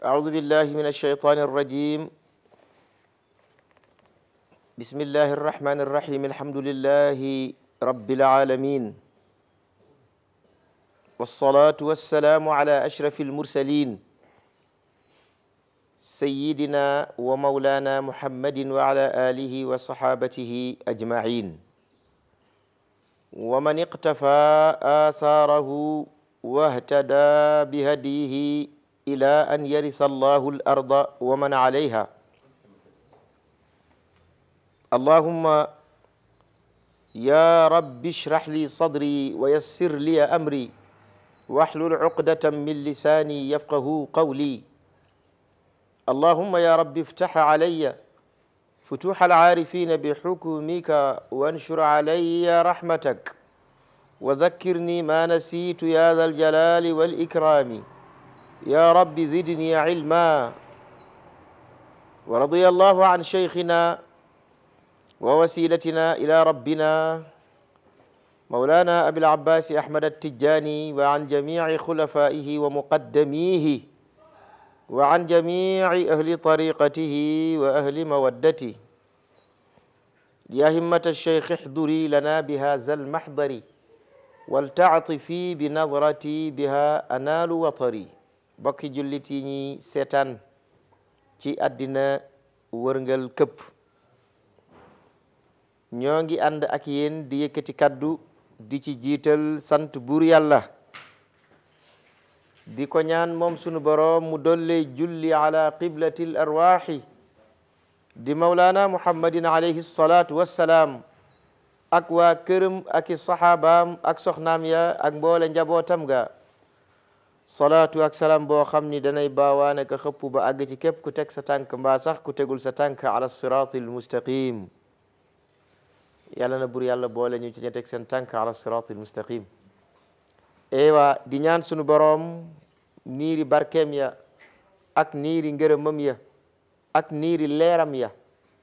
أعوذ بالله من الشيطان الرجيم بسم الله الرحمن الرحيم الحمد لله رب العالمين والصلاة والسلام على أشرف المرسلين سيدنا ومولانا محمد وعلى آله وصحابته أجمعين ومن اقتفى آثاره واهتدى بهديه إلى أن يرث الله الأرض ومن عليها اللهم يا رب اشرح لي صدري ويسر لي أمري واحلل عقدة من لساني يفقه قولي اللهم يا رب افتح علي فتوح العارفين بحكمك وانشر علي رحمتك وذكرني ما نسيت يا ذا الجلال والإكرام يا رب زدني علما ورضي الله عن شيخنا ووسيلتنا إلى ربنا مولانا أبي العباس أحمد التجاني وعن جميع خلفائه ومقدميه وعن جميع أهل طريقته وأهل مودته يا همة الشيخ احضري لنا بهذا المحضر ولتعطفي بنظرتي بها أنال وطري bokki julit yi ñi sétane ci adina wërngal kep ñoo and ak yeen di yëkëti kaddu di ci jital sante bur yalla di ko ñaan mom suñu borom mu dolle julli ala qiblatil arwah di Maulana muhammadin alayhi salatu wassalam ak wa kërëm ak sahabaam ak soxnaam ya ak mboole njabootam ga صلاة وسلام بو خمني دني باوانا كخبو باغتي كيب كو تك ساتانك با صح كو تغول ساتانك على الصراط المستقيم يالا نبور يالا بولا نيو تي تك سانتانك على الصراط المستقيم ايوا دي نيان سونو بروم نيري باركيم اك نيري غيرم مام اك نيري ليرام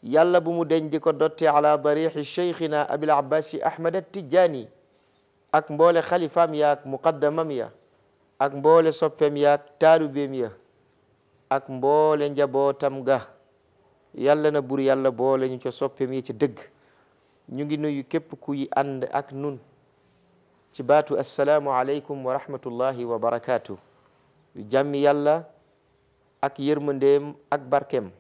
يالا بومو دنج ديكو دوتي على ضريح شيخنا ابي العباس احمد التجاني اك مبول خليفام اك مقدمام ak mboole soppeem yaag beem ya ak mboole njabootam ga yàlla na bur yàlla boole ñu ca soppeem yi ci dëgg ñu ngi nuyu képp kuy ànd ak nun ci baatu assalaamu aleykum wa rahmatullahi wa yàlla ak yërmandeem ak barkeem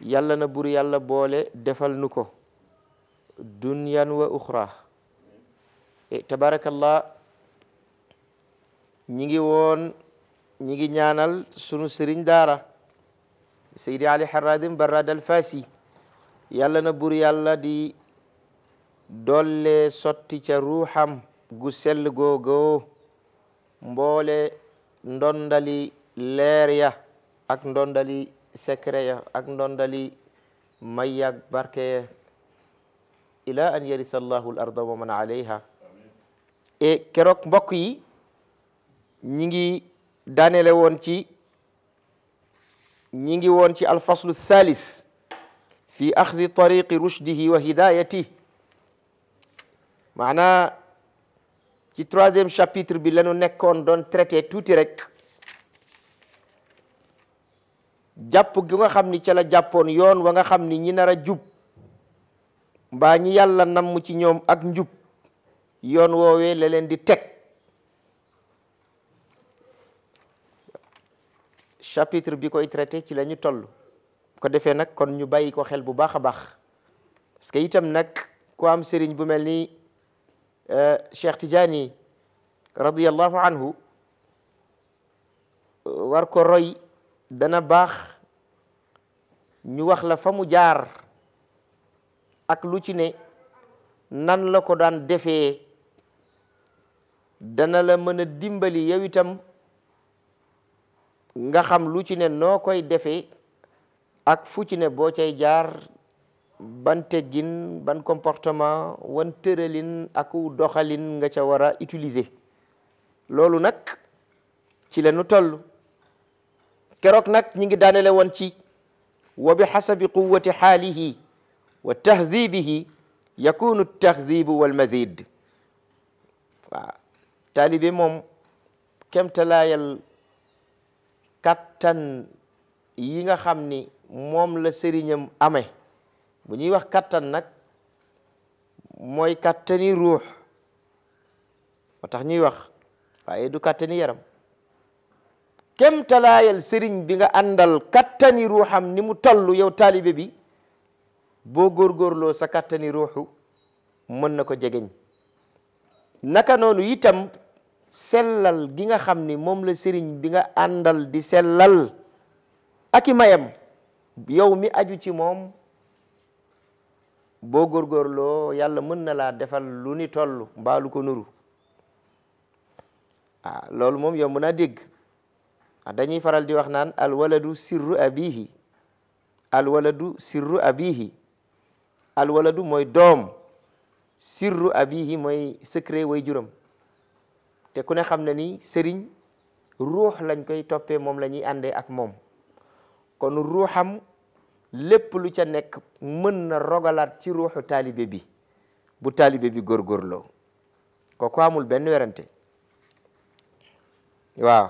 yàlla na bur yàlla boole defal nu ko dunyan wa uxra e, tabarakallah ñi ngi woon ñi ngi ñaanal sunu sëriñ daara Seydi Ali Haradim Barrad al Fasi na bur yàlla di dolle sotti ca ruuxam gu sell googoo mboole ndondali leer ya ak ndondali secret ya ak ndondali may ya barke ya ila an yarisa allahu arda wa alayha e keroog mbokk ñi ngi daanele woon ci ñi ngi woon ci alfaslu thalith fi axdi tariqi rushdihi wa hidayatih maanaa ci troisième chapitre bi lañu nekkoon doon traité tuuti rek jàpp gi nga xam ni ca la jàppoon yoon wa nga xam ni ñi nar a jub mbaa ñi yàlla namm ci ñoom ak njub yoon woowee la leen di teg a chapitre bi koy traité ci la ñu toll ko defee nag kon ñu bàyyi ko xel bu baax a baax parce que itam nag ku am sëriñ bu mel ni euh, Cheikh Tidiane radiyallahu anhu euh, war ko roy dana baax ñu wax la fa mu jaar ak lu ci ne nan la ko daan defee dana la mën dimbali yow itam nga xam lu ci ne noo koy ak fu ci ne bo cey jaar ban teggin ban comportement won tëralin ak doxalin nga ca wara utiliser lolou nak ci la toll keroog ñi ngi daanele won ci wa bi xasabi quwwati halihi wa tahdibihi yakunu mazid wa talibé mom kem talayal kattan yi nga xam ni moom la sëriñam amee bu ñuy wax kattan nag mooy kattani ruux moo tax ñuy wax waaye du kattani yaram kem talaayal sëriñ bi nga àndal kattani ruuxam ni mu toll yow talibe bi boo góorgóorloo sa kattani ruuxu mën na ko jegeñ naka noonu itam sellal gi nga xam ni moom la sëriñ bi nga àndal di sellal ak i mayam yow mi aju ci moom boo góorgóorloo yàlla mën na laa defal lu ni toll mbaa ko nuru a ah, loolu moom yomb naa dégg ah, dañuy faral di wax naan alwaladu sirru abihi alwaladu sirru abihi alwaladu mooy doom sirru abihi mooy secret way juram te ku ne xam na ni sëriñ ruux lañ koy toppee moom la ñuy àndee ak moom kon ruuxam lépp lu ca nekk mën na rogalaat ci ruuxu taalibe bi bu taalibe bi góorgóorloo kooku amul benn werante waaw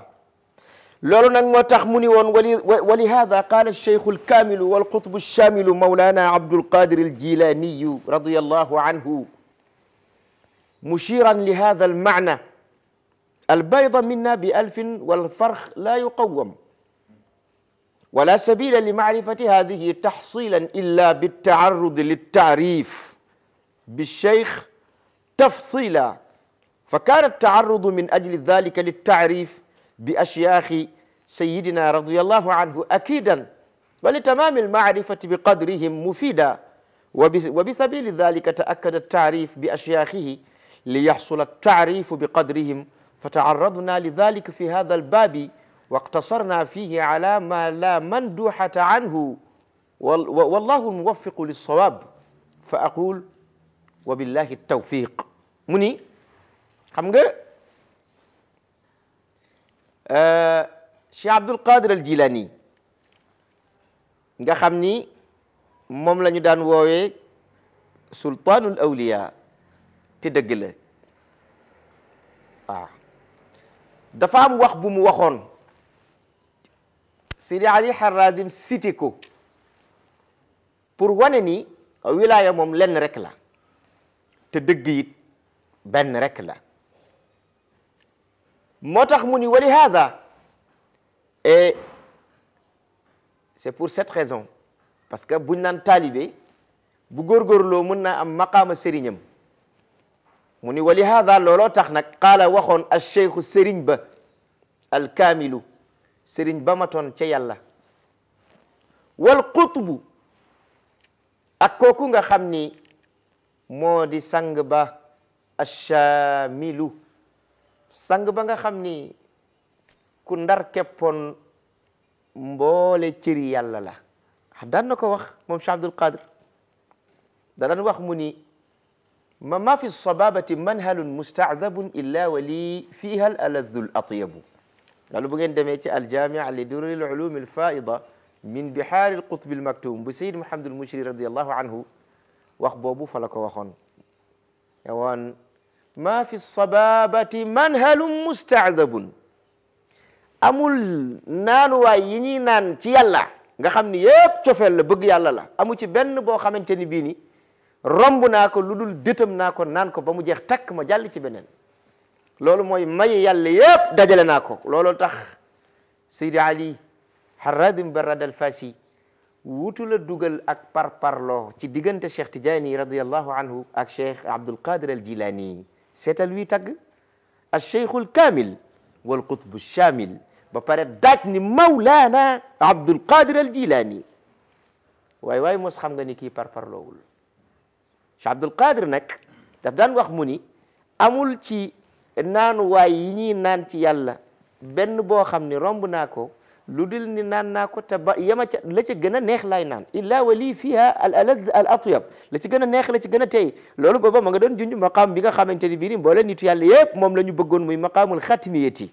loolu nag moo tax mu ni woon wali wali hada qaala alcheikhu alkaamilu walqutbu alchamilu mawlana abdulqadir aljilaaniyu radiallahu anhu mushiran li hada almaana البيض منا بألف والفرخ لا يقوم ولا سبيل لمعرفة هذه تحصيلا إلا بالتعرض للتعريف بالشيخ تفصيلا فكان التعرض من أجل ذلك للتعريف بأشياخ سيدنا رضي الله عنه أكيدا ولتمام المعرفة بقدرهم مفيدا وبسبيل ذلك تأكد التعريف بأشياخه ليحصل التعريف بقدرهم فتعرضنا لذلك في هذا الباب واقتصرنا فيه على ما لا مندوحة عنه والله الموفق للصواب فأقول وبالله التوفيق مني خمجة آه شي عبد القادر الجيلاني nga xam ni moom la ñu daan woowee sultanul awliya dafa am wax bu mu waxoon Sidi Ali Haradim cité ko pour wane ni wilaaya moom lenn rek la te dëgg it benn rek la moo tax mu ni wali hada et c'est pour cette raison parce que buñ naan taalibe bu góorgóorloo mën naa am maqaama sëriñam mu ni wali hada looloo tax nag kaala waxoon al cheikhu sëriñ ba al kaamilu sëriñ ba matoon ca yàlla wal qutbu ak kooku nga xam ni moo di sang ba achaamilu sang ba nga xam ni ku ndar keppoon mboole cëri yàlla la daan na ko wax moom Cheikh Abdul Qadir da daan wax mu ni ما في الصبابة منهل مستعذب إلا ولي فيها الألذ الأطيب قالوا بغين دميتي الجامع لدور العلوم الفائضة من بحار القطب المكتوم بسيد محمد المشري رضي الله عنه wax boobu fa la ko waxoon woon ma fi sababati manhalum mustaadabun amul naanuwaay yi ñuy naan ci yàlla nga xam ni yëpp cofeel la bëgg yàlla la amu ci benn boo xamante ni bii ni rombu naa ko lu détam naa ko naan ko bamu jeex tak ma jàll ci benen lolou moy may yàlla yeb dajale naa ko tax sayyid Ali Haradim Barad al Fasi wutula dugal ak par parlo ci digeunte Cheikh Tidiane radiyallahu anhu ak Cheikh Abdul Qadir al Jilani seetal wi tag al al Kamil wal al shamil ba pare daj ni maulana Abdul Qadir al Jilani way way mos xam nga ni ki par wul شي عبد القادر نك تبدان واخ موني امول تي نان واي ني نان تي يالا بن بو خامني رومب ناكو لودل ني نان ناكو تبا يما لا تي غنا نيه لاي نان الا ولي فيها الالذ الاطيب لا تي غنا نيه لا تي غنا تي لولو بابا ماغا دون جونج مقام بيغا خامنتي بيري مبولا نيتو يالا ييب موم لا نيو بغون موي مقام الختميتي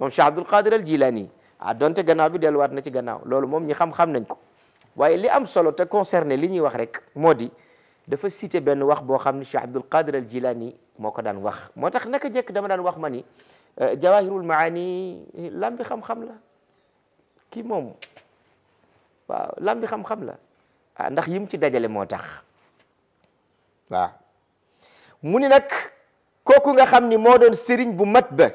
موم شي عبد القادر الجيلاني adonte gannaaw bi delu wat na ci gannaaw loolu moom ñi xam xam nañ ko waaye li am solo te concerné li ñuy wax rek moo di dafa cité benn wax boo xam Cheikh Abdul Qadir al Jilani moo dan daan wax moo tax naka jekk dama daan wax euh, jawahirul maani lambi bi xam-xam la kii moom waaw lam xam-xam la ah, ndax yim ci dajale moo tax waaw mu ni nga xam ni moo doon bu mat ba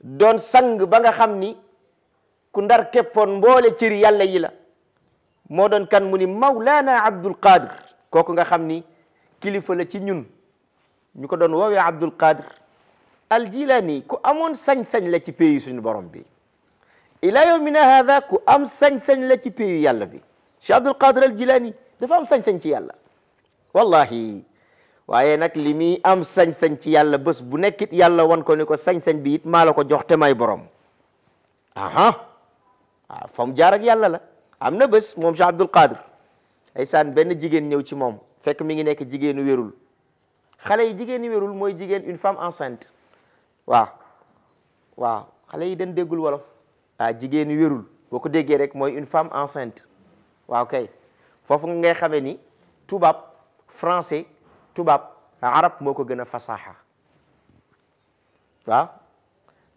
don sang ba nga xam ku ndar keppoon mboole yi la kan muni maulana Abdul Qadir koku nga xamni kilifa la ci ñun ñuko don wowe Abdul Qadir Al-Jilani ku amon sañ-sañ la ci pays suñu borom bi ila yawmina hadha ku am sañ-sañ la ci pays yàlla bi Cheikh Abdul Qadir Al-Jilani dafa am sañ-sañ ci yàlla wallahi waye nak limi am sañ-sañ ci yàlla bés bu nekkit yàlla won ko niko sañ-sañ bi it malako jox te may borom aha fam jaar ak yàlla la amna bés mom Cheikh Abdul Qadir aysan benn jigéen ñëw ci moom fekk mi ngi nekk jigéenu wérul xale yi jigéenu wérul mooy jigéen une femme enceinte waaw waaw xale yi den déggul wolof ah jigéenu wérul boo ko déggee rek mooy une femme enceinte waaw kay foofu nga ngay xamee ni tubaab français tubaab arab moo ko gën a fasaxa waaw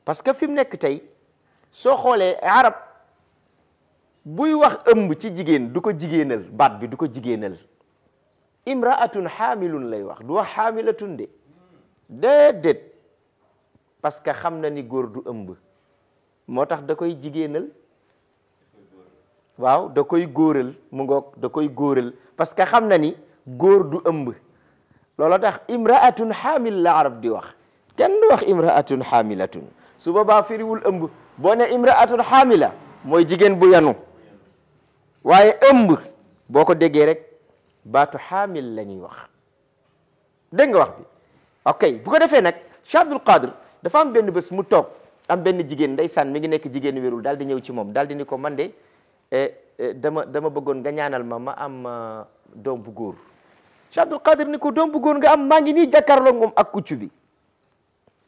parce que fi mu nekk tey soo xoolee arab buy wax ëmb ci jigéen du ko jigéenal baat bi du ko jigéenal imraatun xaamilun lay wax du wax xaamilatun de déedéet parce que xam na ni góor du ëmb moo tax da koy jigéenal waaw da koy góoral mu ngoog da koy góoral parce que xam na ni góor du ëmb loolu tax imraatun xaamil la arab di wax kenn du wax imraatun xaamilatun su boobaa firiwul ëmb boo ne imraatun xaamila mooy jigéen bu yanu waaye ëmb boo ko déggee rek baatu xaamil la ñuy wax dégg nga wax ok bu ko defee nag Cheikh Abdul Qadir dafa am benn bés mu toog am benn jigéen ndeysaan mi ngi nekk jigéen wérul daal di ñëw ci moom daal di ni ko man de eh, eh, dama dama bëggoon nga ñaanal ma ma am doom bu góor Cheikh Abdul Qadir ni ko doom bu góor nga am maa ngi nii jàkkaarloo moom ak kuccu bi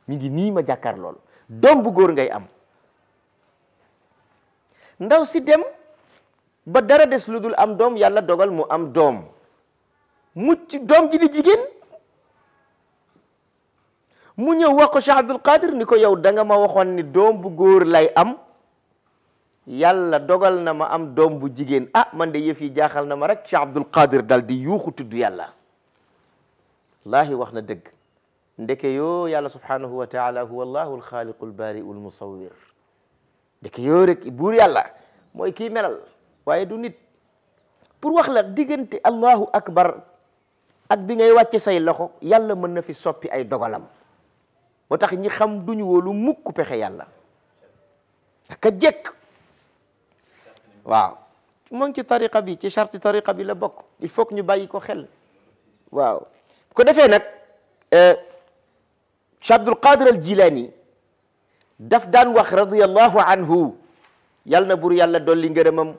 mi ngi nii ma jàkkaarlool doom bu góor ngay am ndaw si dem ba dara des lu am doom yàlla dogal mu am doom mucc doom ji di jigéen mu ñëw wax ko Cheikh Abdul Qadir ni ko yow danga ma waxoon ni doom bu góor lay am yàlla dogal na ma am doom bu jigéen a ah, man de yëf yi jaaxal na ma rek Cheikh Abdul Qadir dal di yuuxu tudd yàlla wallaahi wax na dëgg ndeke yoo yàlla subhanahu wa taala huwa allahu alxaaliqu albaariu almusawir ndeke yoo rek buur yàlla mooy kii melal waaye du nit pour wax la diggante allahu akbar ak bi ngay wàcce say loxo yàlla mën na fi soppi ay dogalam moo tax ñi xam duñu wóolu mukk pexe yàlla aka jekk waaw moo ngi ci tariqa bi ci charte tariqa bi la bokk il faut ñu bàyyi ko xel waaw ko defee nag euh, Cheikh Abdul Qadir al Jilani daf daan wax radiyallahu anhu yàlla na bur yàlla dolli ngërëmam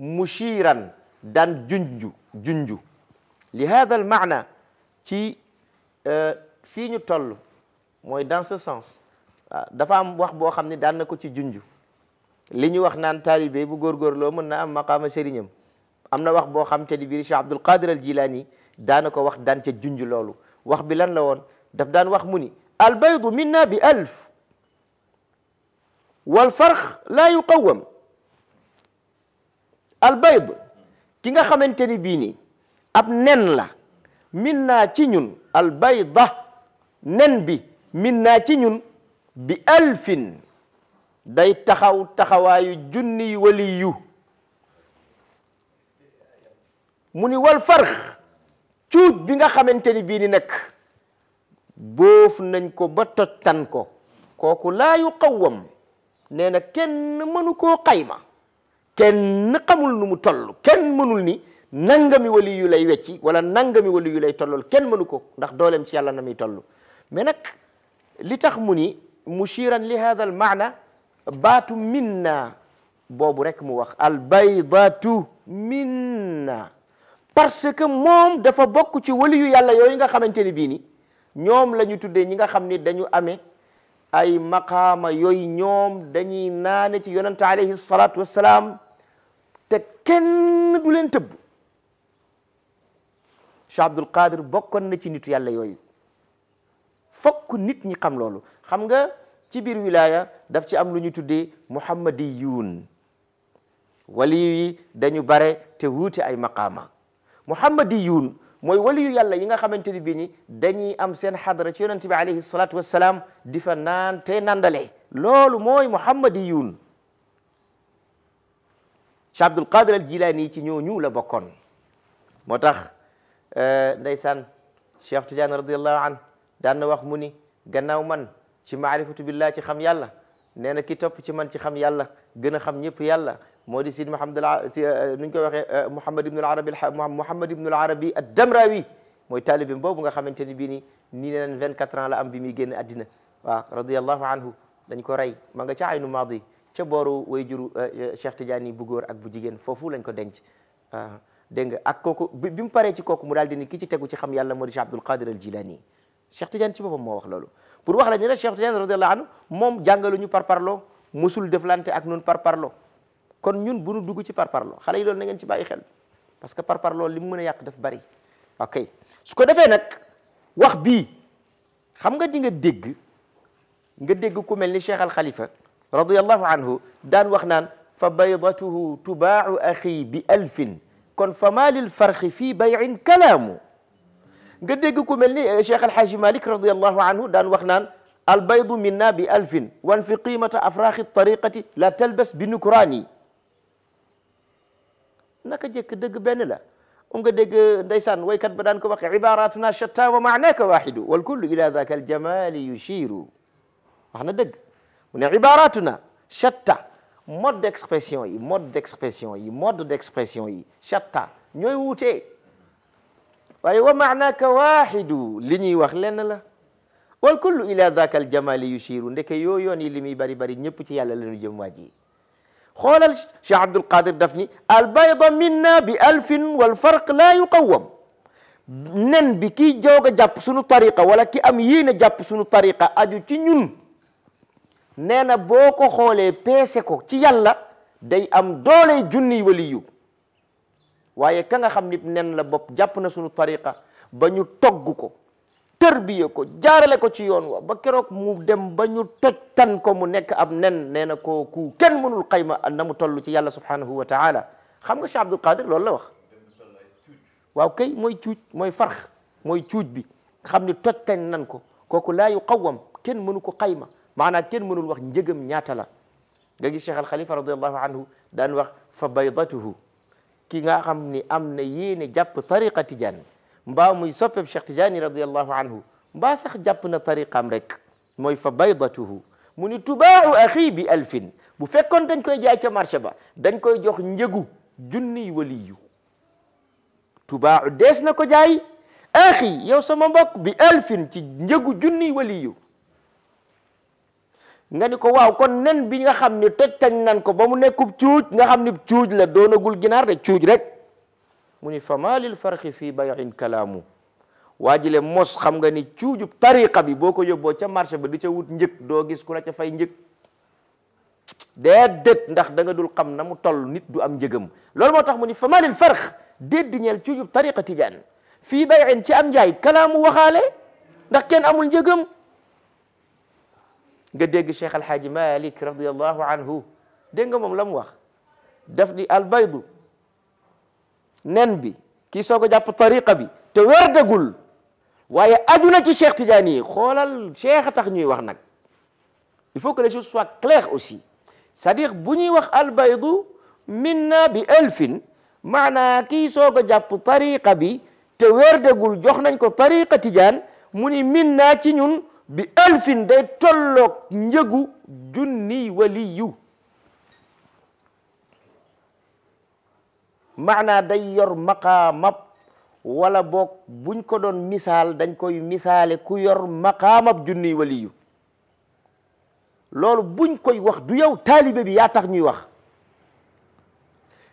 مشيرا دان جنجو جنجو لهذا المعنى تي آه، في ني تول موي دان سو سانس دا فا ام واخ بو خامني دان نكو تي جنجو لي ني واخ نان طالبي بو غور غور لو من ام مقام سيرينم امنا واخ بو خام تي بير شيخ عبد القادر الجيلاني دان نكو واخ دان تي جنجو لولو واخ بي لان لا وون داف دان واخ موني البيض منا بألف والفرخ لا يقوم albayd ki nga xamante ni bii nii ab nen la min naa ci ñun albayda nen bi min naa ci ñun bi alfin day taxaw taxawaayu junniy waliyu mu ni wal farx cuuj bi nga xamante ni bii ni nekk boof nañ ko ba toj tan ko kooku laa yuqawwam nee na kenn mënu koo xayma kenn xamul nu mu toll kenn mënul ni nangami wali yu lay wecci wala nangami wali lay tollol kenn mënu ko ndax dooleem ci yàlla na muy toll mais nag li tax mu ni mushiran li hada al maana baatu minna boobu rek mu wax al baydatu minna parce que moom dafa bokk ci wali yu yàlla yooyu nga xamante ni bii ni ñoom la ñu tuddee ñi nga xam ni dañu amee ay maqaama yooyu ñoom dañuy naane ci yonent alayhi salaatu wassalaam te kenn du leen tëbb Cheikh Abdul Qadir bokkoon na ci nitu yàlla yooyu fokk nit ñi xam loolu xam nga ci biir wilaya daf ci am lu ñu tuddee muhammadiyuun wali yi dañu bare te wuute ay maqaama muhammadiyuun moy waliyu yàlla yi nga xamanteni bi ni dañuy am seen hadra ci yonnati bi alayhi salatu wassalam difa nan te nandale lolou moy muhammadiyun Cheikh Abdul Qadir al Jilani ci ñooñu la bokkon motax euh ndaysan Cheikh Tidiane radiyallahu an dan na wax muni gannaaw man ci ma'rifatu billahi ci xam yàlla neena ki top ci man ci xam yàlla gëna xam ñëpp yàlla moo di Sidi Mouhamed si ni ñu koy waxee Mouhamed ibnul Arabi Mouhamed ibnul Arabi ad-Damrawi mooy taalibim boobu nga xamante ni bii nii nii neen 24 ans la am bi muy génn àddina waaw radiyallahu anhu dañ ko rey ma nga ca aynu maadi ca booru way juru Cheikh Tidiane bu góor ak bu jigéen foofu lañ ko denc waaw dégg nga ak kooku bi mu paree ci kooku mu daal di ni ki ci tegu ci xam yàlla moo di Cheikh Abdul Qadir al Jilani Cheikh Tidiane ci boppam moo wax loolu pour wax la ñu ne Cheikh Tidiane radiyallahu anhu moom jàngaluñu parparloo musul deflante ak noonu parparloo kon ñun bu nu dugg ci parparloo xale yi lool na ngeen ci bàyyi xel parce que parparloo li mu mën a yàq daf bari ok su ko defé nak wax bi xam nga di nga dégg nga dégg ku melni Cheikh Al Khalifa radiyallahu anhu daan wax naan fa baydatuhu tuba'u akhi bi alf kon fa mal al farxi fi bay'in kalaamu nga dégg ku melni Cheikh Al haji Malik radiyallahu anhu daan wax naan البيض منا بألف bi alfin wan fi qiimata afraaxi tariqati la نك جك دغ بن لا اونغ دغ ندسان وي كات بدان كو عباراتنا شتى ومعناك واحد والكل الى ذاك الجمال يشير احنا دغ من عباراتنا شتى مود ديكسبريسيون اي مود ديكسبريسيون اي مود ديكسبريسيون اي شتى نيو ووتي واي ومعناك واحد لني واخ لا والكل الى ذاك الجمال يشير نك يو يوني لي مي بري بري نيب سي واجي xoolal Cheikh Abdul Qadir daf ni minna bi alfin wal farq yu yuqawam nen bi kii joog a jàpp sunu tariqa wala ki am yéene jàpp sunu tariqa aju ci ñun nee na boo ko xoolee peese ko ci yàlla day am doole junniy waliyu waaye ka nga xam ni nen la bopp jàpp na sunu tariqa ba ñu togg ko tërbiye ko jaarale ko ci yoon wa ba keroog mu dem ba ñu toj tan ko mu nekk ab nen nee na ko ku kenn mënul xayma na mu toll ci yàlla subhanahu wa taala xam nga Cheikh Abdul Qadir loolu la wax waaw kay mooy cuuj mooy farx mooy cuuj bi xam ni toj tan nan ko kooku laa yu qawam kenn mënu ko xayma maanaam kenn mënul wax njëgam ñaata la nga gis Cheikh Al Khalifa radiallahu anhu daan wax fa baydatuhu ki nga xam ni am na yéene jàpp tariqa tijaan mbaa muy soppeeb Cheikh Tidiane radiallahu anhu mbaa sax jàpp na tariqaam rek mooy fa baydatuhu mu ni tubaahu axi bi alfin bu fekkoon dañ koy jaay ca marché ba dañ koy jox njëgu junniy waliyu tubaahu dees na ko jaay axi yow sama mbokk bi alfin ci njëgu junni waliyu nga ni ko waaw kon nen bi nga xam ne toj tañ nan ko ba mu nekkub cuuj nga xam ni cuuj la doonagul ginaar de cuuj rek mu ni fa maa lil farqi fii bayin kalaamu waa jile mos xam nga ni cuujub tariqa bi boo ko yóbboo ca marché ba di ca wut njëg doo gis ku la ca fay njëg déedéet ndax danga dul xam na mu toll nit du am njëgam loolu moo tax mu ni fa maa lil farq déet di ñeel cuujub tariqa tijaan fii bayin ci am njaay kalaamu waxaale ndax kenn amul njëgam nga dégg Cheikh Alhaaji Malik radiallahu anhu dégg nga moom la mu wax daf di albaydu nen bi kii soog a jàpp tariqa bi te wér dagul waaye aju na ci Cheikh Tidiane yi xoolal Cheikh a tax ñuy wax nag il faut que les choses soient claires aussi cest bu ñuy wax albaydu minna bi alfin maanaa kii soog a jàpp tariqa bi te wér dagul jox nañ ko tariqa Tidiane mu ni minna ci ñun bi elfin day tolloog njëgu junni waliyu maanaa day yor maqaamab walla boog buñ ko doon misaal dañ koy misaale ku yor maqaamab junniy waliyu loolu buñ koy wax du yow taalibe bi yaa tax ñuy wax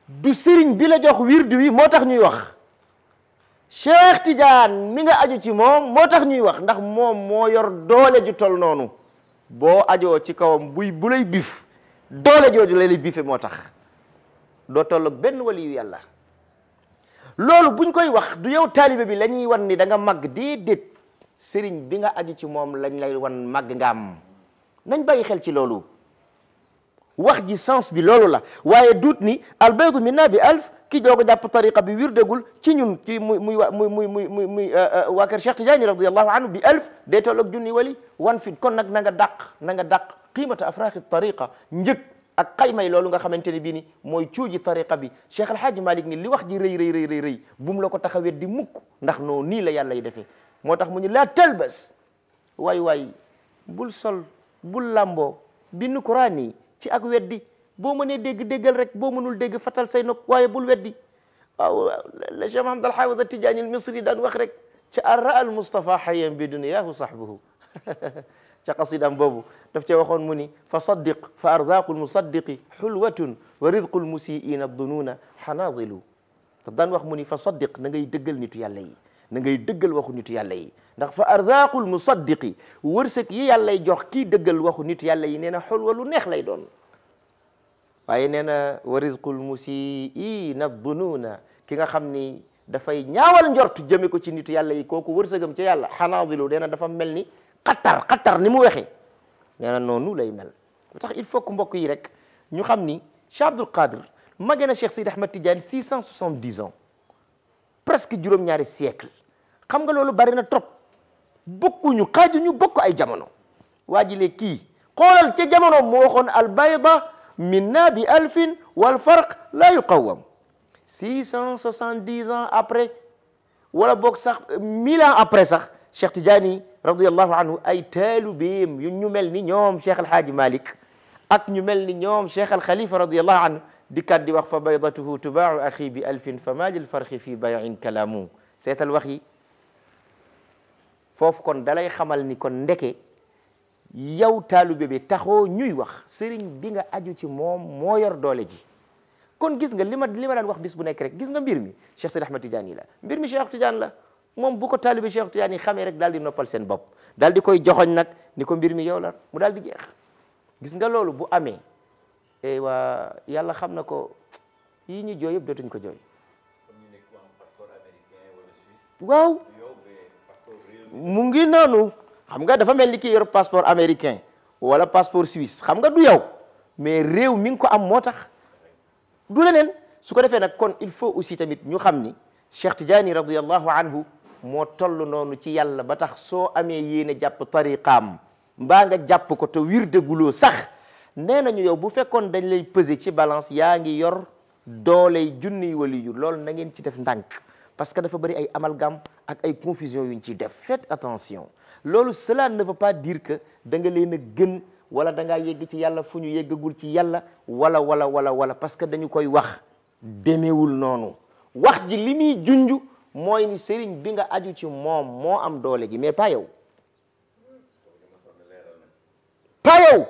du sëriñ bi la jox wirdu wi moo tax ñuy wax Cheikh Tidiane mi nga aju ci moom moo tax ñuy wax ndax moom moo yor doole ju tol noonu boo ajoo ci kawam buy bu lay biif doole jooju lay biife moo tax doo tolloog benn waliyu yàlla loolu buñ koy wax du yow taalibe bi la ñuy wan ni da nga màgg déedéet sëriñ bi nga aju ci moom lañ lay wan màgg nga am nañ bàyyi xel ci loolu wax ji sens bi loolu la waaye duut ni albaydu minna bi alf ki doog a jàpp tariqa bi wirdegul ci ñun ci muy muy muy muy muy muy muy euh, euh, waa kër Cheikh Tidiane radiallahu anhu bi alf day tolloog junni wali wan fit kon nag nanga nga dàq na nga dàq qiimata afraaxi tariqa njëg ak xaymay loolu nga xamante ni bii ni mooy cuuji tariqa bi Cheikh El Hadj Malick ni li wax ji rëy rëy rëy rëy rëy bum la ko tax a weddi mukk ndax noo nii la yàlla yi defee moo tax mu ñu laa talbas waay waay bul sol bul làmboo binnu Quraan yi ci ak weddi boo mënee dégg déggal rek boo mënul dégg fatal say nopp waaye bul weddi waaw la Cheikh Mahamad al Haafid Tijaani al Misri daan wax rek ci arra al Mustafa xayan bi duniyaahu sahbuhu ca qasidaam boobu daf cee waxoon mu ni fa saddiq fa arzaaqu lmusaddiqi xulwatun wa rizqu lmusiiina dunuuna xanaadilu daf daan wax mu ni fa saddiq na ngay dëggal nitu yàlla yi na ngay dëggal waxu nitu yàlla yi ndax fa arzaaqul musaddiqi wërsëg yi yàllay jox kii dëggal waxu nitu yàlla yi nee na xolwa lu neex lay doon waaye nee na wa rizqul musiiina dunuuna ki nga xam ni dafay ñaawal njort jëme ko ci nitu yàlla yi kooku wërsëgam ca yàlla xanaadilu nee na dafa mel ni xatar xatar ni mu waxee nee na noonu lay mel moo tax il faut que mbokk yi rek ñu xam ni Cheikh Abdoul Qadir magee na Cheikh Seydi Ahmad Tidiane six cent soixante-dix ans presque juróom-ñaari siècle xam nga loolu bari na trop bokkuñu xaajuñu bokk ay jamono waa jilee kii xoolal ca jamono mu waxoon albayda min na bi alfin wal farq la yuqawam six cent soixante-dix ans après wala boog sax mille ans après sax Cheikh Tidiane radiallahu anhu ay taalubeem yu ñu mel ni ñoom cheikh alhaaji malik ak ñu mel ni ñoom cheikh alxalifa radiallahu anhu dikkat di wax fa baydatuhu tubaacu axi bi alfin fa maajil farxi fi bayin kalaamu seetal wax yi foofu kon dalay xamal ni kon ndeke yow taalube bi taxoo ñuy wax sëriñ bi nga aju ci moom moo yor doole ji kon gis nga li ma li ma daan wax bis bu nekk rek gis nga mbir mi cheikh Sidi Ahmad Tidiane yi la mbir mi cheikh Tidiane la moom bu ko taalibi Cheikh Tidiane xamee rek daal di noppal seen bop daal di koy joxoñ nag ni ko mbir mi yow la mu daal di jeex gis nga loolu bu amee e waa yàlla xam na ko yi ñu jooy yëpp dootuñ ko jooy waaw mu ngi noonu xam nga dafa mel ni kii yor passeport américain wala passeport suisse xam nga du yow mais réew mi ngi ko am moo tax du leneen su ko defee nag kon il faut aussi tamit ñu xam ni Cheikh Tidiane radiyallahu anhu moo toll noonu ci yàlla ba tax soo amee yéene jàpp tariqaam mbaa nga jàpp ko te wirdeguloo sax nee nañu yow bu fekkoon dañ lay peser ci balance yaa ngi yor doole dooley junniy waliyu loolu na ngeen ci def ndànk parce que dafa bëri ay amalgame ak ay confusion yuñ ciy def faites attention loolu cela ne fa pas dire que da nga leen a gën wala da ngaa yegg ci yàlla fu ñu yeggagul ci yàlla wala wala wala wala parce que dañu koy wax demeewul noonu wax ji li mooy ni sëriñ bi nga aju ci moom moo am doole ji mais pas yow pas yow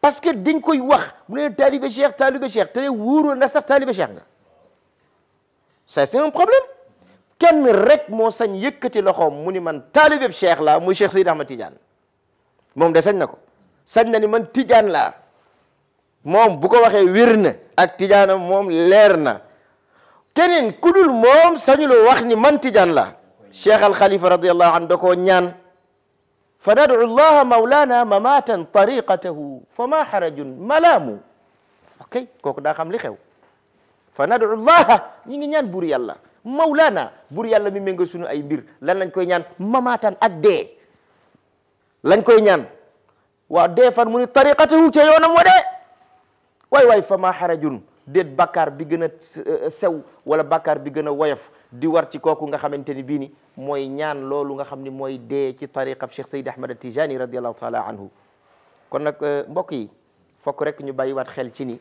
parce que dañ koy wax mu ne taalibe cheikh taalibe cheikh te wóorul na sax taalibe cheikh nga ça c'est un problème kenn rek moo sañ yëkkati loxoom mu ni man taalibe cheikh laa muy cheikh Seydou Ahmad Tidiane moom de sañ na ko sañ na ni man Tidiane laa moom bu ko waxee wér na ak Tidiane moom leer na Kenin kudul mom sañu lo wax ni man tidian la cheikh an da ñaan fa nadu maulana mamatan tariqatahu fa ma malamu malaamu ok kooku daa xam li xew fa nadu ñi ngi ñaan bur yalla maulana bur yalla mi ménga sunu ay mbir lan lañ koy ñaan mamatan ak de lañ koy ñaan wa dee fan mu ni tariqatahu ci yonam wa de way way fa ma déet bàkkaar bi gën a euh, euh, sew wala bàkkaar bi gën a woyof di war ci kooku nga xamante ni bii ni mooy ñaan loolu nga xam ni mooy dee ci tariqab Cheikh Seyd Ahmad Tijani radiallahu taala anhu kon nag euh, mbokk yi fokk rek ñu bàyyiwaat xel ci ni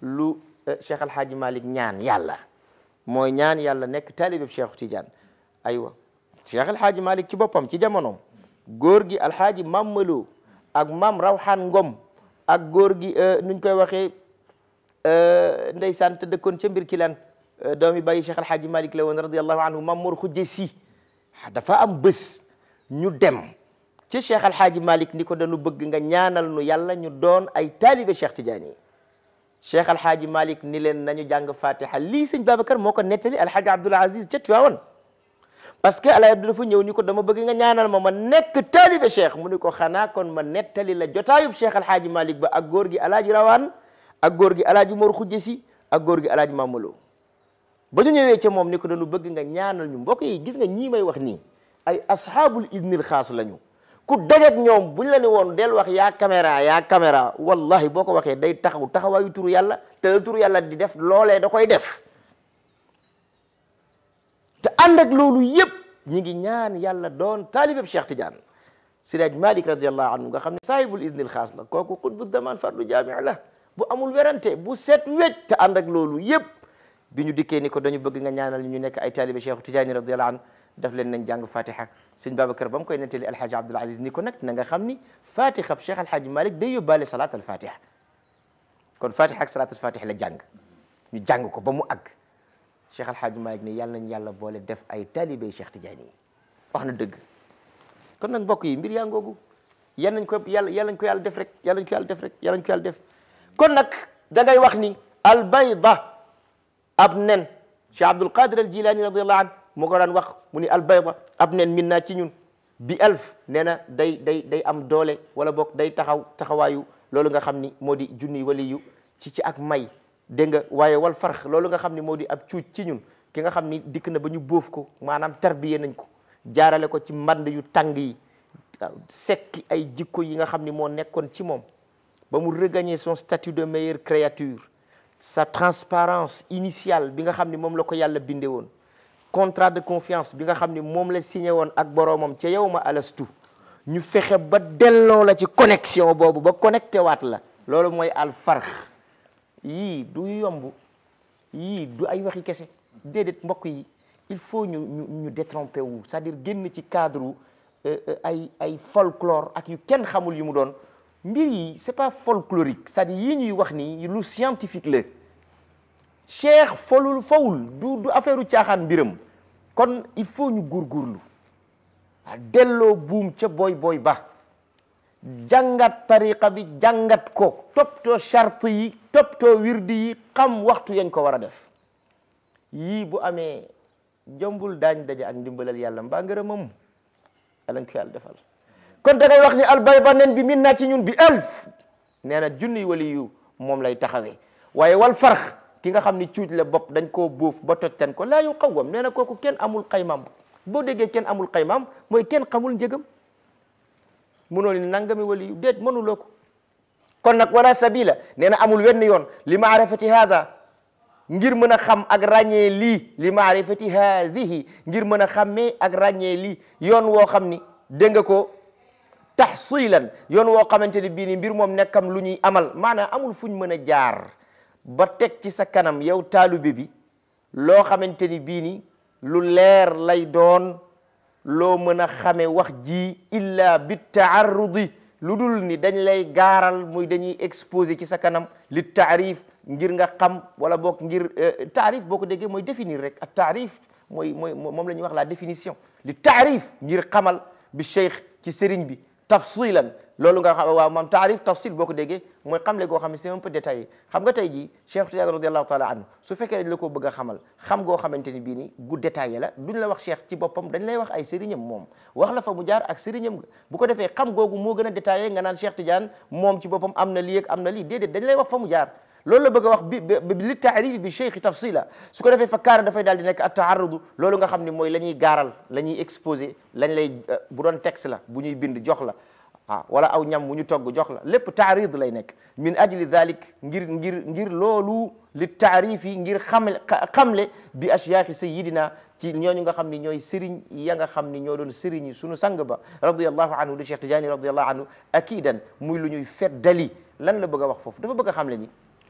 lu Cheikh Alhaaji Malick ñaan yàlla mooy ñaan yàlla nekk taalibeb Cheikh Tidiane aywa Cheikh Alhaaji malik ci boppam ci jamonoom góor gi Alhaaji Mamaloo ak Mam Rawxaan Ngom ak góor gi nuñ koy waxee Euh, ndeysaan te dëkkoon ca mbir kilaan euh, doomi bàyyi Cheikh El Hadji Malick la woon radiallahu anhu Mamour Khoudia Sy ah, dafa am bés ñu dem ci Cheikh El Hadji ni ko dañu bëgg nga ñaanal nu yàlla ñu doon ay taalibe Cheikh ti yi Cheikh El Hadji ni leen na nañu jàng fatiha lii sëñ Babacar moo ko nettali El Hadji Aziz ca Tiwaawan parce que El Hadji Abdou dafa ñëw ni ko dama bëgg nga ñaanal ma ma nekk taalibe Cheikh mu ni ko xanaa kon ma nettali la jotaayub Cheikh El malik ba a góor gi El Rawaan ak góor gi alaaji Mor Khujje si ak góor gi alaaji Mamaloo ba ñu ñëwee ca moom ni ko lu bëgg nga ñaanal ñu mbokk yi gis nga ñii may wax nii ay asxaabul idnil xaas lañu ku dajeeg ñoom buñ la ne woon del wax yaa caméra yaa caméra wallahi boo ko waxee day taxaw taxawaayu turu yàlla te turu yàlla di def loole da koy def te ànd ak loolu yépp ñi ngi ñaan yàlla doon taalibeb Cheikh Tidiane Siraj Malik radiallahu anhu nga xam ne saahibul idnil xaas la kooku xutbu zaman fardu jaami la bu amul werante bu set wecc te ànd ak loolu yëpp bi ñu dikkee ni ko dañu bëgg nga ñaanal ñu nekk ay taalibe Cheikh Tidiane radiyallahu anhu daf leen nañ jàng fatiha sëñ Babacar ba mu koy nettali alhaaji Abdul Aziz ni ko nag na nga xam ni fatiha Cheikh alhaaji Malick day yóbbaale salaat al fatiha kon fatiha ak salaat al fatiha la jàng ñu jàng ko ba mu àgg Cheikh alhaaji Malick ne yàlla nañ yàlla boole def ay taalibe Cheikh Tidiane yi wax na dëgg kon nag mbokk yi mbir yaa ngoogu nañ ko yàlla yal ko yàlla def rek yal nañ def rek yal def kon nag da ngay wax ni albayda ab nen Cheikh Abdul Qadir al Jilani radiyallahu an moo ko daan wax mu ni albayda ab nen min naa ci ñun bi alf nee na day day day am doole wala boog day taxaw taxawaayu loolu nga xam ni moo di junni waliyu ci ci ak may dégg nga waaye wal farx loolu nga xam ni moo di ab cuuj ci ñun ki nga xam ni dikk na ba ñu bóof ko maanaam tarbiye nañ ko jaarale ko ci mband yu tàng yi sekki ay jikko yi nga xam ni moo nekkoon ci moom ba mu regagner son statut de meilleure créature sa transparence initiale bi nga xamni mom la ko Yalla binde contrat de confiance bi nga xamni mom la signé woon ak boroomam ca yow alastu ñu fexé ba dello la ci connexion bobu ba connecté wat la moy al alfarx Yi du yombu. Yi du ay waxi kessé. déedéet mbokk yi il faut ñu ñu ñu détromper wu c'est-à-dire génn ci cadre euh, euh, ay ay folklore ak yu kenn xamul yu mu doon mbir yi c'est pas folklorique cest à yii ñuy wax ni lu scientifique la Cheikh folul fawul du du affaire u caaxaan mbiram kon il faut ñu góorgóorlu ah delloo buum ca booy booy ba jàngat tariqa bi jàngat ko toppatoo charte yi toppatoo wirdi yi xam waxtu yañ ko war a def yii bu amee jombul daañ daje ak ndimbalal yàlla mbaa ngërëmam alañ ko yàlla defal kon da ngay wax ni albayba nen bi min naa ci ñun bi elf na junniy wali moom lay taxawe waaye wal farx ki nga xam ni cuuj la bopp dañ koo buuf ba tojtan ko laa yu xawwam nee na kooku kenn amul xaymaam boo déggee kenn amul xaymaam mooy kenn xamul njëgam mënoo ni nangami wali yu déet mënuloo ko kon nag wala sabila nee na amul wenn yoon li maarifati haada ngir mën a xam ak ràññee lii li maarifati haadihi ngir mën a xàmmee ak ràññee lii yoon woo xam ni dégg ko تحصيلا يون و خامتاني بي ني مير موم نيكام لو ني عمل معنا امول فوني مانا جار با تك سي سا كانم ياو طالب بي لو خامتاني بي ني لو لير لاي دون لو مانا خامي واخ جي الا بالتعرض لودول ني داني لاي غارال موي داني اكسبوزي سي سا كانم للتعريف ngir nga xam wala bok ngir euh, taarif boko degge moy definir rek at taarif moy moy mom lañu wax la definition li taarif ngir xamal bi cheikh ci serigne bi tafsilan loolu nga xam waaw maam taarif tafsil boo ko déggee mooy xamle goo xam ne c'est un peu détaillé xam nga tey jii Cheikh Tidiane radiallahu taala anhu su fekkee dañ la ko bëgg a xamal xam goo xamante ni bii ni gu détaillé la duñ la wax Cheikh ci boppam dañ lay wax ay sëriñam moom wax la fa mu jaar ak sëriñam bu ko defee xam googu moo gën a détaillé nga naan Cheikh Tidiane moom ci boppam am na lii ak am na lii déedéet dañ lay wax fa mu jaar loolu la bëgg a wax bi li taarif bi cheikh tafsila su ko defee fa kaara dafay daal di nekk at taarudu loolu nga xam ne mooy la ñuy gaaral la ñuy exposé lañ lay bu doon texte la bu ñuy bind jox la waaw wala aw ñam wu ñu togg jox la lépp taarid lay nekk min ajli dalik ngir ngir ngir loolu li taarif yi ngir xamle xamle bi ashyaaxi sayidina ci ñooñu nga xam ni ñooy sëriñ ya nga xam ni ñoo doon sëriñ yi sunu sang ba radiallahu anhu di cheikh tijaani radiallahu anhu akidan muy lu ñuy fet dali lan la bëgg a wax foofu dafa bëgg a xamle ni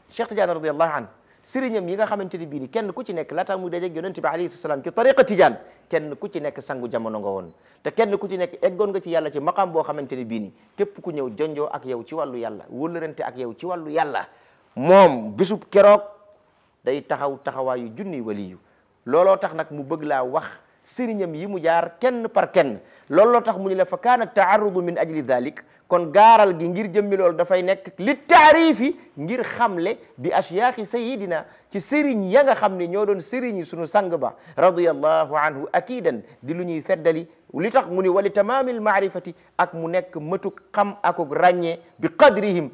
Cheikh Tidiane radiyallahu anhu sëriñam yi nga xamante ni bii ni kenn ku ci nekk laataa muy dajeeg yonente bi alayhi salaam ci tariqa Tidiane kenn ku ci nekk sangu jamono nga woon te kenn ku ci nekk eggoon nga ci yàlla ci maqaam boo xamante ni bii ni képp ku ñëw jonjoo ak yow ci wàllu yàlla wóllërante ak yow ci wàllu yàlla moom bisub keroog day taxaw taxawaayu junni waliyu looloo tax nag mu bëgg laa wax sëriñam yi mu jaar kenn par kenn looloo tax mu ñu la fa kaana taarudu min ajli dalik kon gaaral gi ngir jëmmi loolu dafay nekk li taarifi ngir xamle bi ashyaaxi sayidina ci sëriñ ya nga xam ne ñoo doon sëriñ yi sunu sang ba radiyallahu anhu akidan di lu ñuy feddali li tax mu ni wali tamaamil maarifati ak mu nekk mëtuk xam akuk ràññee bi qadrihim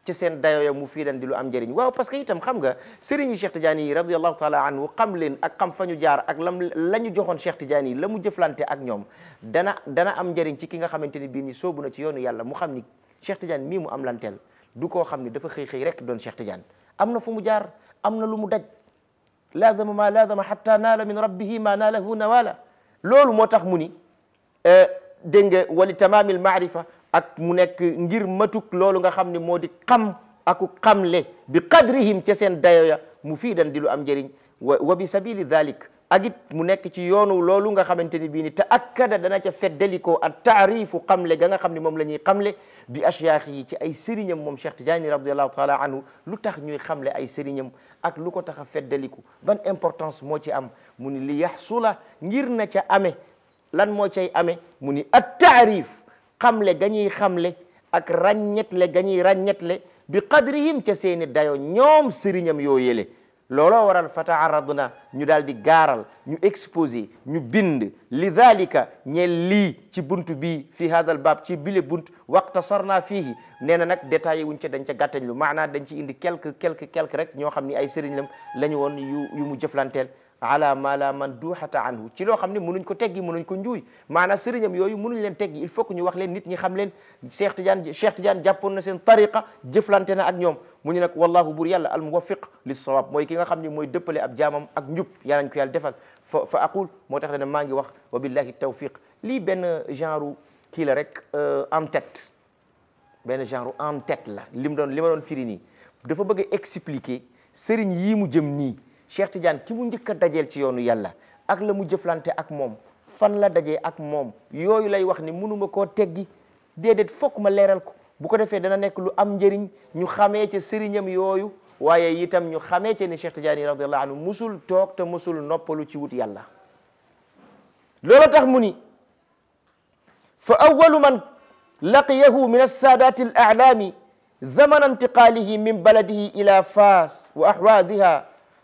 ci seen dayo ya mu fii dan di lu am njëriñ waaw parce que itam xam nga sëriñ yi Cheikh Tidiane yi radiallahu taala anhu xam leen ak xam fa ñu jaar ak lam la ñu joxoon Cheikh Tidiane yi la mu jëflante ak ñoom dana dana am njëriñ ci ki nga xamante ni bii ni soobu na ci yoonu yàlla mu xam ni Cheikh Tidiane mii mu am lanteel du koo xam ni dafa xëy xëy rek doon Cheikh Tidiane am na fu mu jaar am na lu mu daj laazama ma laazama hatta naala min rabbihi ma naalahu nawala loolu moo tax mu ni eh, dégg nga wali tamaamil maarifa ak mu nekk ngir matuk loolu nga xam ne moo di xam aku xamle bi qadrihim ca seen dayo ya mu fii dan di lu am njëriñ wa wa bi sabili dhalik ak it mu nekk ci yoonu loolu nga xamante ni bii ni te akkada dana ca feddalikoo ak taarifu le ga nga xam ne moom la ñuy xamle bi ashyaax yi ci ay sëriñam moom Cheikh Tidiane radiallahu taala anhu lu tax ñuy xamle ay sëriñam ak lu ko tax a feddaliku ban importance moo ci am mu ni li yaxsula ngir na ca amee lan moo cay amee xamle ga ñuy xamle ak ràññetle ga ñuy ràññetle bi qadrihim ca seeni dayo ñoom sëriñam yoo yële looloo waral fataaradna ñu daal di gaaral ñu exposé ñu bind li dalika ñeel lii ci bunt bii fii hadal baab ci bile bunt waqtasarna fiihi nee na nag détaillé wuñ ca dañ ca gàttañ lu maanaa dañ ci indi quelque quelque quelque rek ñoo xam ni ay sëriñ lam la ñu woon yu yu mu jëflanteel ala ma la man duuxata anhu ci loo xam ne mënuñ ko teggi mënuñ ko njuuy maanaam sëriñam yooyu mënuñ leen teggi il faut que ñu wax leen nit ñi xam leen Cheikh Tidiane Cheikh Tidiane jàppoon na seen tariqa jëflante na ak ñoom mu ñu nag wallahu buur yàlla al muwaffiq li sawab mooy ki nga xam ne mooy dëppale ab jaamam ak njub yàlla nañ ko yàlla defal fa fa aqul moo tax ne maa ngi wax wa billahi tawfiq lii benn genre kii la rek en tête benn genre en tête la li mu doon li ma doon firi nii dafa bëgg a expliquer sëriñ yii mu jëm nii Cheikh Tidiane ki mu ñëk a ci yoonu yàlla ak la mu jëflante ak mom fan la dajé ak mom yoyu lay wax ni mënuma ko teggi dédét fokk ma ko bu ko défé dana nek lu am jëriñ ñu xamé ci sëriñam yoyu waye itam ñu xamé ci ni Cheikh Tidiane radiyallahu anhu musul tok te musul noppalu ci wut yàlla lolo tax mu ni fa awwalu man laqiyahu min alsaadaati alaami zamana intiqaalihi min baladihi ila faas wa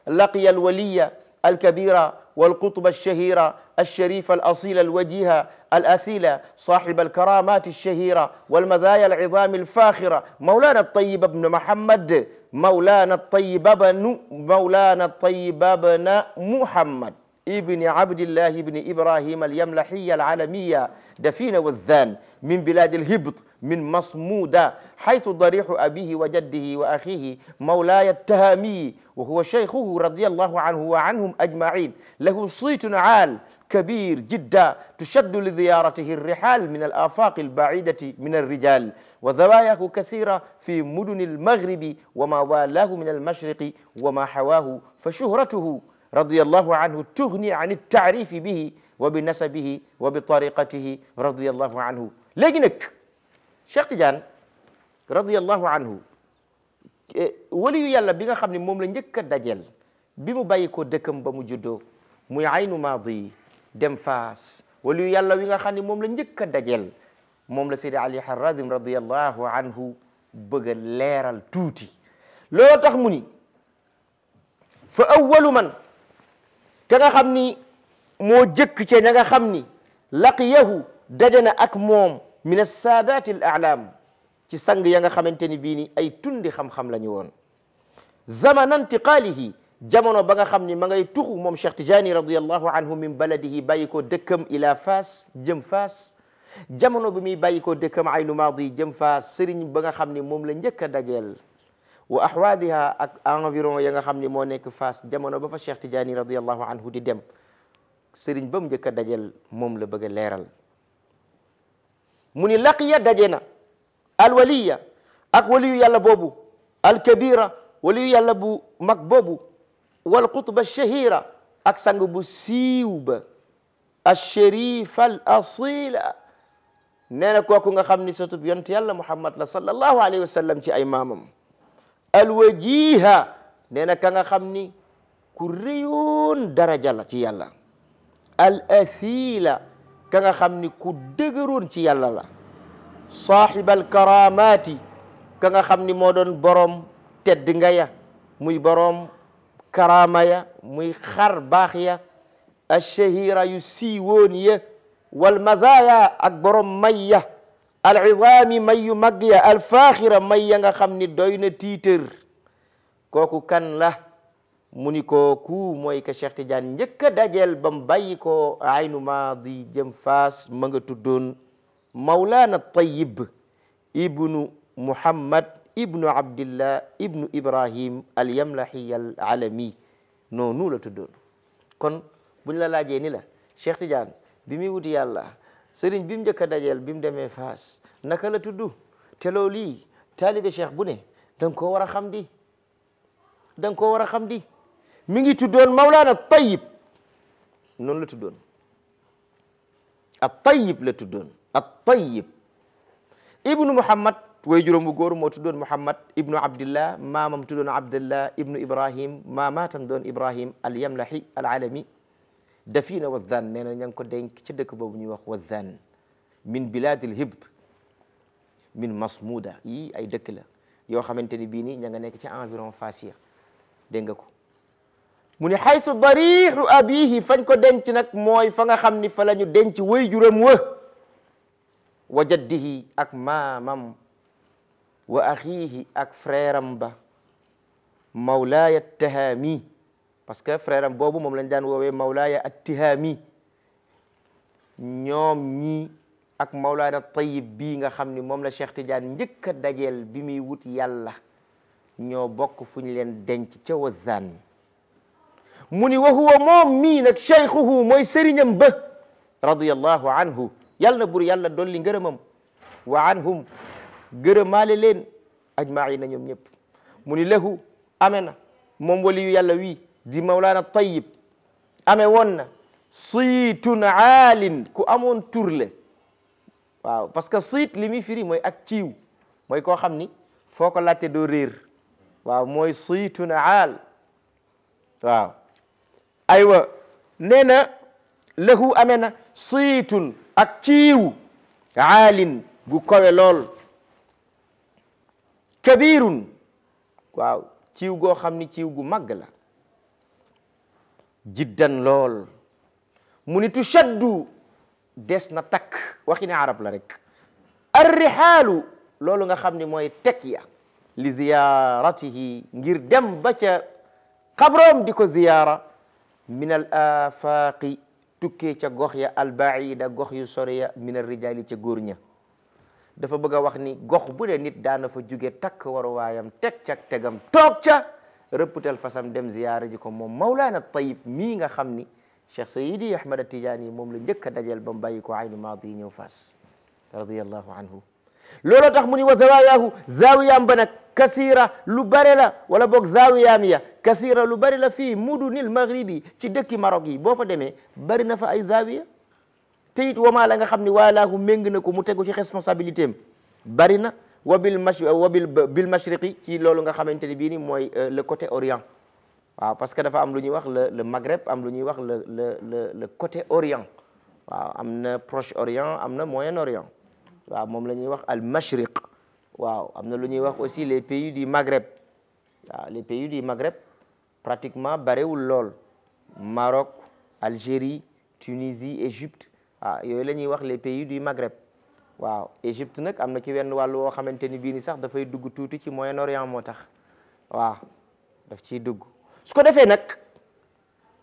لقي الولي الكبير والقطب الشهير الشريف الأصيل الوجيه الأثيل صاحب الكرامات الشهيرة والمذايا العظام الفاخرة مولانا الطيب ابن محمد مولانا الطيب ابن مولانا الطيب ابن محمد ابن عبد الله بن إبراهيم اليملحي العالمية دفين والذان من بلاد الهبط من مصمودة حيث ضريح أبيه وجده وأخيه مولاي التهامي وهو شيخه رضي الله عنه وعنهم أجمعين له صيت عال كبير جدا تشد لزيارته الرحال من الآفاق البعيدة من الرجال وزواياه كثيرة في مدن المغرب وما والاه من المشرق وما حواه فشهرته رضي الله عنه تغني عن التعريف به وبنسبه وبطريقته رضي الله عنه لجنك شيخ تجان radiyallahu anhu wali yu yàlla bi nga xam ne moom la njëkk a dajeel bi mu bàyyi ko dëkkam ba mu juddoo muy aynu maadi dem faas wali yu yàlla wi nga xam ne moom la njëkk a dajeel moom la Seydi Ali Harazim radiyallahu anhu bëgg a leeral tuuti looloo tax mu ni fa awwalu man ka nga xam ni moo jëkk ca ña nga xam ni laqiyahu dajana ak moom min assaadaati al aalaam ci sang ya nga xamante ni bii ni ay tundi xam-xam la ñu woon zamana intiqaalihi jamono ba nga xam ni ma ngay tuxu moom Cheikh Tijaani radiallahu anhu min baladihi bàyyi ko dëkkam ila fas jëm faas jamono bi muy bàyyi ko dëkkam aynu maadi jëm faas sëriñ ba nga xam ni moom la njëkk a dajeel wa ahwaadiha ak environ ya nga xam ni moo nekk fas jamono ba fa Cheikh Tijaani radiallahu anhu di dem sëriñ ba mu njëkk a dajeel moom la bëgg a leeral mu ni laqiya daje na الوليه اك ولي يلا بوبو الكبيره ولي يالا بو مك بوبو والقطبه الشهيره اك سانغ بو سيوب الشريف الاصيل نانا كوكو غا خامني سوتو يونت يلا محمد صلى الله عليه وسلم تي امامم الوجيها نانا كاغا خامني كريون درجه لا تي يلا الاثيله كاغا خامني كو دغرون تي يلا لا saaxibal karamaati ka nga xam ni moo doon boroom teddinga nga ya muy borom karama ya muy xar baax ya ashahira yu siwoon ya wal mazaya ak boroom may ya al izaami may yu mag ya al faaxira may ya nga xam ni doy na tiitër kooku kan la mu ni kooku mooy que Cheikh Tidiane njëkk dajeel ba mu bàyyi ko aynu maadi jëm faas ma nga tuddoon مولانا الطيب ابن محمد ابن عبد الله ابن Ibrahim al yamlahi al alami noonu la tuddoon kon buñ la laajee ni la Cheikh Tidiane bi muy wuti yàlla sëriñ bi mu njëkk a dajeel bi mu demee Faas naka la tudd te loolu lii taalibe Cheikh bu ne da nga koo war a xam di da nga koo war a xam di mi ngi tuddoon Mawlaana Tayyib noonu la tuddoon ak Tayyib la tuddoon. at-tayyib ibnu muhammad waajuram bu góor moo tuddoon muhammad ibnu abdillah maamam tuddoon abdillah ibnu ibrahim maamaatam doon ibrahim al-yamlahi al-alami dafina wazan nee na ña ngi ko denc ca dëkk boobu ñuy wax wazan min biladil hibt min masmuda yi ay dëkk la yoo xamante ni bii nii ña nga nekk ci environ Fasia dégg nga ko mu ne xaytu dariixu abihi fañ ko denc nag mooy fa nga xam ni fa la ñu denc waajuram wa وجده اك مامم واخيه اك فريرم با مولاي التهامي باسكو فريرم بوبو موم لنجان ووي مولاي التهامي نيوم ني اك مولانا الطيب بيغا خامني موم لا شيخ تيجان نيك داجيل بيمي ووت يالا ño bok fuñ len denc ci wazan muni wa huwa mom mi nak shaykhuhu moy serignam ba radiyallahu anhu yàlla na bur yàlla dolli ngërëmam wa anhum gërëmaale leen ajmaina ñoom ñëpp mu ni lahu amee na moom waliyu yàlla wii di mawlaana tayib amee woon na siitun aalin ku amoon turle waaw parce que siit li muy firi mooy ak ciiw mooy koo xam ni foo ko laajte doo réer waaw mooy siitun aal waaw aywa nee na lahu amee na siitun ak ciiw aalin bu kowe lool kabirun waaw ciiw goo xam ni ciiw gu màgg la jiddan lool mu ni tushaddu des na takk waxi ne arab la rek arrixaalu loolu nga xam ni mooy teg ya li ziyaratihi ngir dem ba ca xabroom di ko ziyaara min al afaqi tukkee ca gox ya albaida gox yu sore ya mina rijaali ca góor dafa bëgg wax ni gox bu de nit daana fa tak takk waruwaayam teg ca tegam tok ca reputel fasam dem ziyara ji ko mom Mawlaana tayyib mi nga xamni Cheikh sayyidi Ahmad tijani mom la ñëk dajel bam bayiko aynu maadi radiyallahu anhu lolo tax mu wa zawayahu zawiyam banak كثيرة لبريلا ولا بوك زاوية مية كثيرة لبريلا في مدن المغربي تي دكي ماروكي بوفا ديمي برينا فا اي زاوية تيت وما لا خامني ولا هو مينغنكو مو تيغو سي ريسبونسابيلتيم برينا وبيل وبال بالمشرقي تي لولو nga xamanteni bi ni moy le côté orient وا باسكو دا فا لوني واخ le maghreb ام لوني واخ le le le le côté orient امنا proche أوريان امنا moyen أوريان وا موم لا نيي Wow, am na wax aussi les pays du Maghreb waaw les pays du Maghreb pratiquement barewul lol. Maroc Algérie Tunisie Égypte waaw ah, yooyu la wax les pays du Maghreb waaw Égypte nag am na ci wenn wàllu woo xamante ni bii ni sax dafay dugg tuuti ci Moyen-Orient moo tax waaw daf ciy dugg su ko defee nag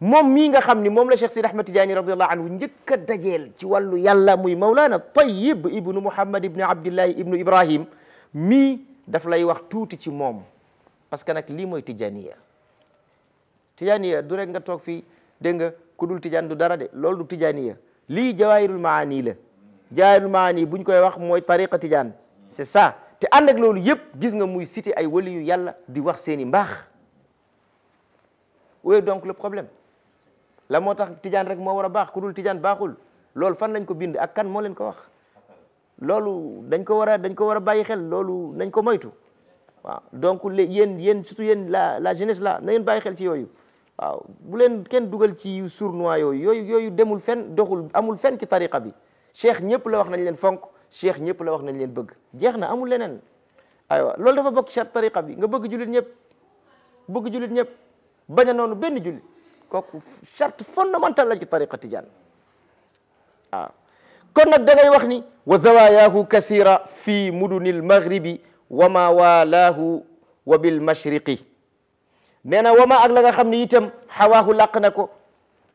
moom nga xam ni la Cheikh Sidi Ahmad Tidiane radiallahu anhu njëkk a dajeel ci wàllu yalla, mouy, Mawlana Tayyib ibnu Muhammad ibnu Abdullah ibnu Ibrahim mii daf lay wax tuuti ci moom parce que nag lii mooy tijaniya tijaniya du rek nga toog fii dégg nga ku dul tijan du dara de loolu du tijaniya lii jawairul maani la jawairul maani buñ koy wax mooy tariqa tijan c'est ça te ànd ak loolu yëpp gis nga muy cité ay wali yu yàlla di wax seeni mbaax où donc le problème la moo tax rek moo war a ku dul baaxul loolu fan lañ ko bind ak kan moo leen ko wax loolu dañ ko war a dañ ko war a bàyyi xel loolu nañ ko moytu waaw donc les yéen yéen surtout yéen la la jeunesse là na ngeen bàyyi xel ci yooyu waaw bu leen kenn dugal ci sournois yooyu yooyu yooyu demul fenn doxul amul fenn ci tariqa bi cheikh ñëpp la wax nañ leen fonk cheikh ñëpp la wax nañ leen bëgg jeex na amul leneen aywa loolu dafa bokk charte tariqa bi nga bëgg jullit ñëpp bëgg jullit ñëpp bañ noonu benn jullit kooku charte fondamentale la ci tariqa tijaan waaw كنا دغاي وخني وزواياه كثيره في مدن المغرب وما والاه وبالمشرق نانا وما اغلغا خمني يتم حواه لاقناكو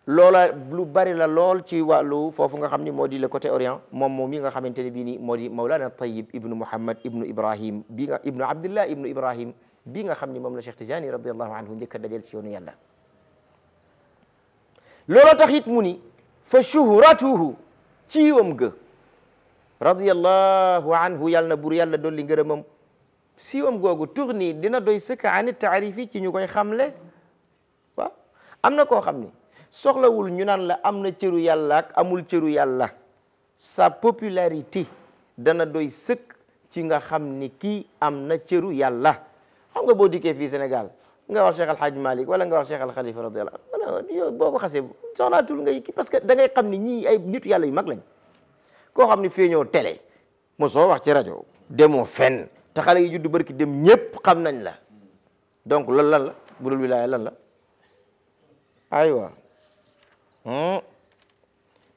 لولا بلو باري لا لول تي والو فوفوغا خمني مودي لا كوتي اوريان موم موميغا خامتاني بي ني مودي مولانا الطيب ابن محمد ابن ابراهيم بيغا ابن عبد الله ابن ابراهيم بيغا خمني موم لا شيخ تجاني رضي الله عنه ديك دجال تي يونو يالا لولا تخيت موني فشهرته ciiwam ga radiyallahu anhu yàlla na buur yàlla dolli ngërëmam siiwam googu tux nii dina doy sëkk ani taarifi ci ñu koy xamle waaw am na koo xam ni soxlawul ñu naan la am na cëru yàlla ak amul cëru yàlla sa popularité dana doy sëkk ci nga xam ni kii am na cëru yàlla xam nga boo dikkee fii Sénégal nga wax Cheikh Al Hadj Malick wala nga wax Cheikh Al Khalifa radiyallahu anhu yow boo ko xasee soxlaatul ngay ki parce que da ngay xamni ñi ay nit yalla yu mag lañ ko xamni ni télé mo so wax ci radio demo fen ta xalé yi juddu barki dem ñepp xam nañ la donc lool lan la bu dul lan la hmm.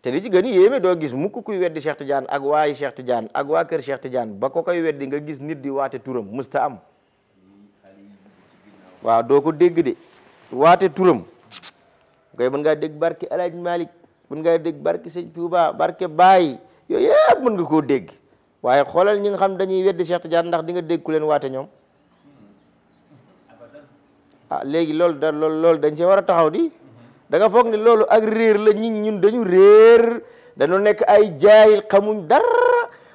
li ci gis mukk kuy weddi Cheikh Tidiane ak waayi Cheikh Tidiane ak wa kër Cheikh Tidiane ba ko koy weddi nga gis nit di waté turam musta am wa do ko deg de waté turum ngay mën nga deg barke El Malik, Malick mën ngaa dégg barke Sëñ Touba barke Baye yooyu yëpp mën nga ko deg waye xolal ñi nga xam dañuy wedd Cheikh Tidiane ndax di nga deg ku len waté ñom ah da dañ ci wara taxaw di da nga fokk ni loolu ak réer la ñi ñun dañu réer dañu nek ay jaayil xamuñ dar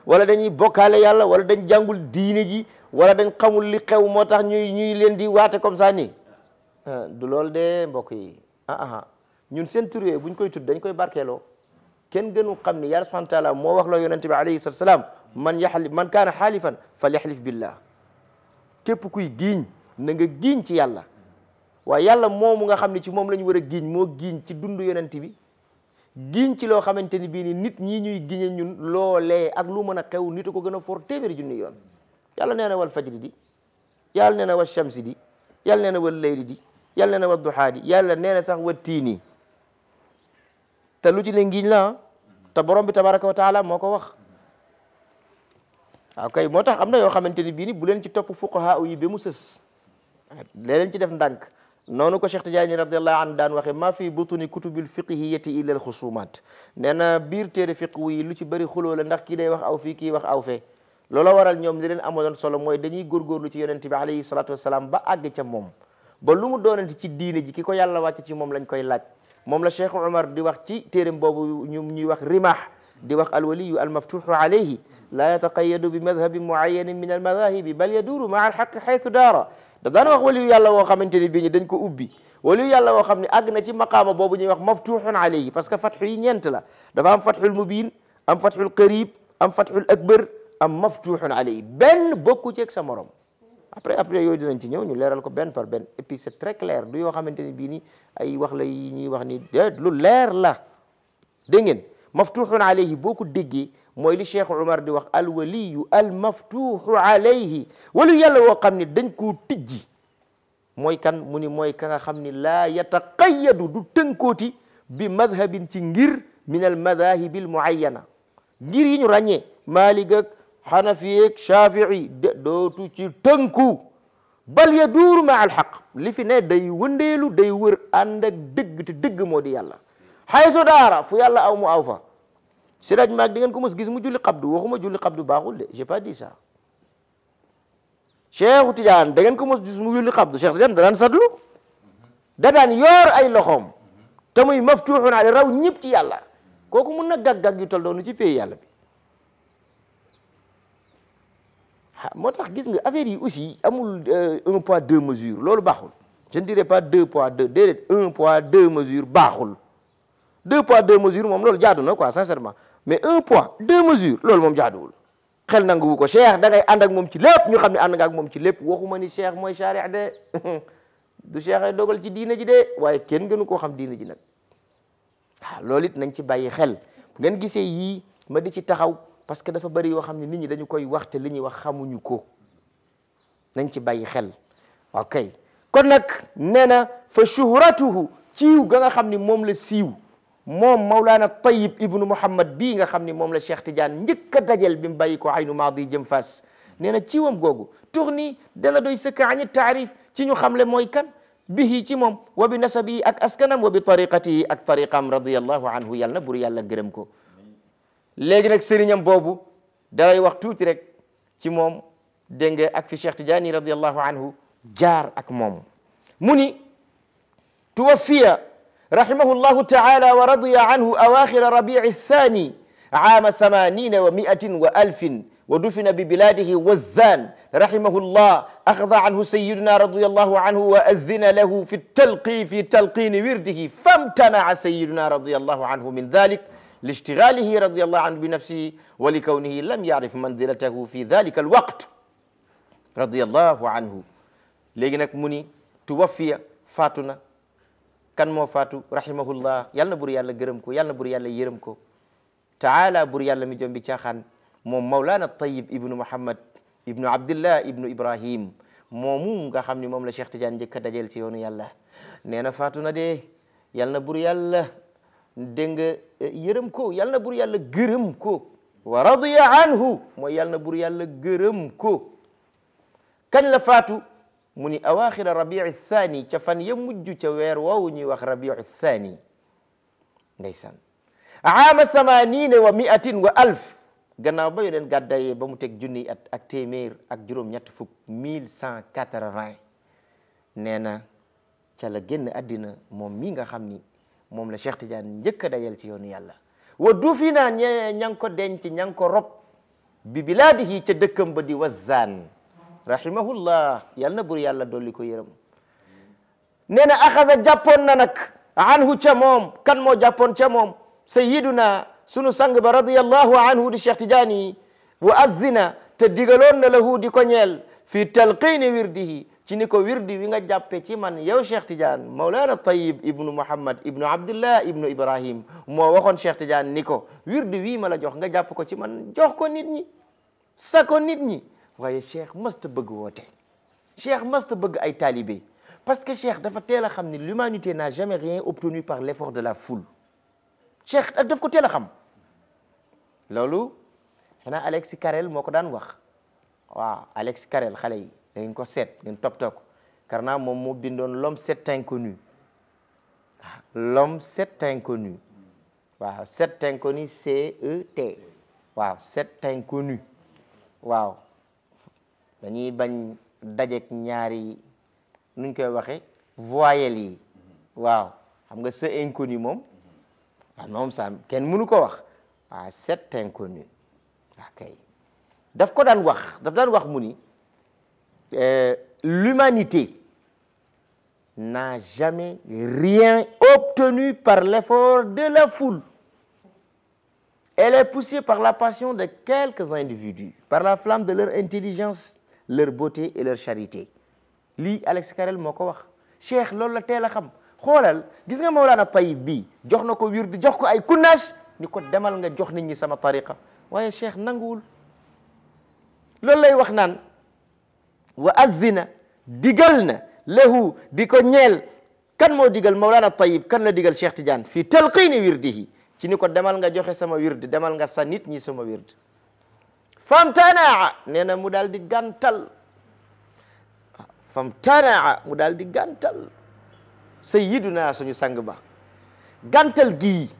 wala dañuy bokalé yalla wala dañ jangul diiné ji wala dañ xamul li xew moo tax ñuy ñuy leen di waate comme ça nii du loolu de mbokk yi ah ah ñun seen tur yooyu buñ koy tudd dañ koy barkeeloo kenn gënu xam ni yàlla subhanahu taala moo wax loo yonente bi alayhi salatu salaam man yaxlif man kaana xaalifan fal yaxlif billah képp kuy giiñ na nga giiñ ci yàlla waaye yàlla moomu nga xam ne ci moom la ñu war a giiñ moo giiñ ci dund yonente bi giiñ ci loo xamante ni bii ni nit ñii ñuy giñe ñun loolee ak lu mën a xew nit ko gën a for téeméeri junni yoon yàlla nee na wal fajri di yàlla nee na wal shamsi di yàlla nee na wal layli di yàlla nee na wal duxaa di yàlla nee na sax wal tiini te lu ci ne ngiñ la te borom bi tabaraka wa taala moo ko wax waaw kay moo tax am na yoo xamante ni bii ni bu leen ci topp fuqaha yi ba mu sës leen ci def ndànk noonu ko Cheikh Tidiane radiallahu anhu daan waxe ma fi butuni kutubil fiqhiyati illa al xusumaat nee na biir téere fiqhu yi lu ci bëri xuloo la ndax kii day wax aw fii kii wax aw fee lolo waral ñom di len amoon solo moy dañuy gor gor lu ci yonenti bi alayhi salatu wassalam ba ag ci mom ba lu mu doonante ci diine ji kiko yàlla wàcc ci mom lañ koy laaj mom la Cheikh Omar di wax ci terem bobu ñum ñuy wax rimah di wax al wali al maftuh alayhi la yataqayyad bi madhhab muayyan min al almadahibi bal yaduuru maa haqq haythu dara da daan wax wali yàlla wo xamanteni bi ñi dañ ko ubbi wali yàlla wo xamni ag na ci maqama bobu ñuy wax maftuxun alayhi parce que fathu yi ñeent la dafa am fatxul mubin am fatxul qarib am fatxul akbar am maftuuxun alay ben bokku ci ak sa morom après après yoy dinañ ci ñëw ñu léral ko ben par ben et puis c'est très clair du yo xamanteni bi ni ay wax la yi ñi wax ni déet lu leer la de ngeen maftuuxun alay bokku ko moy li cheikh omar di wax al wali al maftuuxu alay walu yàlla wo xamni dañ ko tijji moy kan mu ni ka nga xamni la yataqayyadu du tënkooti bi madhhabin ci ngir min al madahibi al muayyana ngir yi ñu ragne malik ak xanafi yeeg shafii de dootu ci tënku bal ya ma alxaq li fi ne day wëndeelu day wër ànd ak dëgg te dëgg moo di yàlla xaytu daara fu yàlla aw mu aw fa siraj maag di mos gis mu julli xabdu waxuma julli xabdu baaxul de j'ai pas dit ça cheikhu Tidiane da ngeen ko mos gis mu julli xabdu cheikh Tidiane danaan sadlu da yoor ay loxoom te muy maftuuxun ala raw ñëpp ci yàlla kooku mun na gàg-gàg yu tol ci pays yàlla motax nga affaire yi aussi amul euh, un poids deux mesures je ne dirais pas deux poids deux un poids deux mesures baxul deux poids deux mesures mom loolu jaadu quoi sincèrement mais un poids deux mesures c'est mom xel nangou ko Cheikh da ngay ci ñu de du Cheikh dogal ci diina ji de waye gënu xam diina ji nak ah, lolit ci parce que dafa bëri yoo xam nit ñi dañu koy wax te li ñi wax xamuñu ko nañ ci bàyyi xel ok kon nak nee fa shuhratuhu ciiw ga nga xamni mom la siiw mom maulana Tayyib ibn Muhammad bi nga xamni mom la Cheikh Tidiane ñeuk dajel bi mu bayiko aynu maadi jëm fas nee ci wam gogu tourni nii dana doy sëkka añi taarif ci ñu xamle moy kan bihi ci mom wa bi nasabi ak askanam wa bi tariqati ak tariqam radiyallahu anhu yàlla bur yàlla gërëm ko légui nak serignam bobu day wax touti rek ci mom dengé ak fi cheikh tidiane radiyallahu anhu jaar ak mom muni tuwaffiya رحمه الله تعالى ورضي عنه أواخر ربيع الثاني عام ثمانين ومائة وألف ودفن ببلاده والذان رحمه الله أخذ عنه سيدنا رضي الله عنه وأذن له في التلقي في تلقين ورده فامتنع سيدنا رضي الله عنه من ذلك لاشتغاله رضي الله عنه بنفسه ولكونه لم يعرف منزلته في ذلك الوقت رضي الله عنه لجنك مني توفي فاتنا كان مو فاتو رحمه الله يالنا بور يالا غرمكو يالنا بور يالا يرمكو تعالى بور يالا مي جومبي تياخان مو مولانا الطيب ابن محمد ابن عبد الله ابن ابراهيم مو موغا خامني موم لا مو تيان جيك داجيل تي يونو يالا نينا فاتونا دي يالنا بور يالا dégg nga yërëm ko yal na bur yàlla gërëm ko wa radiya anhu mooy yal na bur yàlla gërëm ko kañ la faatu mu ni awaaxira rabiu thani ca fan ya mujj ca weer woowu ñuy wax rabiu thani ndeysaan aama samanina wa miatin wa alf gannaaw ba yoneen gàddayee ba mu teg junniy at ak téeméer ak juróom-ñett fukk mille cent quatre-vingt nee na ca la génn àddina moom mii nga xam ni moom la Cheikh Tidiane njëkk a dajal ci yoonu yàlla wa duufi naa ñe ña ngi ko bi bilaadihi ca dëkkam ba di wazzaan rahimahullah yal na bur yàlla dolli ko yërëm nee na axasa jàppoon anhu ca moom kan moo jàppoon ca moom sayiduna sunu sang ba radiallahu anhu di Cheikh Tidiane wa azzina te digaloon na lahu di ko ñeel fi talqini wirdihi ci ni ko wirdi wi nga jàppe ci man yow Cheikh Tidiane Mawlana Tayyib ibnu Muhammad ibnu Abdullah ibnu Ibrahim moo waxoon Cheikh Tidiane ni ko wirdi wii ma la jox nga jàpp ko ci man jox ko nit ñi sa ko nit ñi waaye Cheikh masta bëgg woote Cheikh masta bëgg ay taalibe parce que Cheikh dafa teel a xam ni l'humanité n'a jamais rien obtenu par l'effort de la foule Cheikh daf ko teel a xam loolu xanaa Alex Carrel moo ko daan wax waaw Alex Carrel xale yi da ngeen ko set ngeen toppatoo ko Carnap mom mo bindon l'homme sept inconnu. l'homme sept inconnu, waaw sept inconnu C E T waaw sept inconnu, waaw dañuy bañ dajeek ñaari nuñ koy waxé voyelle yi waaw xam nga ce inconnu mom ah moom sa ken mënu ko wax waaw cet inconnu waaw kay daf ko daan wax daf daan wax mu ni euh, l'humanité n'a jamais rien obtenu par l'effort de la foule. Elle est poussée par la passion de quelques individus, par la flamme de leur intelligence, leur beauté et leur charité. Li Alex Carrel moko wax Cheikh lolou la teel a xam xoolal gis nga Mawlana Tayyib bi jox ko wird jox ko ay kunash ni ko demal nga jox nit ñi sama tariqa waaye Cheikh nanguwul lolou lay wax nan wa azina digal na lehu di kan mo digal maulana Tayyib kan la digal Cheikh Tidiane fi talqini wirdihi ci ni ko demal nga joxe sama wird demal nga sanit nit ñi sama wird famtanaa nee na mu daal di gantal famtanaa mu daal di gàntal sayyiduna suñu sang ba gantal gi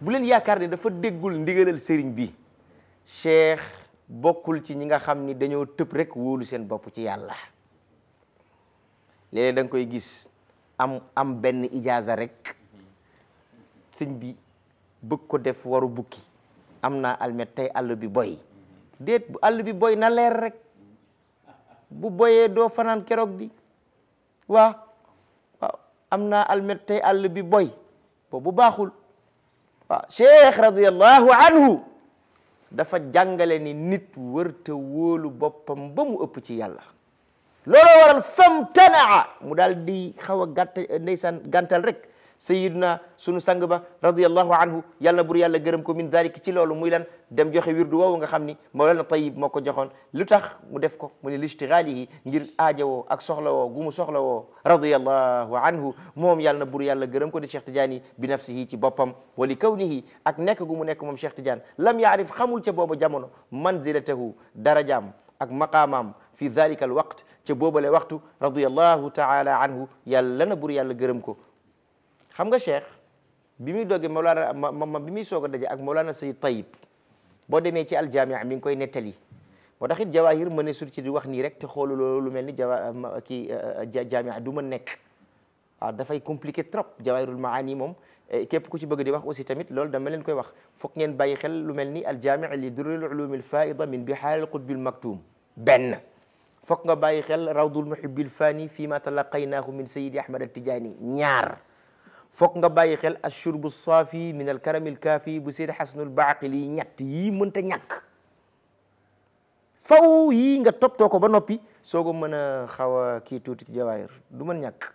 bu leen yaakaar ne dafa déggul ndigalal bi cheikh bokkul ci ñi nga xam ni dañoo tëb rek wóolu seen bopp ci yàlla léeg-léeg koy gis am benn ijaaza rek sëñ bi bëgg ko def waru bukki am na almet tey àll bi boy déet bu àll bi boy na leer rek bu boyee doo fanaan keroog di waa waaw am na almet tey àll bi boy boobu baaxul waaw cheikh radiallahu anhu dafa jàngale ni nit wër te boppam ba mu ëpp ci yàlla looloo waral famtanaa mu dal di xaw a gàtt gantal gàntal rek سيدنا سونو سانغبا رضي الله عنه يالنا بور يالا گرم كو من ذلك تي لولو موي لان ديم جوخي ويرد وو nga مولانا طيب مكو جخون لوتاخ مو ديف كو موني لاشتغاله غير اديو اك سوخلاو غومو سوخلاو رضي الله عنه موم يالنا بور يالا گرم كو دي شيخ تجاني بنفسه تي بوبام ولكونه اك نيك غومو نيك موم شيخ تجان لم يعرف خمول تي بوبو جامونو منزلته درجام اك مقامام في ذلك الوقت تي بوبو لي وقت رضي الله تعالى عنه يالنا بور يالا گرم كو xam nga cheikh bi muy doge maulana ma ma, bi muy soga a daje ak maulana sey Tayyib bo démé ci al jami'a mi ngi koy netali moo tax it jawahir mané sur ci di wax ni rek te xoolu loolu lu melni jawa kii jaamia du ma ah da fay compliqué trop jawahirul maani moom képp ku ci bëgg di wax aussi tamit loolu dama leen koy wax fokk ngeen bàyyi xel lu melni al jami'a li durril ulumil faida min bihaaril qutbil maktum benn foog nga bàyyi xel rawdul muhibbil fani fii ma talaqaynaahu min sayidi ahmad al tijaani ñaar فوق nga bàyyi xel ashurbu saafi min al karamil kaafi bu seydi xasanul baaqili ñett yii mënta ñak faw yi nga toppatoo ko ba nopi sogo a xawa ki tuti ci jawaayir du mën ñak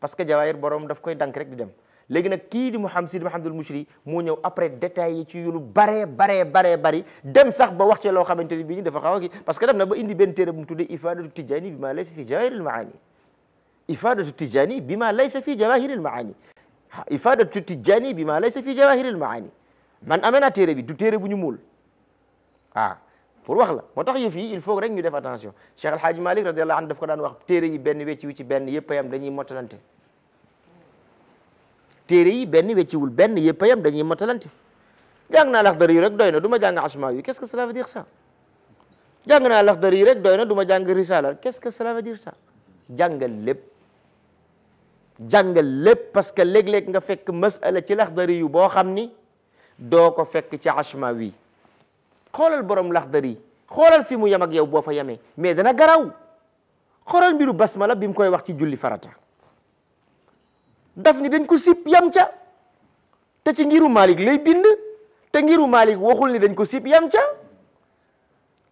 parce que jawaayir borom daf koy dank rek di dem légui nak ki di Mouhamed Sidi al Mushri mo ñëw après détail yi ci yu lu bare bare bare bari dem sax ba wax ci lo xamanteni bi ñu dafa xawa a parce que dem na ba indi ben téré bu mu tuddee ifadatu tijani bima laysa fi al maani ifadatu tijani bima laysa fi jawahir al maani ifadatu tijjani bi ma laysa fi jawahiril maani man amee naa téere bi du téere bu ñu muul ah pour wax la moo tax yëf yi il faut rek ñu def attention Cheikh El Hadj Malick radiyallahu anhu daf ko daan wax téere yi benn wecci wu ci benn yëpp a yem dañuy motalante téere yi benn wecciwul benn yëpp a yem dañuy motalante jàng naa laxdar yi rek doy na du ma jàng asma yi qu'est-ce que cela veut dire ça jàng naa laxdar yi rek doy na du ma jàng risala qu'est-ce que cela veut dire ça jàngal lépp jàngal lépp parce que léeg nga fekk masala ci laxdari yu boo xam ni doo ko fekk ci ashma wi xoolal borom laxdari xoolal fi mu yem ak yow boo fa yemee mais dana garaw xoolal mbiru basmala bi mu koy wax ci julli farata daf ni dañ ko sip yam ca te ci ngiru Malik lay bind te ngiru Malik waxul ni dañ ko sip yam ca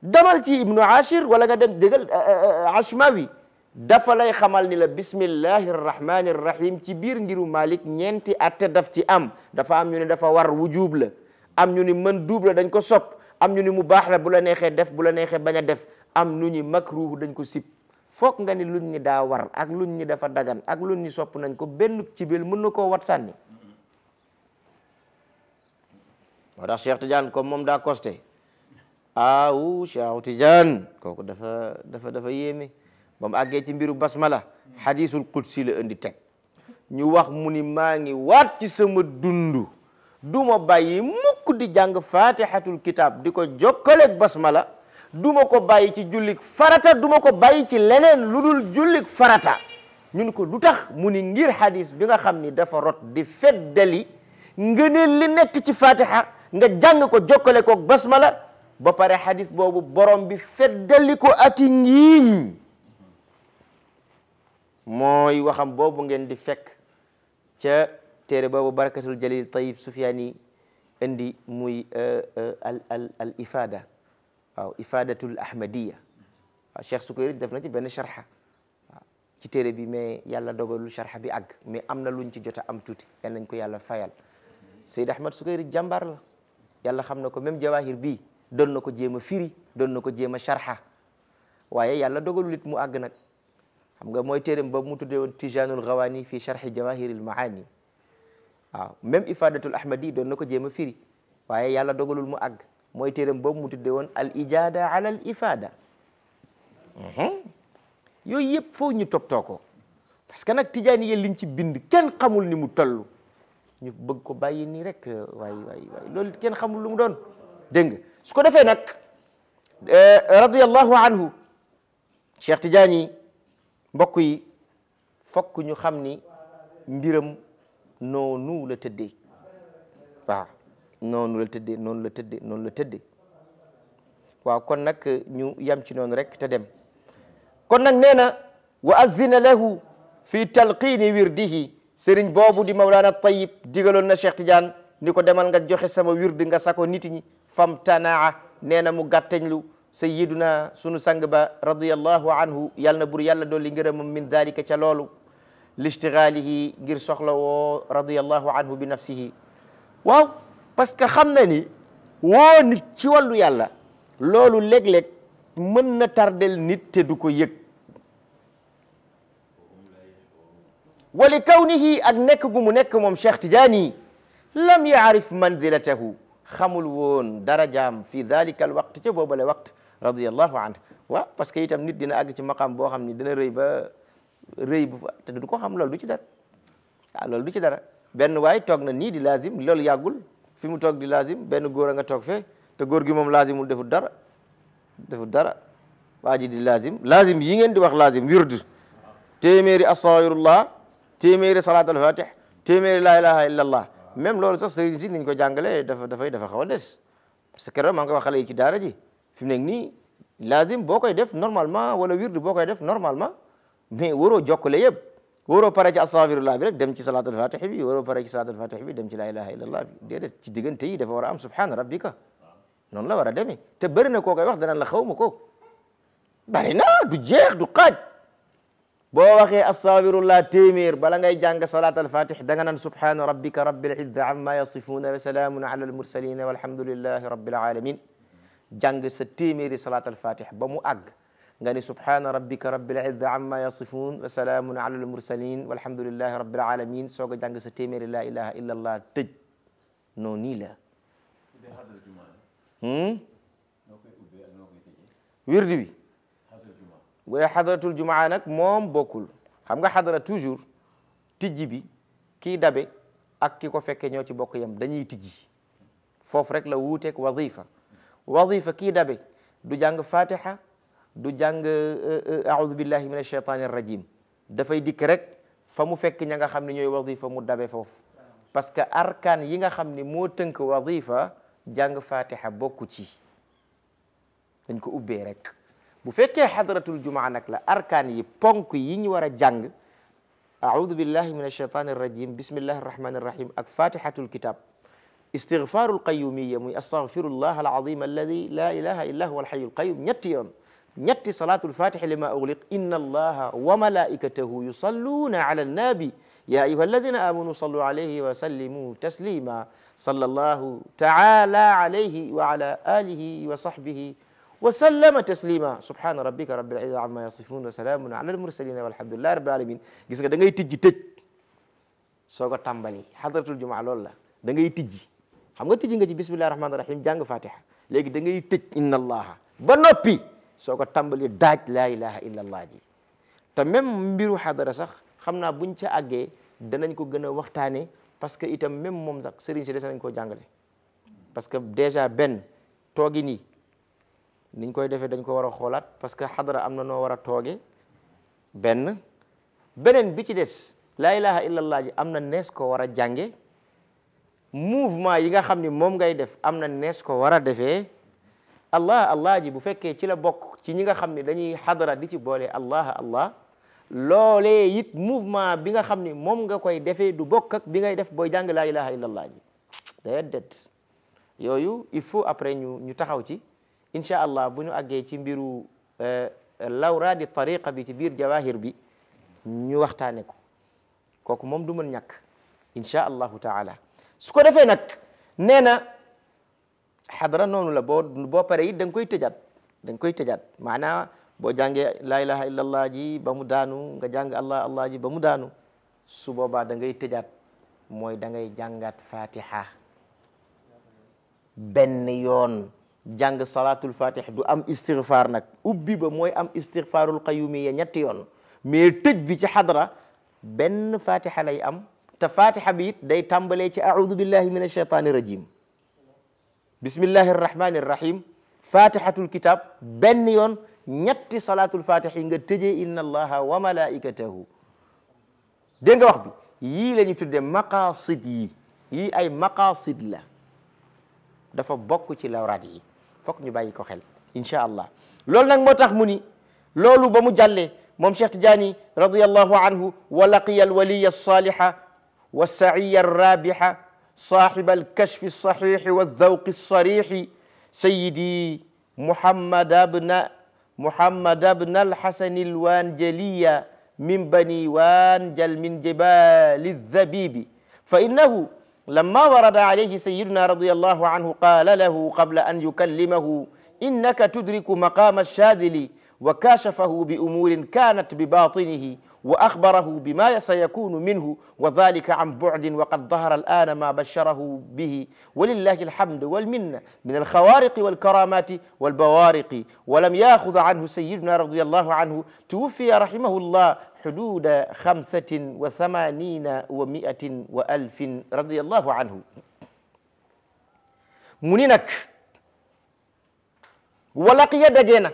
demal ci ibnu ashir wala nga dem dégal euh, euh, euh, ashma wi dafa lay xamal ni la bismillahir rahmani rahim ci bir ngiru malik ñenti atte daf ci am dafa am ñu ne dafa war wujub la am ñu ni man kosop dañ ko sop am ñu ni mubah la bu la nexé def bu la nexé baña def am ñu ni makruh dañ ko sip fokk nga ni luñ ni da war ak luñ ni dafa dagan ak luñ ni sop nañ ko benn ci bil mënu ko wat sanni wa da Cheikh Tidiane comme mom da costé Cheikh Tidiane koku dafa dafa dafa yémi bam agge ci mbiru basmala hadisul qudsi la indi tek ñu wax muni maangi wat ci sama dundu duma bayyi mukk di jang fatihatul kitab diko ko jokkaleeg basmala duma ko bayyi ci julik farata duma ko bayyi ci lenen lu julik farata ñun ko muningir muni ngir hadis bi nga xamni dafa rot di feddali ngeene li nekk ci fatiha nga jang ko jokkale ko basmala ba pare hadis bobu borom bi feddali ko ak mooy waxam boobu ngeen di fekk ca téere boobu barakatul jalil tayib ni indi muy euh, euh, al al al ifada waaw ifadatul ahmadiya waaw sukayri def na ci benn sharha ci téere bi mais yàlla dogalul sharha bi àgg mais am na luñ ci jot am tuuti yal nañ ko yàlla fayal Seyd Ahmad Sukayri jàmbaar la yàlla xam na ko même jawahir bi doon na ko jéem a firi doon na ko jéem a sharha waaye yàlla dogalul mu àgg nag xam nga mooy téeréem ba mu tuddee woon tijanul gawaani fi charxi jawahiril maani waaw même ifadatul ahmadi doon na ko jéem a firi waaye yàlla dogalul mu àgg mooy téeréem boobu mu tuddee woon al ijada ala al ifada yooyu yëpp foofu ñu toptoo ko parce que nag tijaani yi liñ ci bind kenn xamul ni mu toll ñu bëgg ko bàyyi nii rek waay waay waay loolu kenn xamul lu mu doon dégg nga su ko defee nag radiyallahu anhu Cheikh Tijaani mbokk yi fokk ñu xam ni mbiram noonu la tëddee waaw noonu la tëddee noonu la tëddee noonu la tëddee waaw kon nag ñu yam ci noonu rek te dem kon nag nee na wa azina lahu fi talqini wirdihi sëriñ boobu di mawlaana tayib digaloon na Cheikh Tidiane ni ko demal nga joxe sama di nga sako nit ñi fam tanaa nee na mu lu سيدنا سونو سانغبا رضي الله عنه يالنا بور يالا دولي غيرم من ذلك تا لولو لاشتغاله غير سخلو رضي الله عنه بنفسه واو باسكو خامنا ني و نيت سي والو يالا لولو ليك ليك من نا تاردل نيت تي دوكو ييك ولكونه اك نيك غومو نيك موم شيخ تجاني لم يعرف منزلته خمل وون درجام في ذلك الوقت تي بوبل radiyallahu anhu waaw parce que itam nit dina àgg ci maqaam boo xam ni dina rëy ba rëy bu fa te du ko xam loolu du ci dara waaw ah, loolu du ci dara benn waay toog na nii di lazim loolu yàggul fi mu toog di lazim benn góor a nga toog fee te góor gi moom lazimul defut dara defut dara waa ji di lazim lazim yi ngeen di wax lazim wird téeméeri astaghfirullah téeméeri salaat al fatih téeméeri la ilaha illa allah même loolu sax sëriñ si niñ ko jàngalee dafa dafay dafa xaw a des parce que ko wax yi ci daara ji fi mu nekk nii lazim boo koy def normalement wala wirdu boo koy def normalement mais waroo jokkale yëpp waroo pare ci astaghfirullah bi rek dem ci salatul fatih bi waroo pare ci salatul fatih bi dem ci la ilaha illallah bi déedéet ci diggante yi dafa war a am subhana rabbika noonu la war a demee te bëri na koo koy wax danaan la xaw ma ko bëri na du jeex du xaaj boo waxee astaghfirullah téeméer bala ngay jàng salatul fatih da nga naan subhana rabbika rabbil izza amma yasifuna wa salaamun ala al mursalin walhamdulillahi rabbil alamin جانغ ستيميري صلاة الفاتح بمو أغ غني سبحان ربك رب العزة عما يصفون وسلام على المرسلين والحمد لله رب العالمين سوغ جانغ ستيميري لا إله إلا الله تج نوني لا هم ويردي بي ولا حضرة الجمعة نك موم بوكول خم حضرة توجور تجي بي كي دابي ak kiko fekke ñoo ci bokk yam dañuy tijji foofu wadifa kii dabe du jàng fatiha du jàng aoudu billahi min alcheytani arrajim dafay dikk rek fa mu fekk ña nga xam ne ñooy wadifa mu dabe foofu parce que arkaan yi nga xam ni moo tënk wadifa jàng fatiha bokku ci dañ ko ubbee rek bu fekkee xadratul jumaa nag la arkaan yi ponk yi ñu war a jàng aoudu billahi min alcheytani arrajim bismillahi arrahmani arrahim ak fatihatul kitab استغفار القيومية أستغفر الله العظيم الذي لا إله إلا هو الحي القيوم نتيون نتي صلاة الفاتح لما أغلق إن الله وملائكته يصلون على النبي يا أيها الذين آمنوا صلوا عليه وسلموا تسليما صلى الله تعالى عليه وعلى آله وصحبه وسلم تسليما سبحان ربك رب العزة عما يصفون وسلام على المرسلين والحمد لله رب العالمين جسد دعي تجي سوق تامبلي حضرة الجمعة لولا دعي تجي xam nga tëj nga ci bismillahi rahmaani rahim jàng fatiha léegi da ngay tëj inna allaha ba noppi soo ko tàmbali daaj laa ilaha illa ji te même mbiru xadara sax xam naa buñ ca àggee danañ ko gën a waxtaane parce que itam même moom sax sëriñ si des nañ koo jàngale parce que déjà benn toogi nii niñ koy defee dañ ko war a xoolaat parce que xadara am na noo war a tooge benn beneen bi ci des laa ilaha illa ji am na nees ko war a jànge mouvement yi nga xam ni moom ngay def am na nees ko war a defee allah allah ji bu fekkee ci la bokk ci ñi nga xam ni dañuy xadara di ci boole allah allah loolee it mouvement bi nga xam ni moom nga koy defee du bokk ak bi ngay def booy jàng laa ilaha illallah ji déedéet yooyu il faut après ñu ñu taxaw ci incha allah bu ñu àggee ci mbiru euh, lawraadi tariqa bi ci biir jawahir bi ñu waxtaane ko kooku moom du mën ñàkk incha allahu taala su ko defee nag nee na xadara noonu la boo pare it da koy tëjaat da nga koy tëjaat maanaam boo jàngee laa ilaha illa allah ji ba mu daanu nga jàng ji ba mu daanu su boobaa da ngay tëjaat mooy da ngay jàngaat fatiha benn yoon jàng salatul fatih du am istighfar nag ubbi ba mooy am istighfarul qayumi ya ñetti yoon mais tëj bi ci xadara benn fatiha lay am تفاتح بيت داي تامبالي اعوذ بالله من الشيطان الرجيم بسم الله الرحمن الرحيم فاتحه الكتاب بن يون نيتي صلاه الفاتح تجي ان الله وملائكته دينغ واخ بي يي لا ني مقاصد يي يي اي مقاصد لا دا فا بوكو سي لا يي فوك ني بايي كو خيل ان شاء الله لول نك موتاخ موني لولو بامو جالي موم شيخ تجاني رضي الله عنه ولقي الولي الصالحه والسعي الرابح صاحب الكشف الصحيح والذوق الصريح سيدي محمد بن محمد بن الحسن الوانجلية من بني وانجل من جبال الذبيب فإنه لما ورد عليه سيدنا رضي الله عنه قال له قبل أن يكلمه إنك تدرك مقام الشاذلي وكاشفه بأمور كانت بباطنه وأخبره بما سيكون منه وذلك عن بعد وقد ظهر الآن ما بشره به ولله الحمد والمنة من الخوارق والكرامات والبوارق ولم يأخذ عنه سيدنا رضي الله عنه توفي رحمه الله حدود خمسة وثمانين ومائة وألف رضي الله عنه منينك ولقي دجنا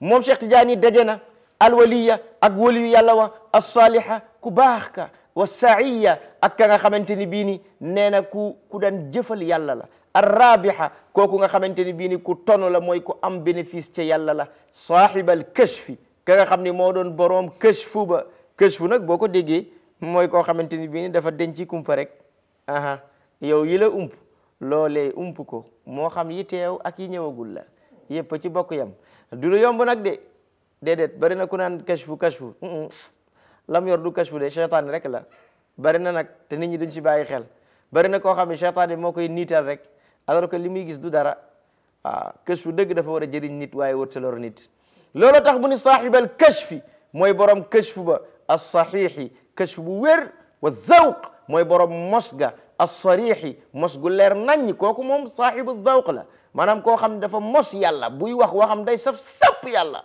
موم شيخ تجاني دجنا alwaliya ak waliyu yàlla wa alsaaliha ku baax ka wa saiya ak ka nga xamante ni bii ni nee na ku ku daan jëfal yàlla la arrabiha kooku nga xamante ni bii ni ku tonu la mooy ku am bénéfice ca yàlla la saahibal kashfi ka nga xam ni moo doon boroom kashfu ba kashfu nag boo ko déggee mooy koo xamante ni bii ni dafa denci kumpa rek aha yow yi la ump loolee ump ko moo xam yi teew ak yi ñëwagul la yépp ci bokk yam du lu yomb nag de dedet bari na ku naan kashfu kashfu lam yor du kashfu de shaytan rek la bari na nak te nit ñi duñ ci bàyyi xel bari na koo xam ne seytaane moo koy niital rek alors que li muy gis du dara waaw kashfu dëgg dafa war a jëriñ nit waaye wërtalor nit loolu tax bu ni saaxibal kashfi mooy borom kashfu ba as-saxiixi kashfu bu wér wa zawq mooy borom mos ga as-sariixi mos gu leer naññ kooku moom saaxibu zawq la maanaam koo xam ne dafa mos yàlla buy wax waxam day saf sapp yàlla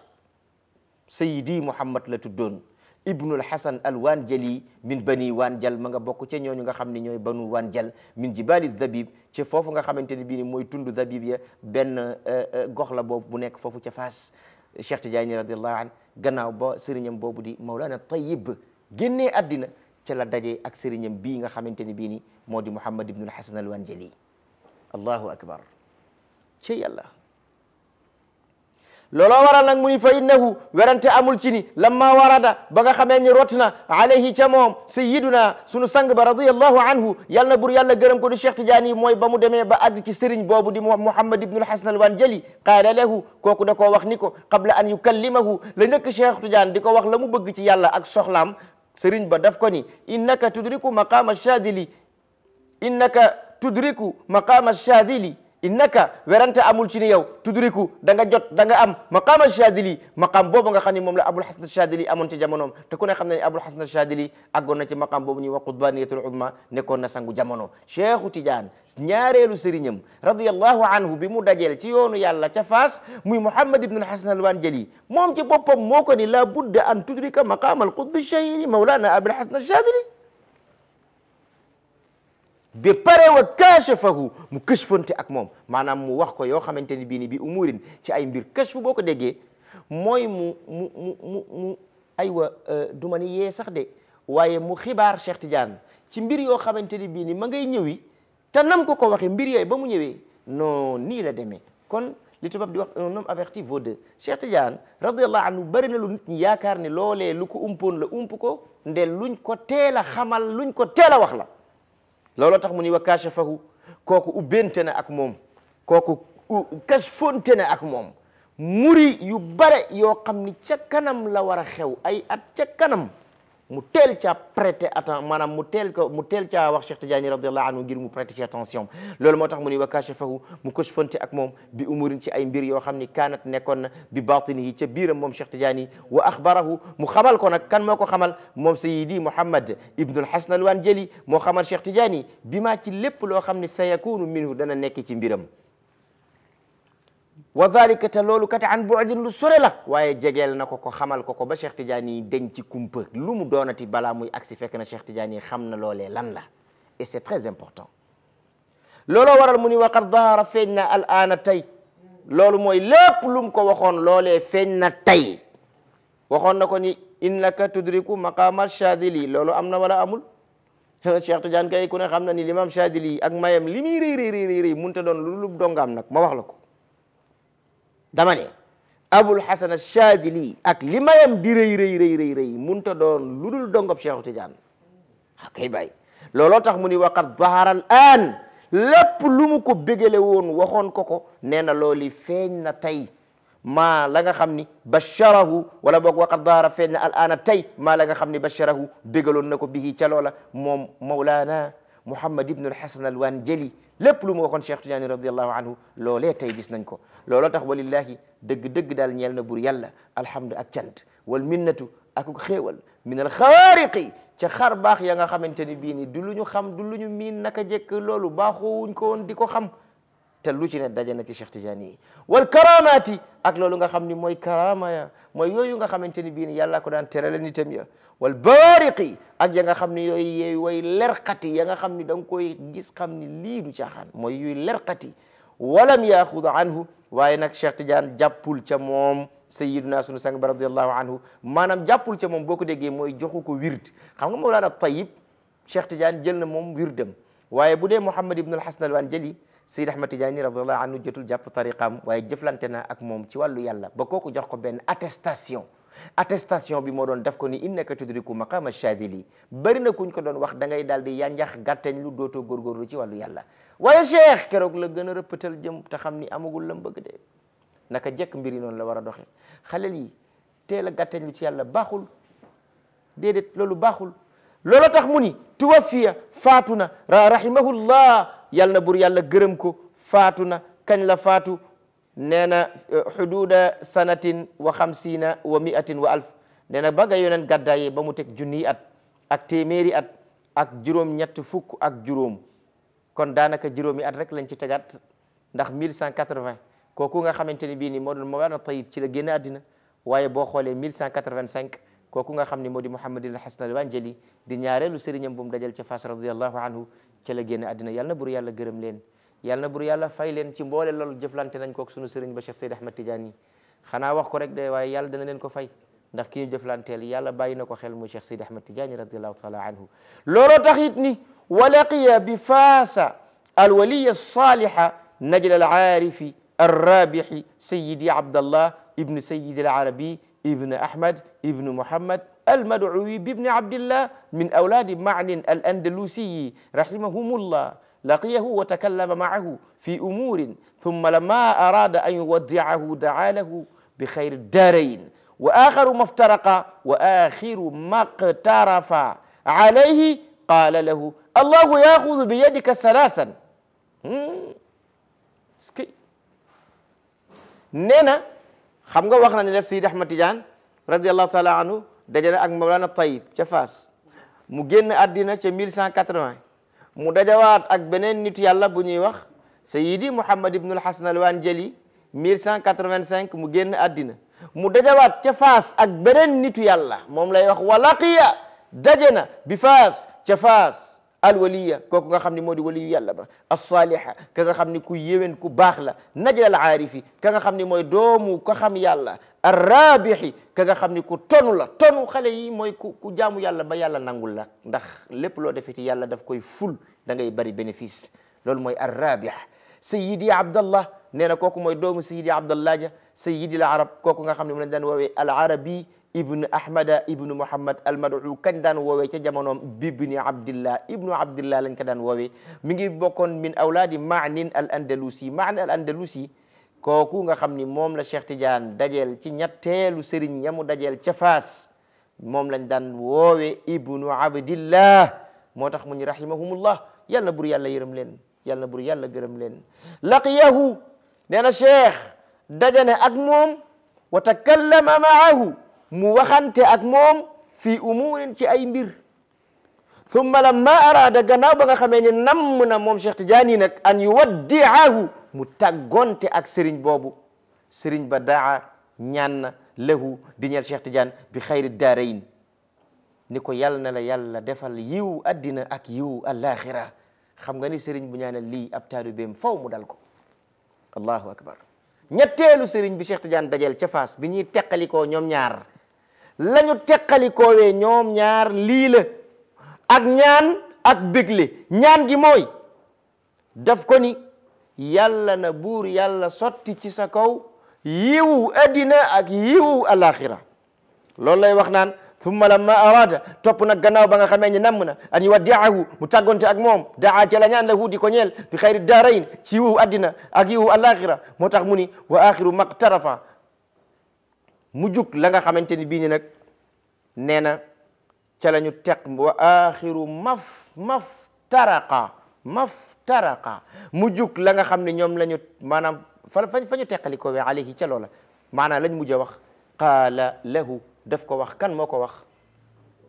sayidi Muhammad la tuddoon ibnul hasan al waan jali min bani waan jal ma nga bokk ca ñooñu nga xam ne ñooy banu waan jal min jibaali zabib ci foofu nga xamante ne bii ni mooy tund zabib ya benn eh, eh, gox la boobu bu nekk foofu ca Faas Cheikh Tidiane radiallahu an gannaaw ba sëriñam boobu di Mawlana Tayyib génnee àddina ca la daje ak sëriñam bii nga xamante ni bii ni moo di Muhammad ibnul hasan al waan jali allahu akbar ci yàlla lolo waral nak mu fa innahu werante amul ci ni lamma warada ba nga xamé ni rotna alayhi cha mom sayyiduna sunu sang ba radiyallahu anhu yalna bur yàlla gërëm ko di Cheikh Tidiane moy mooy démé ba ag ci serigne bobu di Muhammad al Hasan al-Wanjali qala lahu koku dako wax niko qabla an yukallimahu la nek Cheikh Tidiane diko wax lamu bëgg ci yàlla ak soxlam serigne ba daf ko ni innaka tudriku maqama shadili innaka tudriku maqama shadili innaka werante amul ci ni yow tudriku da nga jot da nga am maqaama Shadili maqaam boobu nga xam ne moom la Abul Hasan Shadili amoon ci jamonoom te ku ne xam ne Abul Hasan Shadili àggoon na ci maqaam boobu ñuy wax qutbaniyatul uzma nekkoon na sangu jamono Cheikhu Tidiane ñaareelu sëriñam radiyallahu anhu bi mu dajeel ci yoonu yàlla ca Faas muy Muhammad ibn al-Hasan al-Wanjali moom ci boppam moo ko ni la budda an tudrika maqaam al-qutbi shahiri mawlana Abul Hasan Shadili bi pare wa kaashafahu mu kashfante ak moom maanaam mu wax ko yoo xamante ni bii ni bi umurin ci ay mbir kashfu boo ko déggee mooy mu mu mu mu mu aywa euh, du ma yee sax de waaye mu xibaar Cheikh Tidiane ci mbir yoo xamante ni bii ni ma ngay ñëwi te nam ko ko waxee mbir yooyu ba mu ñëwee non nii la demee kon li tubaab di wax un homme averti vaut deux Cheikh Tidiane radiallahu anhu bari na lu nit ñi yaakaar ni loole lu ko umpoon la ump ko nde luñ ko teel a xamal luñ ko teel a wax la looloo tax mu ni wa kaashafahu kooku ubbente na ak moom kooku kasfonte na ak moom muri yu bare yoo xam ni ca kanam la war a xew ay at ca kanam mu teel caa prêter attention maanaam mu teel ko mu teel caa wax Cheikh Tidiane radiallahu anhu ngir mu prêter ci attention loolu moo tax mu ni wa kachafahu mu kashfante ak moom bi umurin ci ay mbir yoo xam ni kaanat nekkoon na bi batini yi ca biiram moom Cheikh Tidiane yi wa axbarahu mu xamal ko nag kan moo ko xamal moom sayidi Mouhammad ibnul Hasan al Wanjali moo xamal Cheikh Tidiane yi bi maa ci lépp loo xam ne sayakunu minhu dana nekk ci mbiram وذلك تلولو كات عن بعد لسوري لا واي جيغيل نكو كو خمال كو كو با شيخ تجاني دنجي كومبا لوم دوناتي بلا موي اكسي فيك نا شيخ تجاني خمنا لولي لان لا اي سي تري امبورطون لولو وارال موني وقر ظهر فينا الان تاي لولو موي ليپ لوم كو واخون لولي فينا تاي وخون نكو ني انك تدرك مقام الشاذلي لولو امنا ولا امول شيخ تجان كاي كون خمنا ني ليمام شاذلي اك مايام لي ري ري ري ري مونتا دون لولو دونغام نك ما واخلاكو dama abu abul hasan ash ak li mayam di rëy rëy rëy rëy rëy munta doon lu dul dongob Cheikh Tidiane akay ah, bay looloo tax mu ni waqat zahara al an lépp lu mu ko bégale woon waxoon ko ko nee na looli feeñ na tey maa la nga xam ni basharahu wala boog waqat zahara feeñ na al ana tey maa la nga xam ni basharahu bégaloon na ko bihi ca loola moom mawlaana محمد بن الحسن الوانجلي لب لو مو شيخ تجاني رضي الله عنه لولا تاي غيس نانكو لولا تخ ولله دغ دغ دال نيالنا بور يالا الحمد اك تانت والمنه اك خيول من الخارق تا خار باخ ياغا تنبيني بي ني خام دولو ني مين نكا جيك لولو باخو نكون ديكو خام te lu ci ne daje na ci Cheikh Tidiane yi wal karamaati ak loolu nga xam ni mooy karama ya mooy yooyu nga xamante ni bii ni yàlla ko daan terale nitam ya wal bawaariqi ak ya nga xam ni yooyu yooyu way lerxati ya nga xam ni da nga koy gis xam ni lii du caaxaan mooy yuy lerxati walam yaaxudu anhu waaye nag Cheikh Tidiane jàppul ca moom sayiduna sunu sang ba radiallahu anhu maanaam jàppul ca moom boo ko déggee mooy joxu ko wird xam nga Mawlana Tayib Cheikh Tidiane jël na moom wirdam waaye bu dee Mouhamed Ibn al Hasan al Wanjali سيد احمد جاني رضي الله عنه جتول جاب طريقام واي جفلانتنا اك موم سي والو يالا بوكو جوخ كو بن اتستاسيون اتستاسيون بي مودون داف كو ني انك تدركو مقام الشاذلي برينا كون كو دون واخ داغي دالدي يانجاخ غاتن لو دوتو غورغورو سي والو يالا واي شيخ كروك لا غن ربتال جيم تا خامني اموغول لام بغ دي نكا جيك ميري نون لا ورا دوخي خليل يي تيلا غاتن لو سي يالا باخول ديدت لولو باخول لولو تخ موني توفيا فاتنا رحمه الله yal naburi bur yalla gërëm ko fatuna na la fatu neena na eh, sanatin wa khamsina wa miatin wa alf neena baga yonen nga bamou tek junni at ak temeri at ak jurom ñett fuk ak jurom kon danaka juromi at rek lañ ci tegat ndax 1180 koku nga xamanteni bi ni modul Mawlana ci la genn adina waye bo xoolee 1185 koku nga xamni modi muhammadin di Hasan al Wanjali di ñaareelu serignam bu mu dajal ci Fas radiyallahu anhu ca la génn àddina yàlla na bur yàlla gërëm leen yàlla na bur yàlla fay leen ci mboole loolu jëflante nañ kook sunu sëriñ ba Cheikh Seyd Ahmad Tidiane yi xanaa wax ko rek de waaye yàlla dana leen ko fay ndax kii jëflanteel yàlla bàyyi na ko xel mu Cheikh Seyd Ahmad Tidiane radiallahu taala anhu looloo tax it ni walaqiya bi faasa alwaliya saliha najla alaarifi arrabixi sayidi abdallah ibnu sayidi alarabi ibnu ahmad ibnu muhammad المدعو بابن عبد الله من أولاد معن الأندلسي رحمهم الله لقيه وتكلم معه في أمور ثم لما أراد أن يودعه دعا له بخير الدارين وآخر ما افترق وآخر ما اقترف عليه قال له الله يأخذ بيدك ثلاثا سكي نينا na xam nga wax أحمد ne رضي الله تعالى عنه dajale ak Mawlana Tayib ca fas mu génn àddina ca 1180 mu dajawaat ak beneen nitu yàlla bu ñuy wax Sayyidi Muhammad ibnul Hasan al-Wanjali 1185 mu génn àddina mu dajawaat ca Faas ak beneen nitu yàlla moom lay wax walaqiya daje na bi Faas ca Faas alwaliya kooku nga xam ne moo di waliyu yàlla ba alsaaliha ka nga xam ne ku yéwén ku baax la najlal aarifi ka nga xam ne mooy doomu ko xam yàlla arrabixi ka nga xam ne ku tonu la tonu xale yi mooy ku ku jaamu yàlla ba yàlla nangul la ndax lépp loo defee ci yàlla daf koy ful da ngay bari bénéfice loolu mooy arrabix sayidi abdallah nee na kooku mooy doomu sayidi abdallah ja sayidi al arab kooku nga xam ne mu ne daan woowee al arabi Kan ibnu Ahmad, ibnu muhammad al kañ dan woowee ca jamonoom bibni Abdullah, ibnu Abdullah, lañ ko dan woowee mi ngi bokon min awlaadi ma'nin al andalusi maani al andalusi kooku nga xam mom la Cheikh Tidiane dajel ci ñetteelu sëriñ ñamu dajel ca faas lañ ibnu Abdullah, moo tax mu ni rahimahumullah yàlla bur lebur ya leen yàlla bur yàlla gërëm leen laqiyahu nee na cheikh dajane ak moom wa takallama maahu mu waxante ak moom fii umurin ci ay mbir thumma lamma araada gannaaw ba nga xamee ne namm na moom Cheikh Tidiane nag an yuwaddiahu mu tàggoonte ak sëriñ boobu sëriñ ba daa ñaan na lahu di ñeel Cheikh Tidiane bi xayri daarayn ni ko yàlla na la yàlla defal yiw addina ak yiw alaxira xam nga ni sëriñ bu ñaanal li ab taalibeem faw mu dal ko allahu akbar ñetteelu sëriñ bi Cheikh Tidiane dajel ca Faas bi ñuy teqalikoo ñoom ñaar lañu teqalikoowee ñoom ñaar liila ak ñaan ak bégle ñaan gi moy daf ko ni yàlla na buur yàlla sotti ci sa kaw yiwu addina ak yiwu alaxira loolu lay wax naan thumma lamma araada topp nag gannaaw ba nga xamee ne namm na an yuwaddiahu mu tàggonte ak moom daa ca la ñaan la huudi ko ñeel fi xayri daarayn ci addina ak yiwu alaxira moo tax mu ni wa axiru maqtarafa mu jug la nga xamante ni bii ni nag nee na ca la ñu teq wa axiru maf maf taraqa maf taraqa mu jug la nga xam ne ñoom la ñu maanaam fa fa ñu teqali ko wee alayhi ca loola maanaam lañ mujj wax qaala lahu daf ko wax kan moo ko wax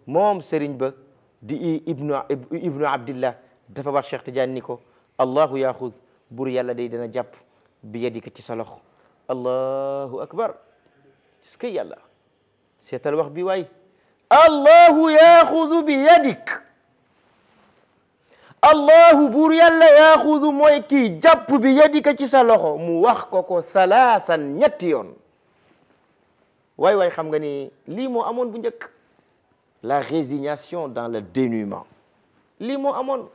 moom sëriñ ba di ibnu ibnu abdillah dafa wax ti Tidiane ni ko allahu yaxud bur yàlla day dana jàpp bi yadika ci sa allahu akbar gis yalla yàlla seetal wax allahu yaaxudu bi yadik allahu bur yalla yaaxudu mooy kii jàpp bi yadika ci sa loxo mu wax ko ko salaasan ñetti yoon waay waay xam nga ni bu la résignation dans le dénuement lii moo amoon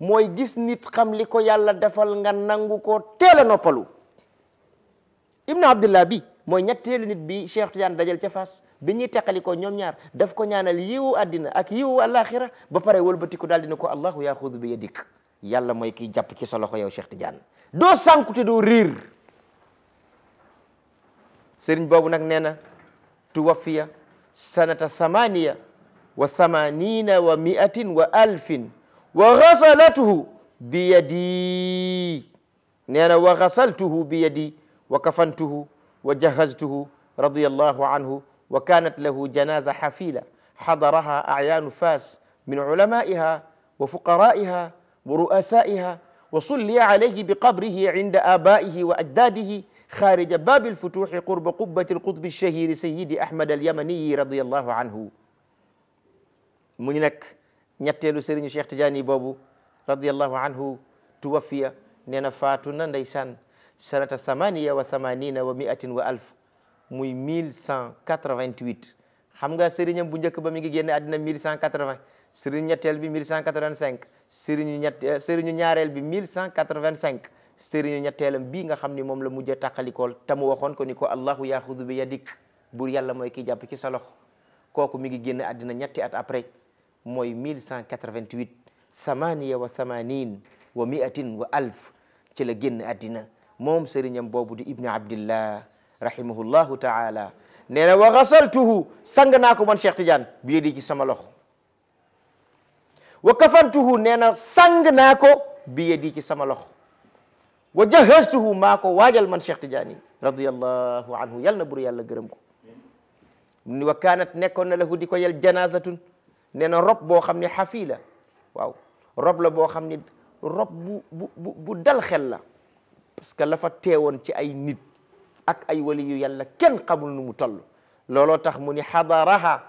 mooy gis nit xam li ko defal nga nanguko ko noppalu bi mooy ñetteelu nit bi Cheikh Tidiane dajal ca Fass bi ñuy teqalikoo ñoom ñaar daf ko ñaanal yiwu àddina ak yiwu àllaaxira ba pare wëlbatiku daal dina ko allahu yaxudu bi yadik yàlla mooy kiy jàpp ci sa loxo yow Cheikh Tidiane doo sànku te doo riir sëriñ boobu nag nee na tuwafiya sanata thamaniya wa thamanina ghasalatuhu bi yadi nee na wa ghasaltuhu bi yadi wa kafantuhu وجهزته رضي الله عنه وكانت له جنازة حفيلة حضرها أعيان فاس من علمائها وفقرائها ورؤسائها وصلي عليه بقبره عند آبائه وأجداده خارج باب الفتوح قرب قبة القطب الشهير سيدي أحمد اليمني رضي الله عنه منك ñu nag شيخ تجاني بابو رضي الله عنه توفي tuwafiya nee sanata thamaniya wa thamanina wa miatin wa alf muy mille cent quatre-vingt-huit xam nga sëriñam bu njëkk ba mi ngi génne àddina mille cent quatre-vingt sëriñu ñetteel bi mille cent quatre-vingt-cinq sëriñu ñett eh, sëriñu ñaareel bi mille cent quatre-vingt-cinq sëriñu ñetteelam bii nga xam ni moom la mujj a te mu waxoon ko ni ko allahu yaxudu bi yadik buur yàlla mooy ki jàpp ci sa kooku mi ngi génn àddina ñetti at après mooy mille cent quatre-vingt-huit thamaniya wa thamanin wa miatin wa alf ci la génn àddina moom sëriñam boobu di ibni abdillah rahimahullahu taala nee na wa xasaltuhu sang naa ko man Cheikh Tidiane bi di ci sama loxo wa kafantuhu nee na sang naa ko bi di ci sama loxo wa jahaztuhu maa ko waajal man Cheikh Tidiane radiyallahu anhu yal na bur yàlla gërëm ko ni wa kaanat nekkoon na lahu di ko yel janazatun nee na rob boo xam ne xafii la waaw rob la boo xam ne rob bu dal xel la parce que la fa teewoon ci ay nit ak ay yu yalla ken xamul nu mu toll lolo tax mu ni xadaraha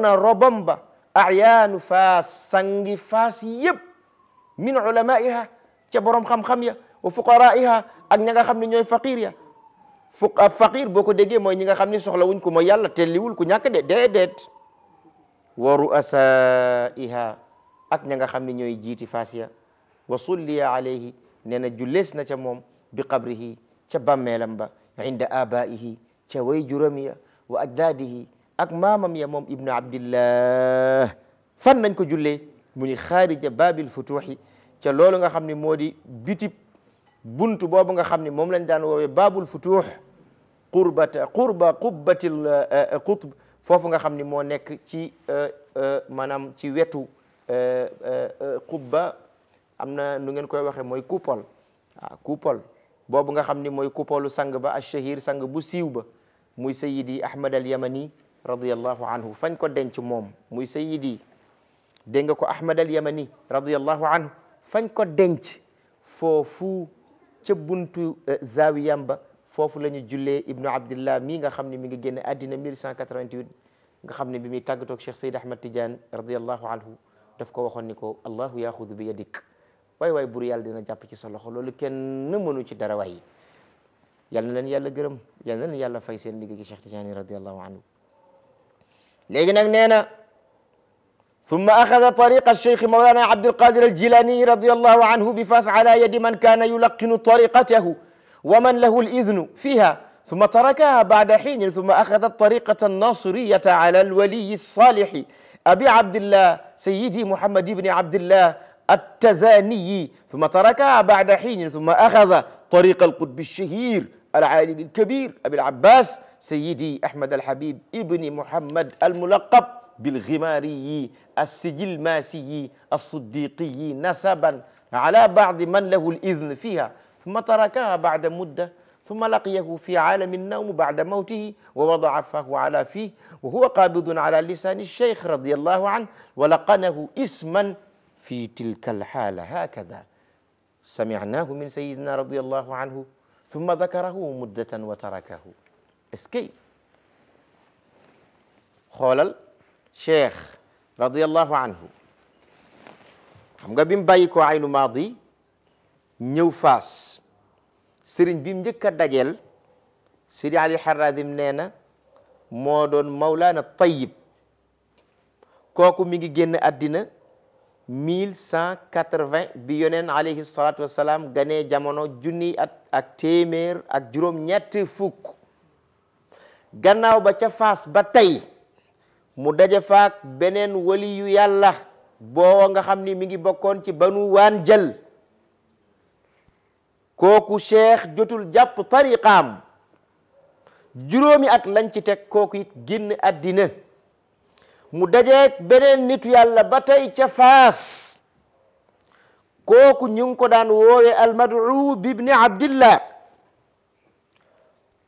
na robam ba ayaanu sangi fas yeb min ulamaiha ci borom xam-xam ya wa fuqaraiha ak ñinga xam faqir ya fuq ah, faqir boko dege moy ñinga ñi xam soxla wuñ ko mooy yàlla telliwul ku ñak de déedéet wa ruasaiha ak ñinga nga xam ne ñooy ya wa sulli alayhi nee na jullees na ca moom bi qabrihi ca bàmmeelam ba inda abaihi ca way juram ya wa ajdaadihi ak maamam ya moom ibnu abdillah fan nañ ko jullee mu ni xaarija baabil futuuxi ca loolu nga xam ne moo di bitib buntu boobu nga xam ne moom lañ daan woowee baabul futuux qurbata qurba qubbatil qutb foofu nga xam ne moo nekk ci maanaam ci wetu qubba am na nu ngeen koy waxee mooy coupole waaw coupole boobu nga xam ni mooy coupolu sang ba achahir sang bu siiw ba muy sayidi ahmad al yamani radiallahu anhu fañ ko denc moom muy sayidi dégg nga ko ahmad al yamani radiallahu anhu fañ ko denc foofu ca buntu eh, zawiyam ba foofu la ñu jullee ibnu abdillah mii nga xam ne mi ngi génn àddina 1188 nga xam ne bi muy tàggatoog cheikh sayid ahmad tidiane radiallahu anhu daf ko waxoon ni ko allahu yaxudu bi yadik way way bur yàlla dina jàpp ci sa loxo loolu kenn mënu ci dara leen yàlla gërëm leen yàlla fay seen liggéey Cheikh radiyallahu anhu ثم أخذ طريق الشيخ مولانا عبد القادر الجيلاني رضي الله عنه بفاس على يد من كان يلقن طريقته ومن له الإذن فيها ثم تركها بعد حين ثم أخذ الطريقة الناصرية على الولي الصالح أبي عبد الله سيدي محمد بن عبد الله التزاني ثم تركها بعد حين ثم أخذ طريق القطب الشهير العالم الكبير أبي العباس سيدي أحمد الحبيب ابن محمد الملقب بالغماري السجل ماسي الصديقي نسبا على بعض من له الإذن فيها ثم تركها بعد مدة ثم لقيه في عالم النوم بعد موته ووضع فاه على فيه وهو قابض على لسان الشيخ رضي الله عنه ولقنه اسما في تلك الحالة هكذا سمعناه من سيدنا رضي الله عنه ثم ذكره مدة وتركه اسكي خولل شيخ رضي الله عنه هم قبين بايكو عين ماضي نيوفاس سرين بيم جكا دجل سيري علي حرى ذمنينا مودون مولانا الطيب كوكو ميجي جن أدينا 1180 bi yoneen alayhi salatu wassalam ganee jamono junni at ak téeméer ak juróom ñetti fukk gannaaw ba ca faas ba tey mu daje faak beneen wali yu yàlla boo nga xam ni mi ngi bokkoon ci banu waan jël kooku cheikh jotul jàpp tariqaam juróomi at lañ ci teg kooku it génn àddina mu dajeek beneen nitu yàlla ba tey cafas faas kooku ñu ngi ko daan woowe almadu bibni abdillah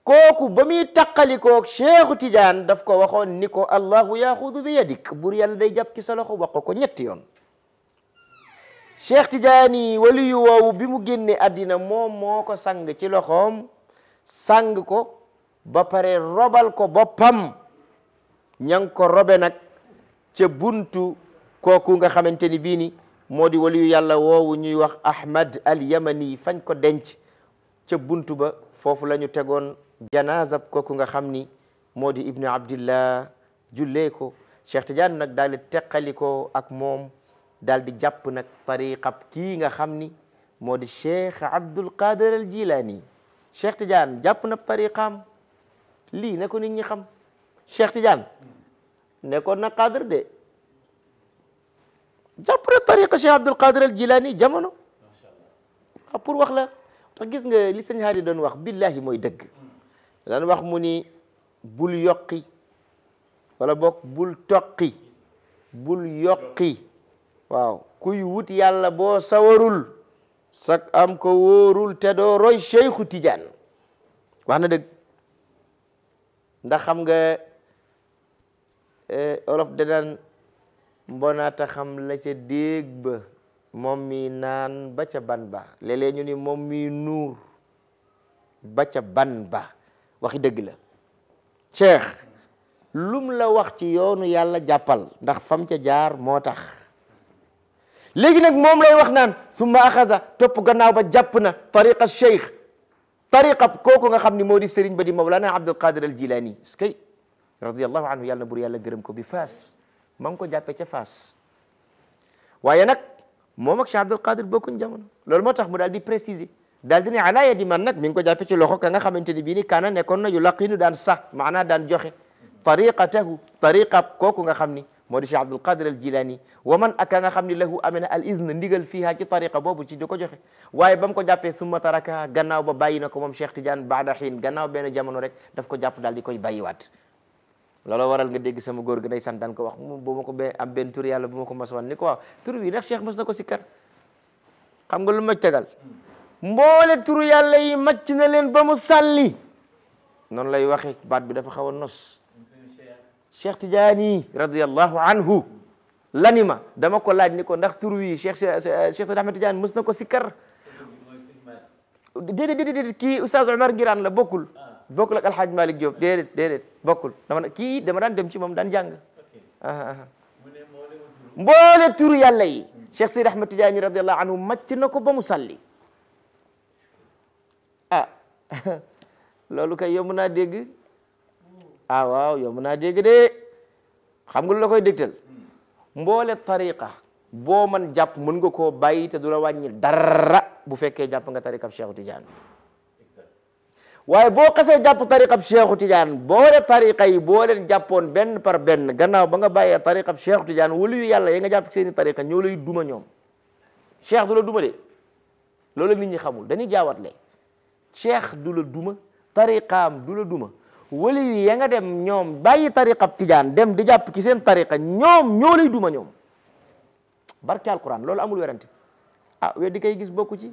kooku ba muy taqalikoog cheikhu tidiane daf ko waxoon ni ko allahu yaxudu bi yadik buur yàlla day sa loxo wax ko ñetti yoon cheikh tidiane waliyu woowu bi mu génne àddina moom moo ko sang ci loxoom sang ko ba pare robal ko boppam ña ngi ko robe nag ca buntu kooku nga xamante ni bii ni moo di waliyu yàlla woowu ñuy wax ahmad al yamani fañ ko denc ca buntu ba foofu la ñu tegoon janaazab kooku nga xam ni moo di ibnu abdillah jullee ko cheikh tidiane nag daal teqali ko ak moom daal di jàpp nag tariqab kii nga xam ni moo di cheikh abdul qadir al jilani cheikh tidiane jàpp na tariqaam lii na ko nit ñi xam cheikh nekkoon na qaadir de jàpp na tariqa Cheikh Abdul Qadir al Jilani jamono waaw ah, pour wax la tax gis nga li sëñ doon wax billahi mooy dëgg hmm. daan wax mu ni bul yokki wala boog bul toqi bul yokki waaw kuy wut yàlla boo sawarul sak am ko wóorul te doo roy Cheikhu Tidiane wax na dëgg ndax xam nga Eh, olof da daan mbonaata xam la ca déeg ba moom mi naan ba ca ban ba léeg-léeg ñu ni moom mi nuur ba ca ban ba waxi dëgg la cheikh lum la wax ci yoon yàlla jàppal ndax fam ca jaar moo tax léegi nag moom lay wax naan summa axasa topp gannaaw ba jàpp na tariqa cheikh tariqa kooku nga xam ni moo di sëriñ ba di mawlana abdul qadir al jilani skay radiallahu anhu yàlla na bur yàlla gërëm ko bi faas ma ngi ko jàppee ca faas waaye nag moom ak Cheikh Abdul Qadir bokkuñ jamono loolu moo tax mu daal di préciser daal di ne ala man nag mi ngi ko jàppee ci loxo ka nga xamante ni bii ni kaana nekkoon na yu laqinu daan sax maanaa daan joxe tariqatahu tariqa kooku nga xam ni moo di Cheikh Abdul Qadir al Jilani wa man ak ka nga xam ni lahu amee na ndigal fi ci tariqa boobu ci di ko joxe waaye ba mu ko jàppee summa taraka gannaaw ba bàyyi na ko moom Cheikh Tidiane baada xiin gannaaw benn jamono rek daf ko jàpp daal di koy bàyyiwaat lolo waral nga deg sama gor gi day santaan ko wax bu mako be am ben tour yalla bu ma ko wan ni ko tour wi nak cheikh mos na ko sikkar xam nga lu ma tegal mbolé tour yalla yi macc na len ba mu salli non lay waxe bat bi dafa xaw nos cheikh tidiane radiyallahu anhu lanima dama ko laaj ni ko ndax tour wi cheikh cheikh Seydi Ahmed Tidiane di di ko sikkar dede déedéet kii oustaz Omar giran la bokkul ah. bokkul ak alxaaj Malick Diop déedéet déedéet bokkul dama kii dama daan dem ci moom daan jàng ah, ah, ah. mboole turu yàlla yi Cheikh Sidi Ahmed Tidiane radiallahu anhu màcc na ko ba mu salli ah loolu kay yomb naa dégg ah waaw yomb naa dégg de xam nga lu koy dégtal hmm. mboole tariqa boo man jàpp mën nga koo bàyyi te du la wàññi dara bu fekkee jàpp nga tariqab Cheikh Tidiane waaye boo xasee jàpp tariqab cheikhu tidiane boole tariqa yi boo leen jàppoon benn par benn gannaaw ba nga bàyyee tariqab cheikhu tidiane wala yu yàlla ya nga jàpp seeni tariqa ñoo lay duma ñoom cheikh la duma de loolu nit ñi xamul dañuy jaawatle cheikh du la duma tariqaam du la duma wala ya nga dem ñoom bàyyi tariqab tidiane dem di jàpp ci seen tariqa ñoom ñoo duma ñoom barke loolu amul werante ah kay gis bokku ci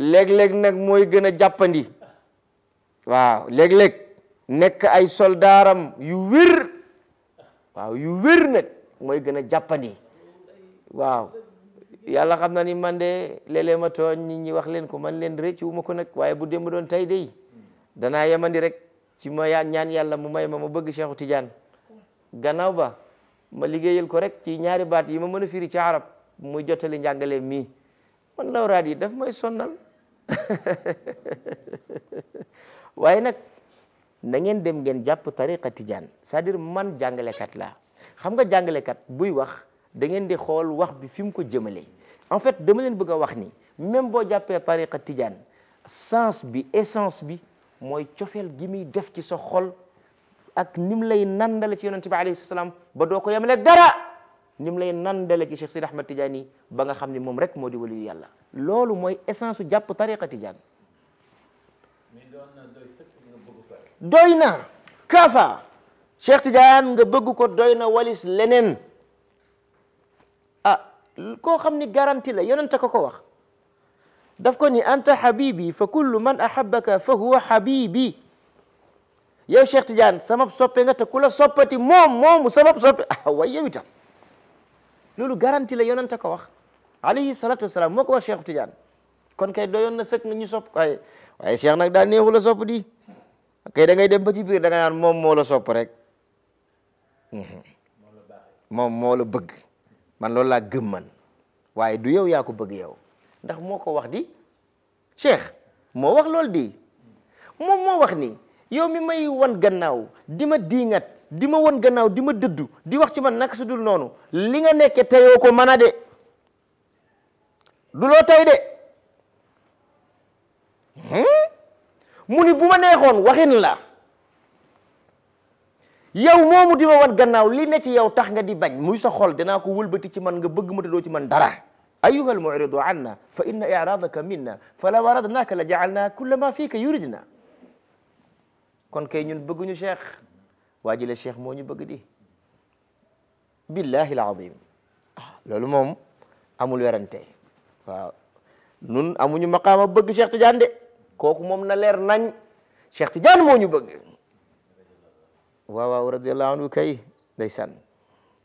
léeg-léeg nag mooy gën a jàppandi waaw léeg nekk ay soldaaram yu wér waaw yu wér nag mooy gën a jàppandi waaw yàlla xam na ni man de léeg-léeg ma tooñ nit ñi wax leen ko man leen rëcc wu ma ko nag waaye bu démb doon tey day danaa yemandi rek ci ma ñaan yàlla mu may ma ma bëgg Cheikhu Tidiane gannaaw ba ma liggéeyal ko rek ci ñaari baat yi ma mën a firi ci arab muy jottali njàngale mii man lawraat yi daf may sonnal waaye nag na ngeen dem ngeen jàpp tariqa tijaan c'est-à-dire man jàngalekat laa xam nga kat buy wax da ngeen di xool wax bi fi mu ko jëmale en fait dama leen bëgg a wax ni même boo jàppee tariqa tijaan sens bi essence bi mooy cofeel gi muy def ci sa xol ak nim lay nandale ci yonent bi alayhi salaam ba doo ko yemale dara nim mu lay nandale ci Cheikh Sidi Ahmad Tidiane ba nga xam ni moom rek moo di waliyu yàlla loolu mooy essence su jàpp tariqa Tidiane doy na kaafa Cheikh nga bëgg ko doy na walis leneen ah koo xam ni garanti la yonente ko ko wax daf ko ni anta habibi fa kullu man ahabbaka fa huwa habibi yow Cheikh Tidiane samab soppe nga te kula soppati moom moomu samab soppe ah way loolu garanti la yonente ko wax alayhi salatu wasalaam moo ko wax ti Tidiane kon kay doyoon na sëkk nga ñu sopp waaye waaye Cheikh nag daal neexu la sopp di kay da ngay dem ba ci biir da naan moom moo la sopp rek mhm. moom moo la bëgg man loolu laa gëm man waaye du yow yaa ko bëgg yow ndax moo ko wax di Cheikh moo wax loolu di moom moo wax ni yow mi may wan gannaaw di ma di ma won gannaaw di ma dëddu di wax ci man naka su dul noonu li nga nekke teyoo ko mën a de du loo tey de hmm? mu ni bu ma neexoon waxin la yow moomu di ma wan gannaaw li ne ci yow tax nga di bañ muy sa xol dinaa ko wëlbati ci man nga bëgg ma te doo ci man dara ayuha almuridu anna fa in iraadaka minna fa law aradnaka la jaalna kulla ma fika na kon kay ñun bëgguñu cheikh waa ji la cheikh moo ñu bëgg di billahi alazim ah, loolu moom amul werante waaw nun amuñu maqaama bëgg Cheikh Tidiane de kooku moom na leer nañ Cheikh Tidiane moo ñu bëgg waaw waaw radiallahu anhu kay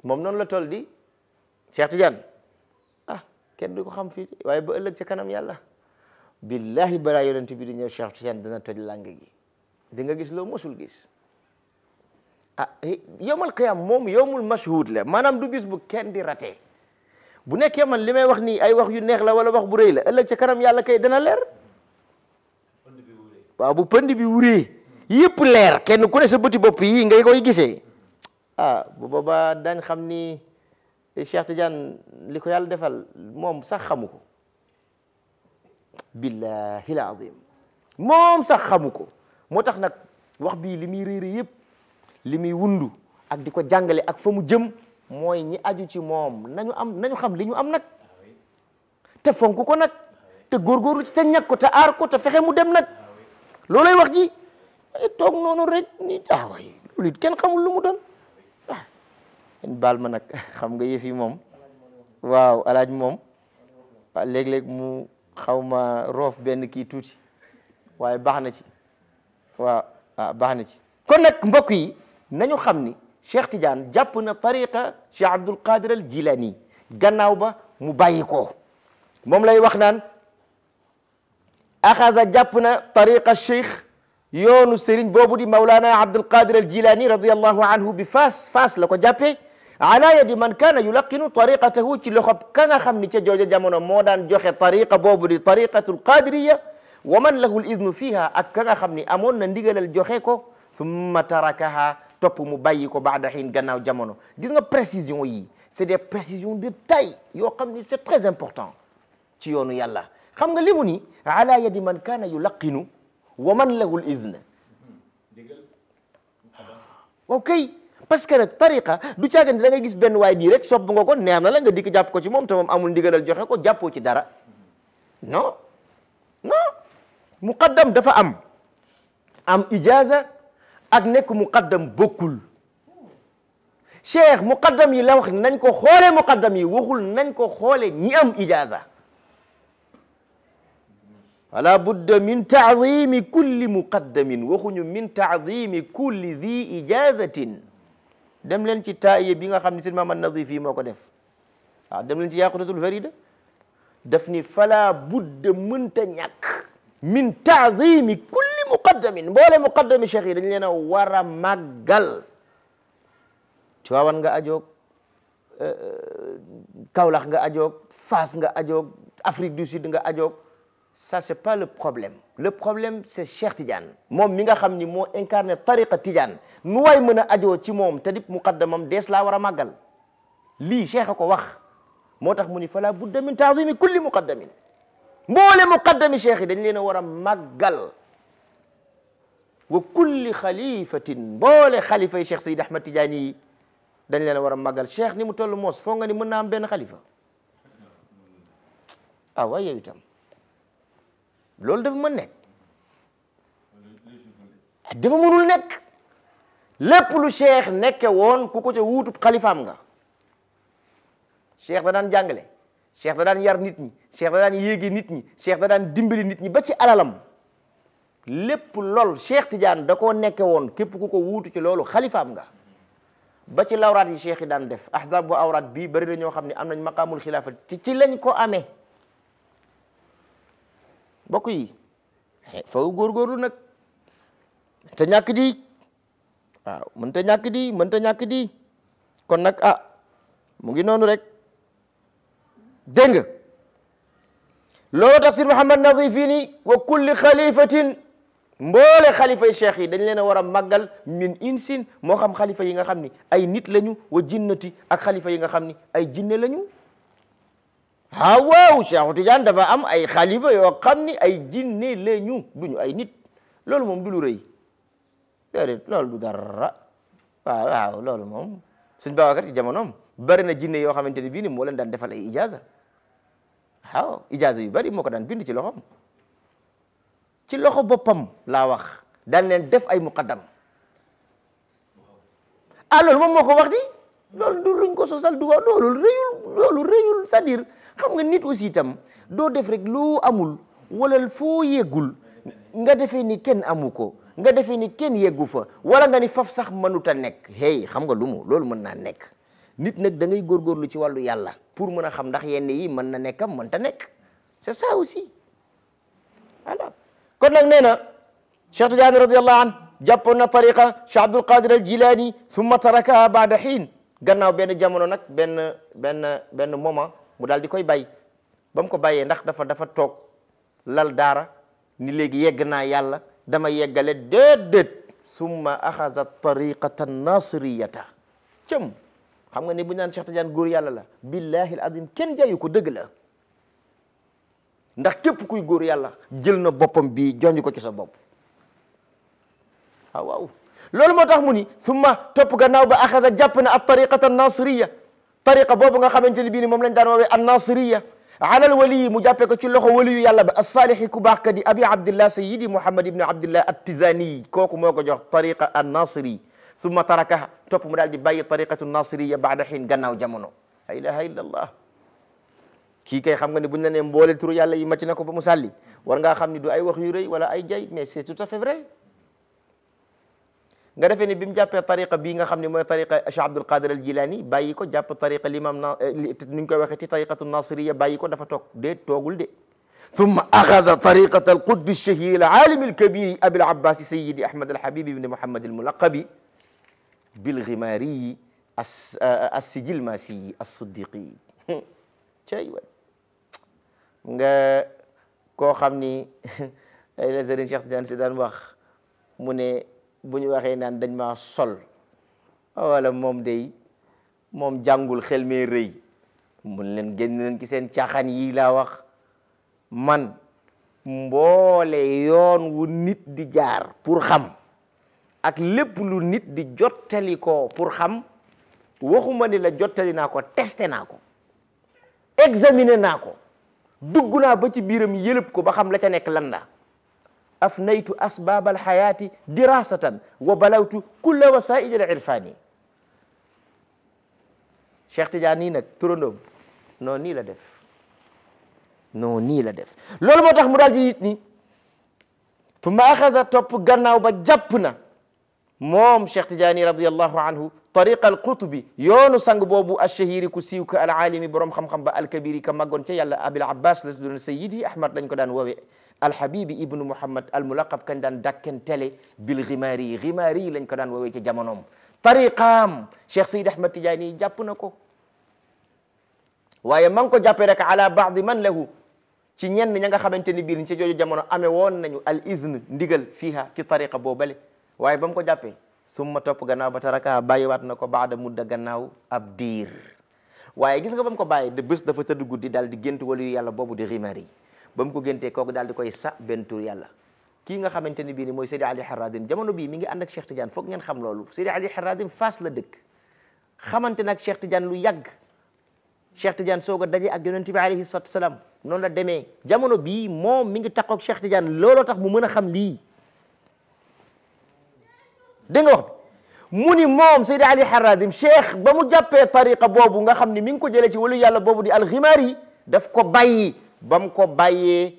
moom noonu la toll di Cheikh Tidiane ah kenn du ko xam fii waaye ba ëllëg ca kanam yàlla billahi balaa yonent bi di ñëw Cheikh Tidiane dina toj làng gi di nga gis loo mosul gis آه، يوم القيامة موم يوم المشهود لا ما نام دو بيسبوك كان دي راتي بو نيك يمن لي واخني اي واخ يو نيه لا ولا واخ بو ري لا يا تي كرام يالا كاي دنا لير وا بو بند بي وري ييب لير كين كون سي بوتي بوب يي غاي كوي غيسي اه بو بابا دان خامني يا تجان ليكو يالا ديفال موم سا خاموكو بالله العظيم موم سا خاموكو موتاخ نك واخ بي لي مي ري ري ييب li muy wundu ak di ko jàngale ak fa mu jëm mooy ñi aju ci moom nañu am nañu xam li ñu am nag te fonk ko nag te góorgóorlu ci te ñàkk ko te ko te fexe mu dem nag loolay wax ji toog noonu rek ni ah waay loolu it kenn xamul lu mu doon ah baal ma nag xam nga yëf moom waaw alaaj moom waaw ah, léeg mu xaw ma roof benn kii tuuti waaye baax na ci waaw ah baax na ci kon nag mbokk yi nañu xam ni Cheikh Tidiane jàpp na tariqa Cheikh Abdul Qadir al Jilani gannaaw ba mu bàyyi ko moom lay wax naan axaza jàpp na tariqa Cheikh yoonu Serigne boobu di Mawlana Abdul Qadir al Jilani radiyallahu anhu bi faas faas la ko jàppee ala yadi man kaana yulaqinu tariqatahu ci loxob ka nga xam ni ca jooja jamono moo daan joxe tariqa boobu di tariqatul qadiriya wa man lahu l idnu fiha ak ka nga xam ni amoon na ndigalal joxe ko summa tarakaha topp mu bàyyi ko baada xiin gannaaw jamono gis nga précision yi c'est des précisions de taille yoo xam ni c'est très important ci yoonu yàlla xam nga li mu ni ala yadi man kaana yulaqinu wa man lahu l idne waaw kay parce que nag tariqa du caagandi da nga gis benn waay bii rek sopp nga ko neex na la nga dikk jàpp ko ci moom te moom amul ndigalal joxe ko jàppoo ci dara non non muqaddam dafa am am ijaza ak nekk muqaddam bokkul cheikh muqaddam yi la wax nañ ko xoolee muqaddam yi waxul nañ ko xoole ñi am ijaza wala budda min taadimi kulli muqaddamin waxuñu min taadimi kulli di ijazatin dem leen ci taaye bi nga xam ne seen maam yi moo def waaw dem leen ci yaqutatul farida daf fala budda mënta ñàkk min taadimi kulli muqaddamin mboole muqaddami cheikh yi dañ leen a war a màggal Tiwaawan nga ajoog euh, Kaolack nga ajoog Fass nga ajoog Afrique du Sud nga ajoog ça c'est pas le problème le problème c'est Cheikh Tidiane moom mi nga xam ni moo incarné tariqa Tidiane nu waay mën a ajoo ci moom te dip muqaddamam des laa war a màggal lii cheikh a ko wax moo tax mu ni fala budda min taadimi kulli muqaddamin mboole muqaddami cheikh yi dañ leen a war a màggal وكل خليفة بول خليفة الشيخ سيد أحمد تجاني دان لنا ورا مغال شيخ ني مو تولو موس فوغا ني مونا ام بن خليفة اوا آه، يي يتم لول داف مون نيك داف مونول نيك لب لو شيخ نيك وون كوكو تي ووتو خليفة امغا شيخ دا جانجلي شيخ دا يار نتني ني شيخ دا دان ييغي نيت ني شيخ دا دان ديمبلي نيت ني با lépp lool Cheikh Tidiane da koo nekke woon képp ku ko wuutu ci loolu xalifaam nga ba ci lawraat yi cheikh yi daan def ahzab bu awraat bii bari na ñoo xam ne am nañ maqaamul xilaafa ti ci lañ ko amee bokk yi eh, faw góorgóorlu nag mën ta ñàkk di waaw mën ta ñàkk di mën ta ñàkk di kon nag ah mu ngi noonu rek dégg nga loolu Muhammad Nazif wa kulli xalifatin mbolé khalifa cheikh yi dañ leena wara magal min insin mo xam khalifa yi nga xamni ay nit lañu wa jinnati ak khalifa yi nga xamni ay jinne lañu ha waaw Cheikhu Tidiane dafa am ay khalifa yo xamni ay jinne lañu duñu ay nit lolou mom du lu reuy dedet lolou du dara waaw lolou mom moom suñ Babacar ci jamonoom bari na jinne yo xamanteni bi ni mo leen daan defal ay ijaza waaw ijaza yu bari moko daan bind ci loxom ci loxo bopam la wax dal len def ay muqaddam ah loolu mom moko wax di loolu du luñ ko sosal du ko loolu rëyul loolu cest dire xam nga nit aussi tam do def rek lu amul wala fo yegul nga defé ni ken amuko nga defé ni ken yeggu fa wala nga ni faf sax manuta nek hey xam nga lu lolou loolu mën nit nak da ngay góorgóorlu ci walu yalla pour meuna xam ndax yenn yi mën na nekkam c'est ça aussi alors kon nag nee na Cheikh Tidiane radiallahu an jàppoon na tariqa Cheikh Abdul Qadir al Jilani thumma tarakaha baada xiin gannaaw benn jamono nag benn benn benn moment mu daal di koy bàyyi ba mu ko bàyyee ndax dafa dafa toog lal daara ni léegi yegg naa yàlla dama yeggale déet déet summa axaza tariqata nasiriyata cëm xam nga ne bu ñu naan Cheikh Tidiane góor yàlla la billahi al azim kenn jayu ko dëgg la ndax képp kuy góor yàlla jël na boppam bi jonj ko ci sa bopp waaw waaw loolu moo tax mu ni summa topp gannaaw ba axada jàpp na ab tariqata nasiriya tariqa boobu nga xamante ni bii ni moom lañ daan woowee an ala alal waliyi mu jàppee ko ci loxo waliyu yàlla ba asaalixi ku baax ka di abi abdillah sayidi muhammad ibni abdillah attizani kooku moo ko jox tariqa an nasiri summa tarakaha topp mu daal di bàyyi tariqatu nasiriya bada xiin gannaaw jamono la ilaha illa allah ki kay xam nga ni buñ la né mbolé turu yàlla yi màcc na ko ba mu war nga xam ni du ay wax yu reuy wala ay jay mais c'est tout à fait vrai nga defé ni bimu jappé tariqa bi nga xam ni moy tariqa Cheikh Abdul Qadir al Jilani bayiko jàpp tariqa limam na ni ngi koy waxé ci tariqatu nasiriya bàyyi ko dafa tok de togul de ثم أخذ طريقة القطب الشهير shahii الكبير أبي العباس سيدي أحمد abbasi بن محمد الملقب بالغماري السجل muhammad الصديقي mulaqabi nga koo xam ni ay la Serigne Cheikh Tidiane si daan wax mu ne bu ñu waxee naan dañ ma sol wala moom day moom jàngul xel mee rëy mun leen génn leen seen caaxaan yi laa wax man mboole yoon wu nit di jaar pour xam ak lépp lu nit di jottali ko pour xam waxuma ni la jottali naa ko testé na ko examiné naa ko dugg naa ba ci biiram yëlëb ko ba xam la ca nekk lan la afnaytu asbaab alxayaati dirasatan wa balawtu kulla wasaa'il al irfaani Cheikh Tidiane nii nag turandoom non nii la def non nii la def loolu moo tax mu daal di nit ni fu ma axada topp gannaaw ba jàpp na moom Cheikh Tidiane radiyallahu anhu طريق القطبي يونو سانغ بوبو الشهير كسيوك العالم بروم خم خم الكبير كما قلت يلا أبي العباس لدون سيدي أحمد لنك دان ووي الحبيب ابن محمد الملقب كان دان دكن تلي بالغماري غماري لنك دان ووي جامنوم طريقام شيخ سيد أحمد تجاني جابونكو waye man ko jàppee rek ala baadi man lahu ci ñenn ña nga xamante ni biir ci jojo jamono amee woon nañu al izn ndigal fiha ci tariqa bobale waye bam ko jappé summa topp gannaaw ba taraka bàyyiwaat na ko baada mudda gannaaw ab diir waaye gis nga ba mu ko bàyyi de bés dafa tëdd guddi daal di gént waliyu yàlla boobu di Ghimari ba mu ko géntee kooku dal di koy sa bentur yàlla kii nga xamante ni bii ni mooy Seydi Ali Haradine jamono bii mi ngi ànd ak Cheikh Tidiane foog ngeen xam loolu Seydi Ali Haradine Fass la dëkk xamante nag Cheikh Tidiane lu yàgg Cheikh Tidiane soog a daje ak yonente bi alayhi salatu salaam noonu la demee jamono bii moo mi ngi takkoog Cheikh Tidiane looloo tax mu mën a xam lii dégg wax mu ni moom Seydi Ali Haradim cheikh ba mu jàppee tariqa boobu nga xam ni mi ngi ko jëlee ci walu yàlla boobu di alximaari daf ko bàyyi ba mu ko bàyyee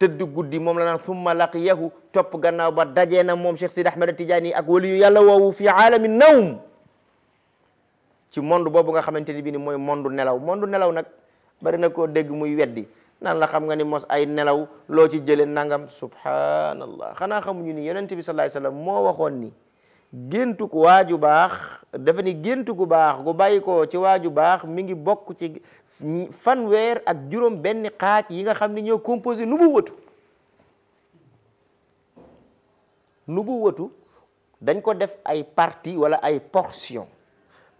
tëdd guddi moom la naan summa laqiyahu topp gannaaw ba dajee na moom cheikh Seydi Ahmad Tijaani ak walu yàlla woowu fi aalami nawm ci monde boobu nga xamante ni bi ni mooy monde nelaw monde nelaw nag bari na koo dégg muy weddi nan la xam nga ni mos ay nelaw loo ci jëlee nangam subhanallah xanaa xamuñu ni yonente bi sallallahu alayhi moo waxoon ni géntu ku waaju baax dafa ni géntu ku baax gu bàyyi ko ci waaju baax mi ngi bokk ci fanweer ak juróom benn xaaj yi nga xam ne ñoo composé nu bu watu nu bu watu dañ ko def ay partie wala ay portion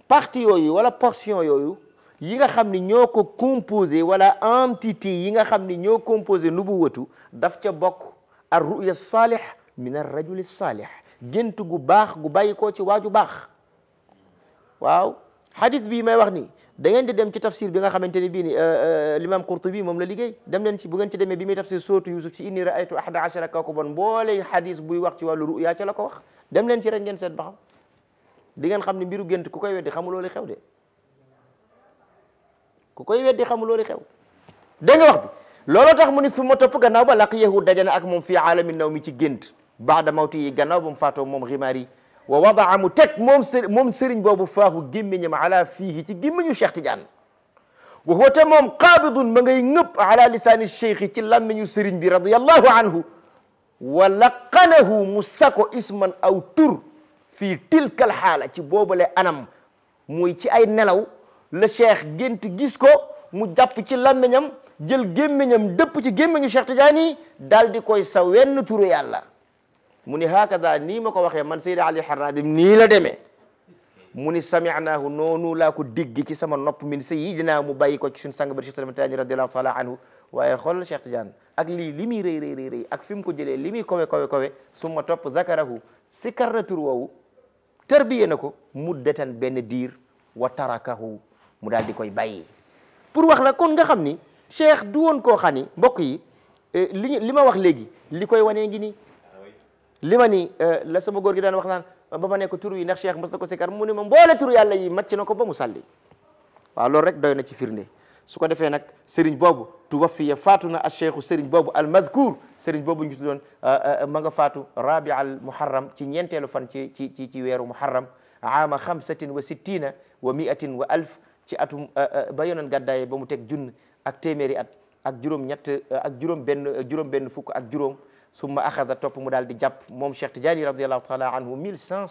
partie yooyu wala portion yooyu yi nga xam ni ñoo ko composé wala entité yi nga xam ni ñoo composé nu bu watu daf ca bokk ar ruya saalih min ar rajuli saalih gént gu baax gu bàyyi koo ci waaju baax waaw hadith bii may wax ni da ngeen di dem ci tafsir bi nga xamante ni bii ni euh, euh, l'imam Qurtubi moom la liggéey dem leen ci bu ngeen ci demee bi muy tafsir sootu Yusuf ci inni raaytu ahada achara kawkaban boole hadith buy wax ci wàllu ruya ca la ko wax dem leen ci rek ngeen seet ba xam di ngeen xam ni mbiru gént ku koy weddi xamuloo li xew de ko koy weddi xamuloo li xew de nga wax bi looloo tax mu ni su ma topp gannaaw ba laqiyahu dajana ak moom fii aalamin mi ci gént بعد موتي غناو بوم فاتو موم غيماري ووضع متك موم سير موم سيرن بوبو فاخو غيمني ما على فيه تي غيمني شيخ تيان وهو تا موم قابض ماغي نوب على لسان الشيخ تي لامني سيرن بي رضي الله عنه ولقنه مسكو اسما او تور في تلك الحاله تي بوبله انام موي تي اي نلاو لو شيخ غنت غيسكو مو جاب تي لامنيام جيل غيمنيام دب تي غيمني شيخ تياني دال دي كوي سا وين تورو يالله mu ni hakada nii ma ko waxee man Seydi Ali Haradim nii la demee mu ni sami'naahu noonu laa ko digg ci sama nopp min sayyidina mu bàyyi ko ci suñ sang ba Cheikh Ahmad Tidiane radiyallahu taala anhu waaye xoolal Cheikh Tidiane ak lii li muy rëy rëy rëy ak fi mu ko jëlee li muy kowe kowe kowe summa topp zakarahu si karratur woowu tarbiyé na ko muddatan benn diir wa tarakahu mu daal di koy bàyyi pour wax la kon nga xam ni cheikh du woon koo xam ni mbokk yi eh, li li ma wax léegi li koy wanee ngi limani la sama gor gi dan wax nan ba ma nekk tur yi ndax cheikh mustafa sekar mune sikar mu ne ma mboole tur yàlla yi màcc na ko ba mu sàlli waaw loolu rek doyna ci firnde su ko defee nag sëriñ boobu tuwafiya faatu na al cheikh serigne bobu al madhkur serigne bobu ñu tudon ma nga fatu rabi al muharram ci ñentelu fan ci ci ci wéru muharram عام xamsatin wa sittina wa miatin wa alf ci atum ba yonoon gàddaaye أك mu teg أك ak téeméeri at ak juróom ñett ak juróom benn juróom summa axada topp mu daal di jàpp moom Cheikh Tidiane radiallahu taala anhu 1165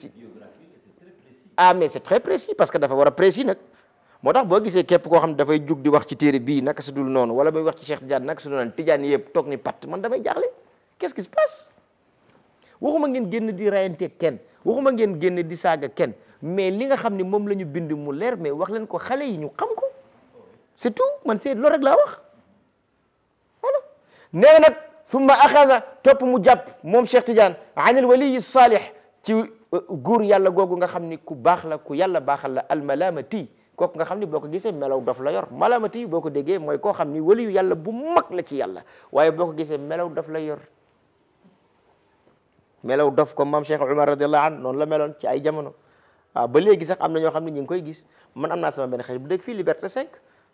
ci ah mais c'est très précis parce que dafa war a précis nag moo tax boo gisee képp koo xam ne dafay jug di wax ci téere bii naka dul noonu wala muy wax ci Cheikh Tidiane naka su dul noonu Tidiane yëpp toog ni pat man dafay jaaxle qu'est-ce qui se passe waxuma ngeen génn di rayante kenn waxuma ngeen génn di saaga kenn mais li nga xam ne moom la ñu bind mu leer mais wax leen ko xale yi ñu xam ko nee na nag summa axada topp mu jàpp moom Cheikh Tidiane anil waliyi saalih ci góor yàlla googu nga xam ni ku baax la ku yàlla baaxal la almalamati kooku nga xam ni gisee melaw dof la yor malamati boko ko déggee mooy koo xam yàlla bu mag la ci yàlla waaye boko ko gisee melaw dof la yor melaw dof ko maam Cheikh Umar radiallahu an noonu la melon ci ay jamono waaw ba léegi sax am na ñoo xam ne ñu ngi koy gis man am sama benn xarit bu dëkk fii Liberté 5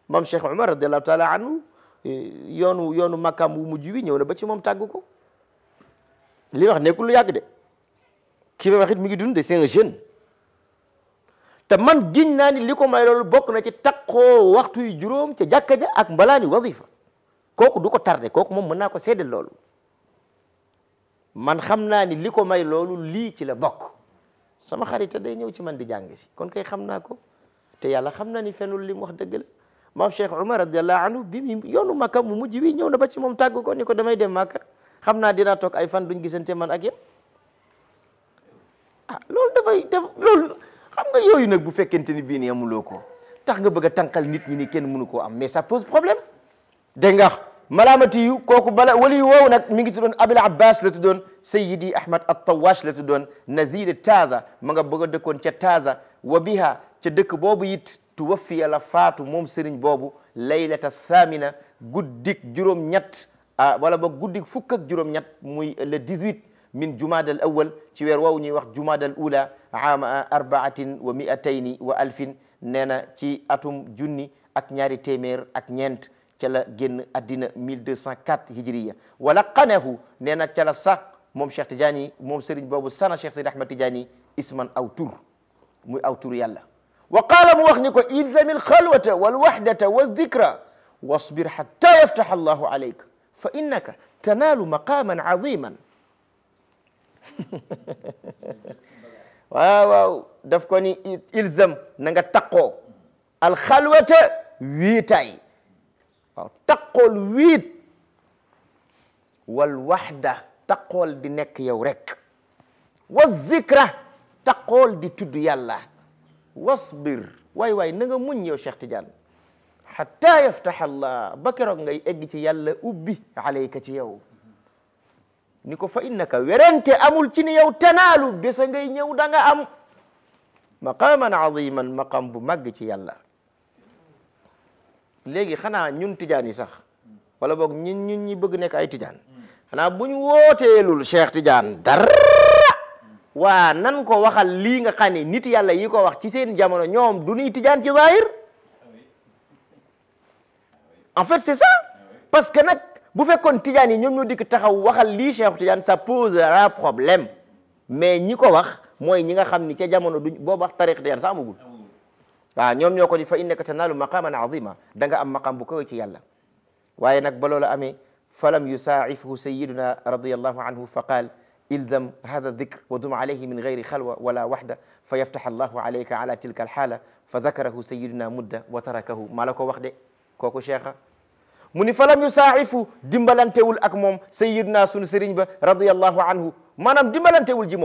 maam Cheikh Umar radiallahu taala anhu yoonu yoonu makkaam wu mujj wi ñëw na ba ci moom tàgg ko li wax nekkul lu yàgg de ki may wax mi ngi dund de c'est un jeune te man giñ naa ni li ko may loolu bokk na ci takkoo waxtu yu juróom ca jàkka ja ak mbalaani wasifa kooku du ko tardé kooku moom mën naa ko seddal loolu man xam naa ni li ko may loolu lii ci la bokk sama xarita day ñëw ci man di jàng si kon kay xam naa ko te yàlla xam naa ni fenul li mu wax dëgg la maam Cheikh Umar radiallahu anhu bi mu yoonu Makka mu mujj wi ñëw na ba ci moom tàgg ko ni ko damay dem Makka xam naa dina toog ay fan duñ gisante man ak yéen ah loolu dafay def loolu xam nga yooyu nag bu fekkente ni bii nii amuloo ko tax nga bëgg a nit ñi ni kenn mënu koo am mais ça pose problème dégg nga malaamati yu kooku bala wali yu woowu nag mi ngi tuddoon Abil Abbas la tuddoon Sayyidi Ahmad at-Tawash la tuddoon nazir Taza ma nga bëgg a dëkkoon ca Taza wa biha ca dëkk boobu it tuwafiya la faatu moom sëriñ boobu laylata thamina guddik juróom-ñett wala ba guddik fukk ak juróom-ñett muy le 18 min jumaada al awal ci weer woowu ñuy wax jumaada al ula aama arbaatin wa miatayni wa alfin nee na ci atum junni ak ñaari téeméer ak ñeent ca la génn addina 1204 hijriya wala qanahu nee na ca la sax moom Cheikh Tidiane moom sëriñ boobu sana Cheikh Seydi Ahmad Tidiane isman aw tur muy aw tur yàlla وقال مغنيك إلزم الخلوة والوحدة والذكرى واصبر حتى يفتح الله عليك فإنك تنال مقاما عظيما واو واو دفكوني إلزم نغا تقو الخلوة ويتاي تقو الويت والوحدة تقو دي نك يورك والذكرى تقول دي تدو يالله واصبر واي واي نغا مون يو شيخ تيجان حتى يفتح الله بكرو غاي ايغي تي يالا اوبي عليك تي يو نيكو فانك ورنت امول تي ني تنالو بيس غاي نيو داغا ام مقاما عظيما مقام بو ماغ تي يالا لغي خنا نون تيجاني صاح ولا بوك نين نين ني بوج نيك اي تيجان خنا بو ني ووتيلول شيخ تيجان در wa nan ko waxal li nga xam nit yàlla yi ko wax ci seen jamono ñom du ni tidiane ci zahir en fait c'est ça parce que nak bu fekkon tidiane ñom ñu dik taxaw waxal li Cheikh Tidiane ça pose un problème mais ñi ko wax moy ñi nga xamni ci jamono du bo wax tariq tijaan sax amagul waaw ñoom ñoo ko di fa innaka tanalu maqaman azima da nga am maqam bu ko ci yàlla waye nak ba lolu amé falam yusaaifahu sayiduna radiallahu anhu fa qaal إلزم هذا الذكر ودم عليه من غير خلوة ولا وحدة فيفتح الله عليك على تلك الحالة فذكره سيدنا مدة وتركه مالك وحدة كوكو شيخة من فلم يساعف دمبلان تول falam سيدنا سن dimbalantewul رضي الله عنه sunu sëriñ ba radiallahu anhu maanaam dimbalantewul ji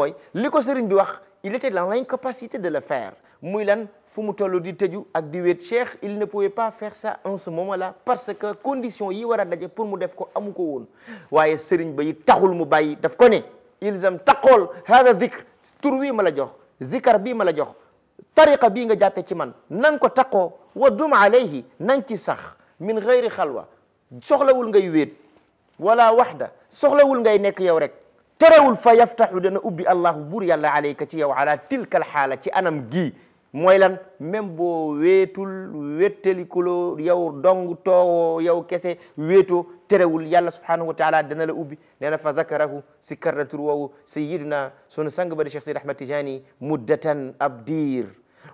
il était dans l'incapacité de le faire muy lan fu mu toll di tëju ak di wet cheikh il ne pouvait pas faire ça en ce moment là parce que condition yi wara daje pour mu def ko amuko won waye serigne sëriñ taxul mu bàyyi daf ko ne يلزم تقول هذا الذكر tur wi ma la jox zikar bii ma la jox tariqa bii nga jàppee ci man nang ko taqoo wa dum alayhi nang ci sax min gayri xalwa soxlawul ngay wéet wala waxda soxlawul ngay nekk yow rek terewul fa yaftaxu dana ubbi allahu buur yàlla alayka ci yow ala tilka alxaala ci anam gii mooy lan même boo wéetul wéttalikuloo yow dong toowoo yow kese wéetoo terewul yàlla subhanahu wa taala dana la ubbi nee fa zakarahu si karna tur woowu sayiduna sunu sang ba di Cheikh Seydi Ahmad Tijani muddatan ab diir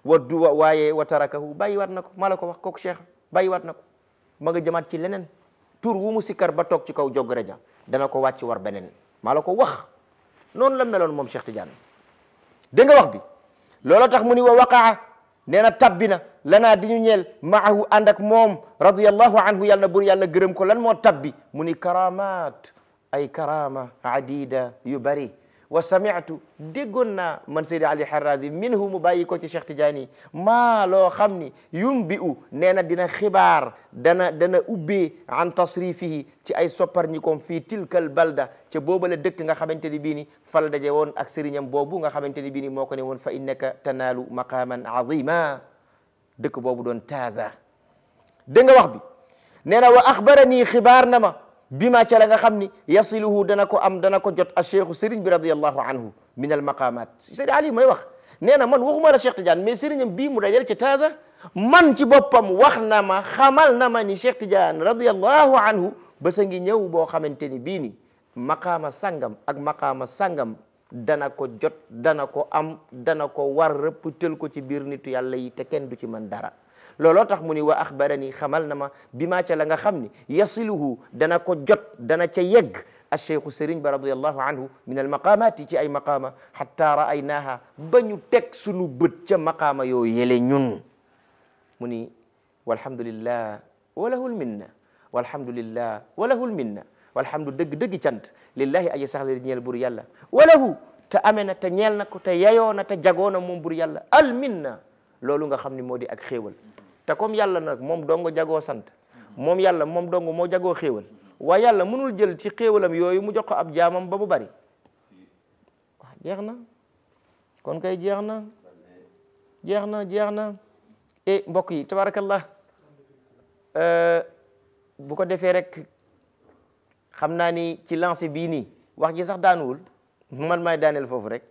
wa duwa waaye wa tarakahu bàyyi waat na ko maa la ko wax kooku cheikh bàyyi waat na ma nga jëmaat ci leneen tur wu mu sikkar ba toog ci kaw jogara ja dana ko wàcc war beneen maa la ko wax noonu la meloon moom Cheikh Tidiane dégg nga bi lolo tax muni wa waqa neena tabina lana diñu ñel maahu andak mom radiyallahu anhu yàlla bur yàlla gërëm ko lan mo tabbi muni karamat ay karama adida yu bari wa sami'tu déggoon naa man Seydi Ali Harraazi minhu mu bàyyi ko ci Cheikh Tidiane maa loo xam ni yumbi u nee na dina xibaar dana dana ubbee an tasrifihi ci ay sopparñikoom fii tilkal balda ca boobale dëkk nga xamante ni bii ni fal daje woon ak sëriñam boobu nga xamante ni bii ni moo ko ne woon fa innaka tanaalu maqaman azima dëkk boobu doon taaza dégg nga wax bi nee na wa axbarani xibaar na ma bi ma ca la nga xam ni yasiluhu dana ko am dana ko jot a cheikhu sëriñ bi radiallahu anhu min al maqamat sëriñ ali may wax nee na man ma la Cheikh Tidiane mais sëriñam bii mu dajal ci taada man ci boppam wax na ma xamal na ma ni Cheikh Tidiane radiallahu anhu basa ngi ñëw boo xamante ni bii ni maqaama sangam ak maqaama sangam dana ko jot dana ko am dana ko war rëpp tël ko ci biir nitu yàlla yi te kenn du ci mën dara looloo tax mu ni wa axbarani xamal na ma bi maa ca la nga xam ni yasiluhu dana ko jot dana ca yegg alcheikhu sëriñ ba radiallahu anhu min almaqaamaat yi ci ay maqaama xatta ra'aynaaha ba ñu teg sunu bët ca maqaama yoo yele ñun mu ni walhamdulillah wa lahul minna walhamdulillah wa lahul minna walhamdu dëgg dëgg cant lillahi aji sax la ñeel bur yàlla walahu te amee na te ñeel na ko te yayoo na te jagoo na moom bur yàlla al minna loolu nga xam ni moo di ak xéewal te comme yàlla nag moom dongo jagoo sant moom yàlla moom dong moo jagoo xéewal waaye yàlla mënul jël ci xéewalam yooyu mu jox ko ab jaamam ba bu bari waaw jeex na kon kay jeex na jeex na jeex na e mbokk yi tabarakallah euh, bu ko defee rek xam naa ni ci lancé bii nii wax ji sax daanuwul man maay daaneel foofu rek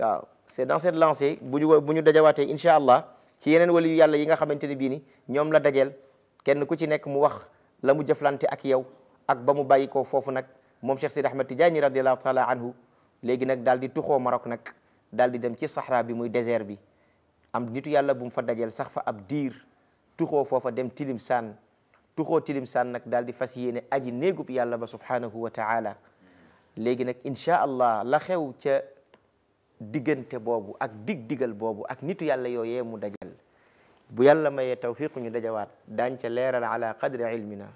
waaw c'est dans cette lancée bu ñu bu ñu dajawaatee incha allah ci yeneen waliyu yàlla yi nga xamanteni ne bii ni ñoom la dajeel kenn ku ci nekk mu wax la mu jëflante ak yow ak ba mu bàyyi ko foofu nag moom Cheikh Sidi Ahmed Tidiane radiallahu taala anhu léegi nag daal di tuxoo Maroc nag daal di dem ci Sahara bi muy désert bi am nitu yàlla bu mu fa dajeel sax fa ab diir tuxoo foofa dem Tilimsaan tuxoo Tilimsaan nag daal di fas yéene aji néegub yàlla ba subhanahu wa taala léegi nag incha allah la xew ca digënté bobu ak dig-digal bobu ak nitu yàlla yooyee mu dajal bu yàlla maye tawfiq ñu dajawat dañ ca leral ala qadri ilmina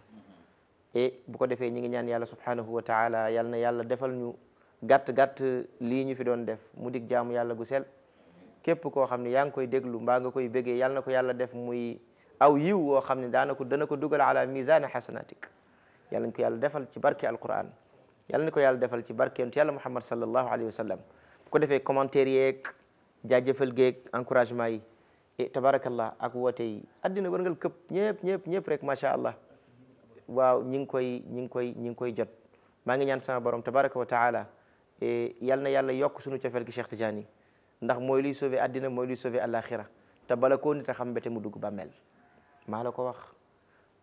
e bu ko defé ñi ngi ñaan yàlla subhanahu wa taala yàlla na yàlla defal ñu gàtt-gàtt li ñu fi doon def mu dig jaamu yàlla gu sel képp koo xam ne yaa ngi koy déglu mbaa nga koy bégee yàlla na ko yàlla def muy aw yiw woo xam ne daana ko dana ko dugal ala misana xasanatik yàlla na ko yàlla defal ci barke alquran yàlla na ko yàlla defal ci barke yonent yàlla muhammad sallallahu alayhi wa sallam ko defee commentaire yeeg jaajëfal geeg encouragement yi et tabarakallah ak woote yi addina wërngal këpp ñëpp ñëpp ñëpp rek macha allah waaw ñi ngi koy ñi ngi koy ñi ngi koy jot maa ngi ñaan sama borom tabaraka wa taala yal na yàlla yokk suñu cofeel gi Cheikh Tidiane ndax mooy luy sauver addina mooy luy sauver alaxira te bala koo nit a xam mbete mu dugg bàmmeel maa la ko wax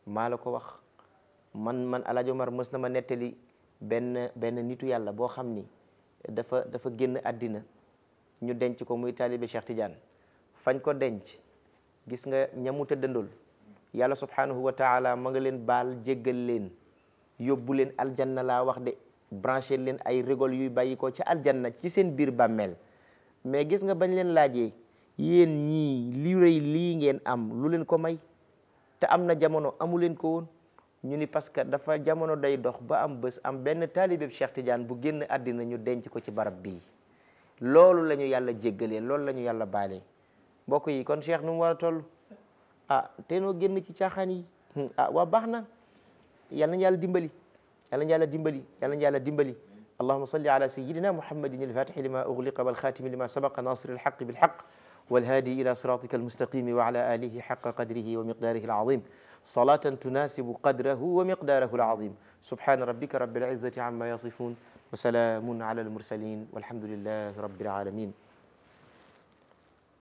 maa la ko wax man man El Hadj Omar mës na ma nettali benn benn nitu yàlla boo xam ni dafa dafa génn àddina ñu denc ko muy taalibe Cheikh tijan fañ ko denc gis nga ñamu tëddandool yàlla subhanahu wa taala ma nga leen baal jéggal leen yóbbu leen aljanna laa wax de branché leen ay rigol yuy bàyyi ko ci aljanna ci seen biir bàmmeel mais gis nga bañ leen laajee yéen ñii li rëy lii ngeen am lu leen ko may te am na jamono amu leen ko woon ñu ni parce que dafa jamono day dox ba am bés am benn taalibe Cheikh Tidiane bu génn àddina ñu denc ko ci barab bii loolu la ñu yàlla jéggalee loolu la ñu yàlla baalee mbokk yi kon Cheikh nu mu war a toll ah te noo génn ci caaxaan yi hmm, ah baax na yal nañu yàlla dimbali yal nañu yàlla dimbali yal nañu yàlla dimbali allahuma salli ala sayidina muhammadin alfatixi lima ugliqa walxaatimi lima sabaqa nasiri alxaqi bilxaq ila siratika almustaqimi wa ala alihi xaqa qadrihi wa miqdaarihi alazim صلاة تناسب قدره ومقداره العظيم سبحان ربك رب العزة عما يصفون وسلام على المرسلين والحمد لله رب العالمين